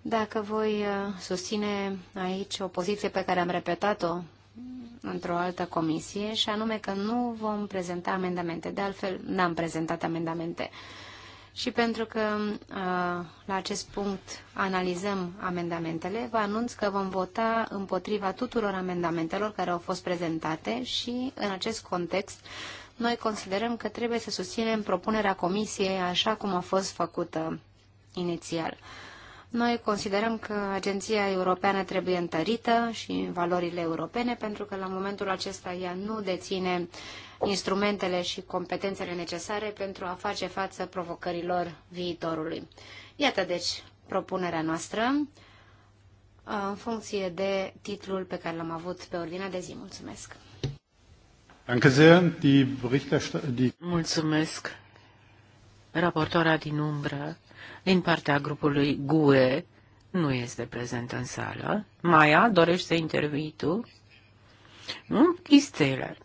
Dacă voi susține aici o poziție pe care am repetat-o într-o altă comisie și anume că nu vom prezenta amendamente. De altfel, n-am prezentat amendamente. Și pentru că la acest punct analizăm amendamentele, vă anunț că vom vota împotriva tuturor amendamentelor care au fost prezentate și, în acest context, noi considerăm că trebuie să susținem propunerea comisiei așa cum a fost făcută inițial. Noi considerăm că Agenția Europeană trebuie întărită și în valorile europene, pentru că la momentul acesta ea nu deține instrumentele și competențele necesare pentru a face față provocărilor viitorului. Iată deci propunerea noastră în funcție de titlul pe care l-am avut pe ordinea de zi. Mulțumesc! Mulțumesc! Raportoarea din umbră din partea grupului GUE nu este prezent în sală. Maia, dorești să intervii tu? Nu? Istele.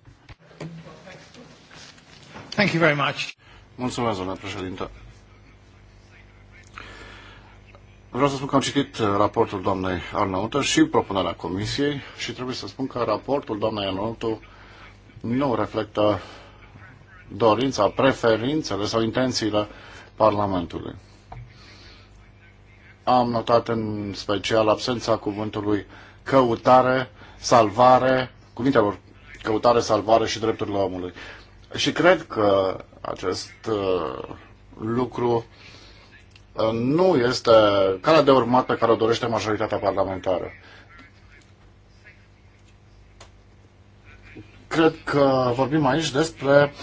Thank you very much. Mulțumesc, doamna președintă. Vreau să spun că am citit raportul doamnei Arnaută și propunerea comisiei și trebuie să spun că raportul doamnei Arnaută nu reflectă dorința, preferințele sau intențiile Parlamentului. Am notat în special absența cuvântului căutare, salvare, cuvintelor căutare, salvare și drepturile omului. Și cred că acest uh, lucru uh, nu este calea de urmat pe care o dorește majoritatea parlamentară. Cred că vorbim aici despre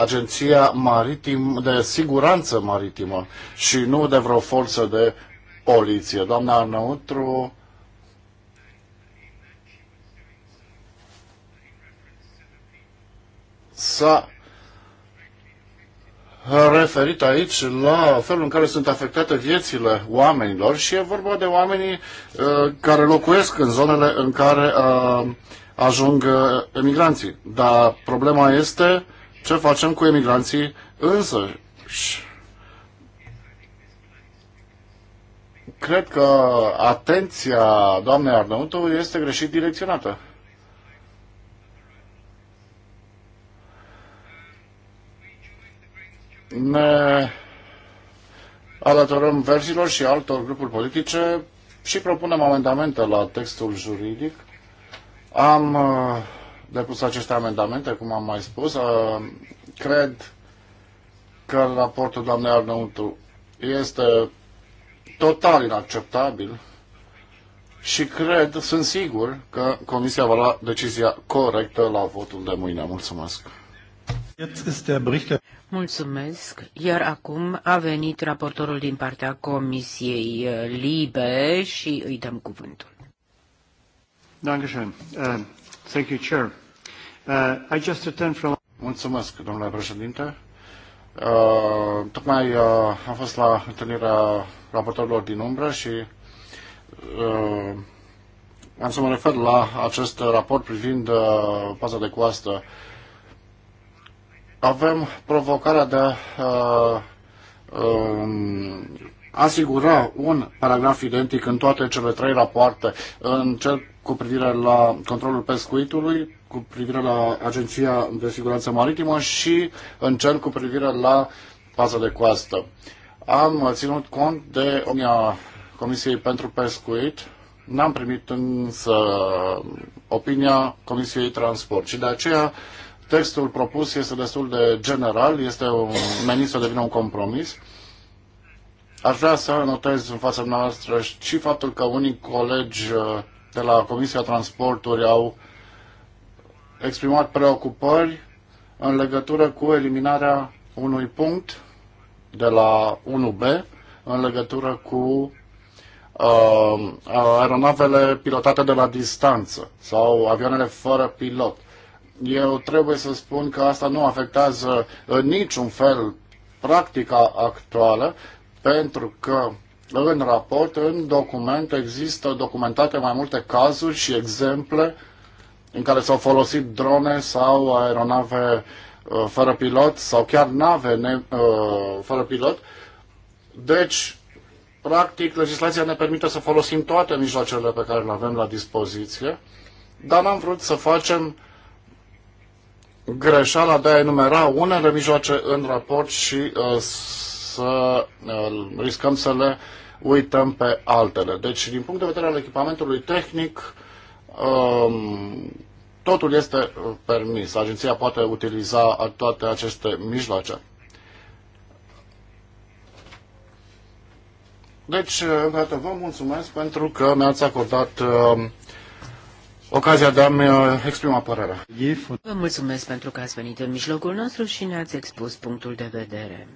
Agenția Maritim, de Siguranță Maritimă și nu de vreo forță de poliție. Doamna Arnăutru s-a referit aici la felul în care sunt afectate viețile oamenilor și e vorba de oamenii uh, care locuiesc în zonele în care uh, ajung uh, emigranții. Dar problema este ce facem cu emigranții însă. Și cred că atenția doamnei Arnautu este greșit direcționată. Ne alătorăm verzilor și altor grupuri politice și propunem amendamente la textul juridic. Am uh, depus aceste amendamente, cum am mai spus. Uh, cred că raportul doamnei Arnautu este total inacceptabil și cred, sunt sigur că Comisia va lua decizia corectă la votul de mâine. Mulțumesc! Mulțumesc. Iar acum a venit raportorul din partea Comisiei eh, Libe și îi dăm cuvântul. Uh, uh, Mulțumesc, domnule președinte. Uh, tocmai uh, am fost la întâlnirea raportorilor din umbră și uh, am să mă refer la acest raport privind uh, paza de coastă. Avem provocarea de a uh, uh, asigura un paragraf identic în toate cele trei rapoarte, în cel cu privire la controlul pescuitului, cu privire la Agenția de Siguranță Maritimă și în cel cu privire la paza de coastă. Uh, am ținut cont de omia Comisiei pentru Pescuit, n-am primit însă opinia Comisiei Transport și de aceea textul propus este destul de general, este menit să devină un compromis. Aș vrea să notez în fața noastră și faptul că unii colegi uh, de la Comisia Transporturi au exprimat preocupări în legătură cu eliminarea unui punct de la 1B în legătură cu uh, aeronavele pilotate de la distanță sau avioanele fără pilot. Eu trebuie să spun că asta nu afectează în niciun fel practica actuală, pentru că în raport, în document, există documentate mai multe cazuri și exemple în care s-au folosit drone sau aeronave Uh, fără pilot sau chiar nave ne, uh, fără pilot. Deci, practic, legislația ne permite să folosim toate mijloacele pe care le avem la dispoziție, dar n-am vrut să facem greșeala de a enumera unele mijloace în raport și uh, să uh, riscăm să le uităm pe altele. Deci, din punct de vedere al echipamentului tehnic, um, Totul este uh, permis. Agenția poate utiliza toate aceste mijloace. Deci, uh, încă vă mulțumesc pentru că mi-ați acordat uh, ocazia de a-mi uh, exprima părerea. Vă mulțumesc pentru că ați venit în mijlocul nostru și ne-ați expus punctul de vedere.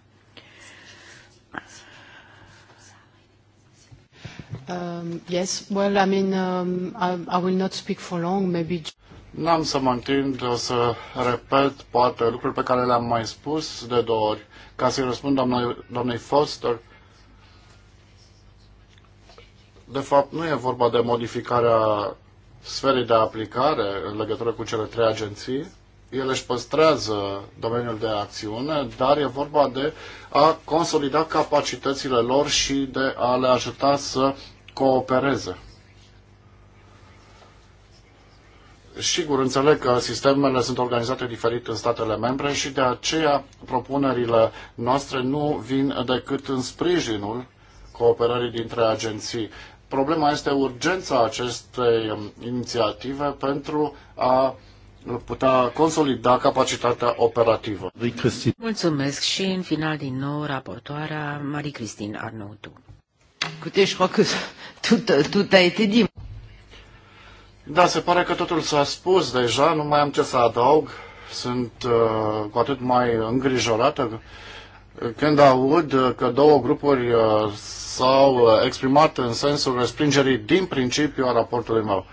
Um, yes, well, I mean, um, I, I will not speak for long, maybe... N-am să mă întind, o să repet poate lucruri pe care le-am mai spus de două ori. Ca să-i răspund doamnei, doamnei Foster, de fapt nu e vorba de modificarea sferei de aplicare în legătură cu cele trei agenții. Ele își păstrează domeniul de acțiune, dar e vorba de a consolida capacitățile lor și de a le ajuta să coopereze. Sigur, înțeleg că sistemele sunt organizate diferit în statele membre și de aceea propunerile noastre nu vin decât în sprijinul cooperării dintre agenții. Problema este urgența acestei um, inițiative pentru a putea consolida capacitatea operativă. Mulțumesc și în final din nou raportoarea Marie-Christine Arnautu. Cu je tot que a été dit. Da, se pare că totul s-a spus deja, nu mai am ce să adaug. Sunt uh, cu atât mai îngrijorată când aud că două grupuri uh, s-au uh, exprimat în sensul respingerii din principiu a raportului meu.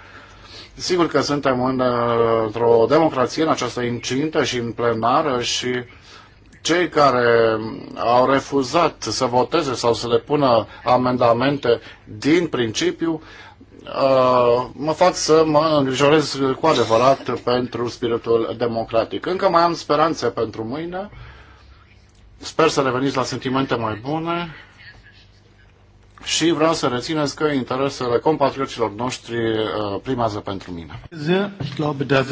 Sigur că suntem în, uh, într-o democrație în această incintă și în plenară și cei care au refuzat să voteze sau să le pună amendamente din principiu Uh, mă fac să mă îngrijorez cu adevărat pentru spiritul democratic. Încă mai am speranțe pentru mâine. Sper să reveniți la sentimente mai bune și vreau să rețineți că interesele compatrioților noștri uh, primează pentru mine. Da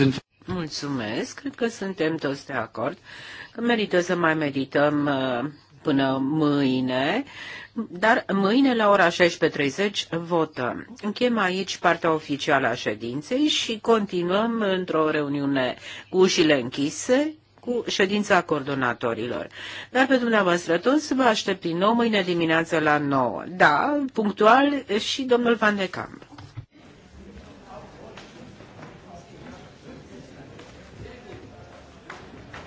Mulțumesc, cred că suntem toți de acord că merită să mai medităm uh, până mâine dar mâine la ora 16.30 votăm. Închem aici partea oficială a ședinței și continuăm într-o reuniune cu ușile închise cu ședința coordonatorilor. Dar pe dumneavoastră toți vă aștept din nou mâine dimineață la 9. Da, punctual și domnul Van de Camp.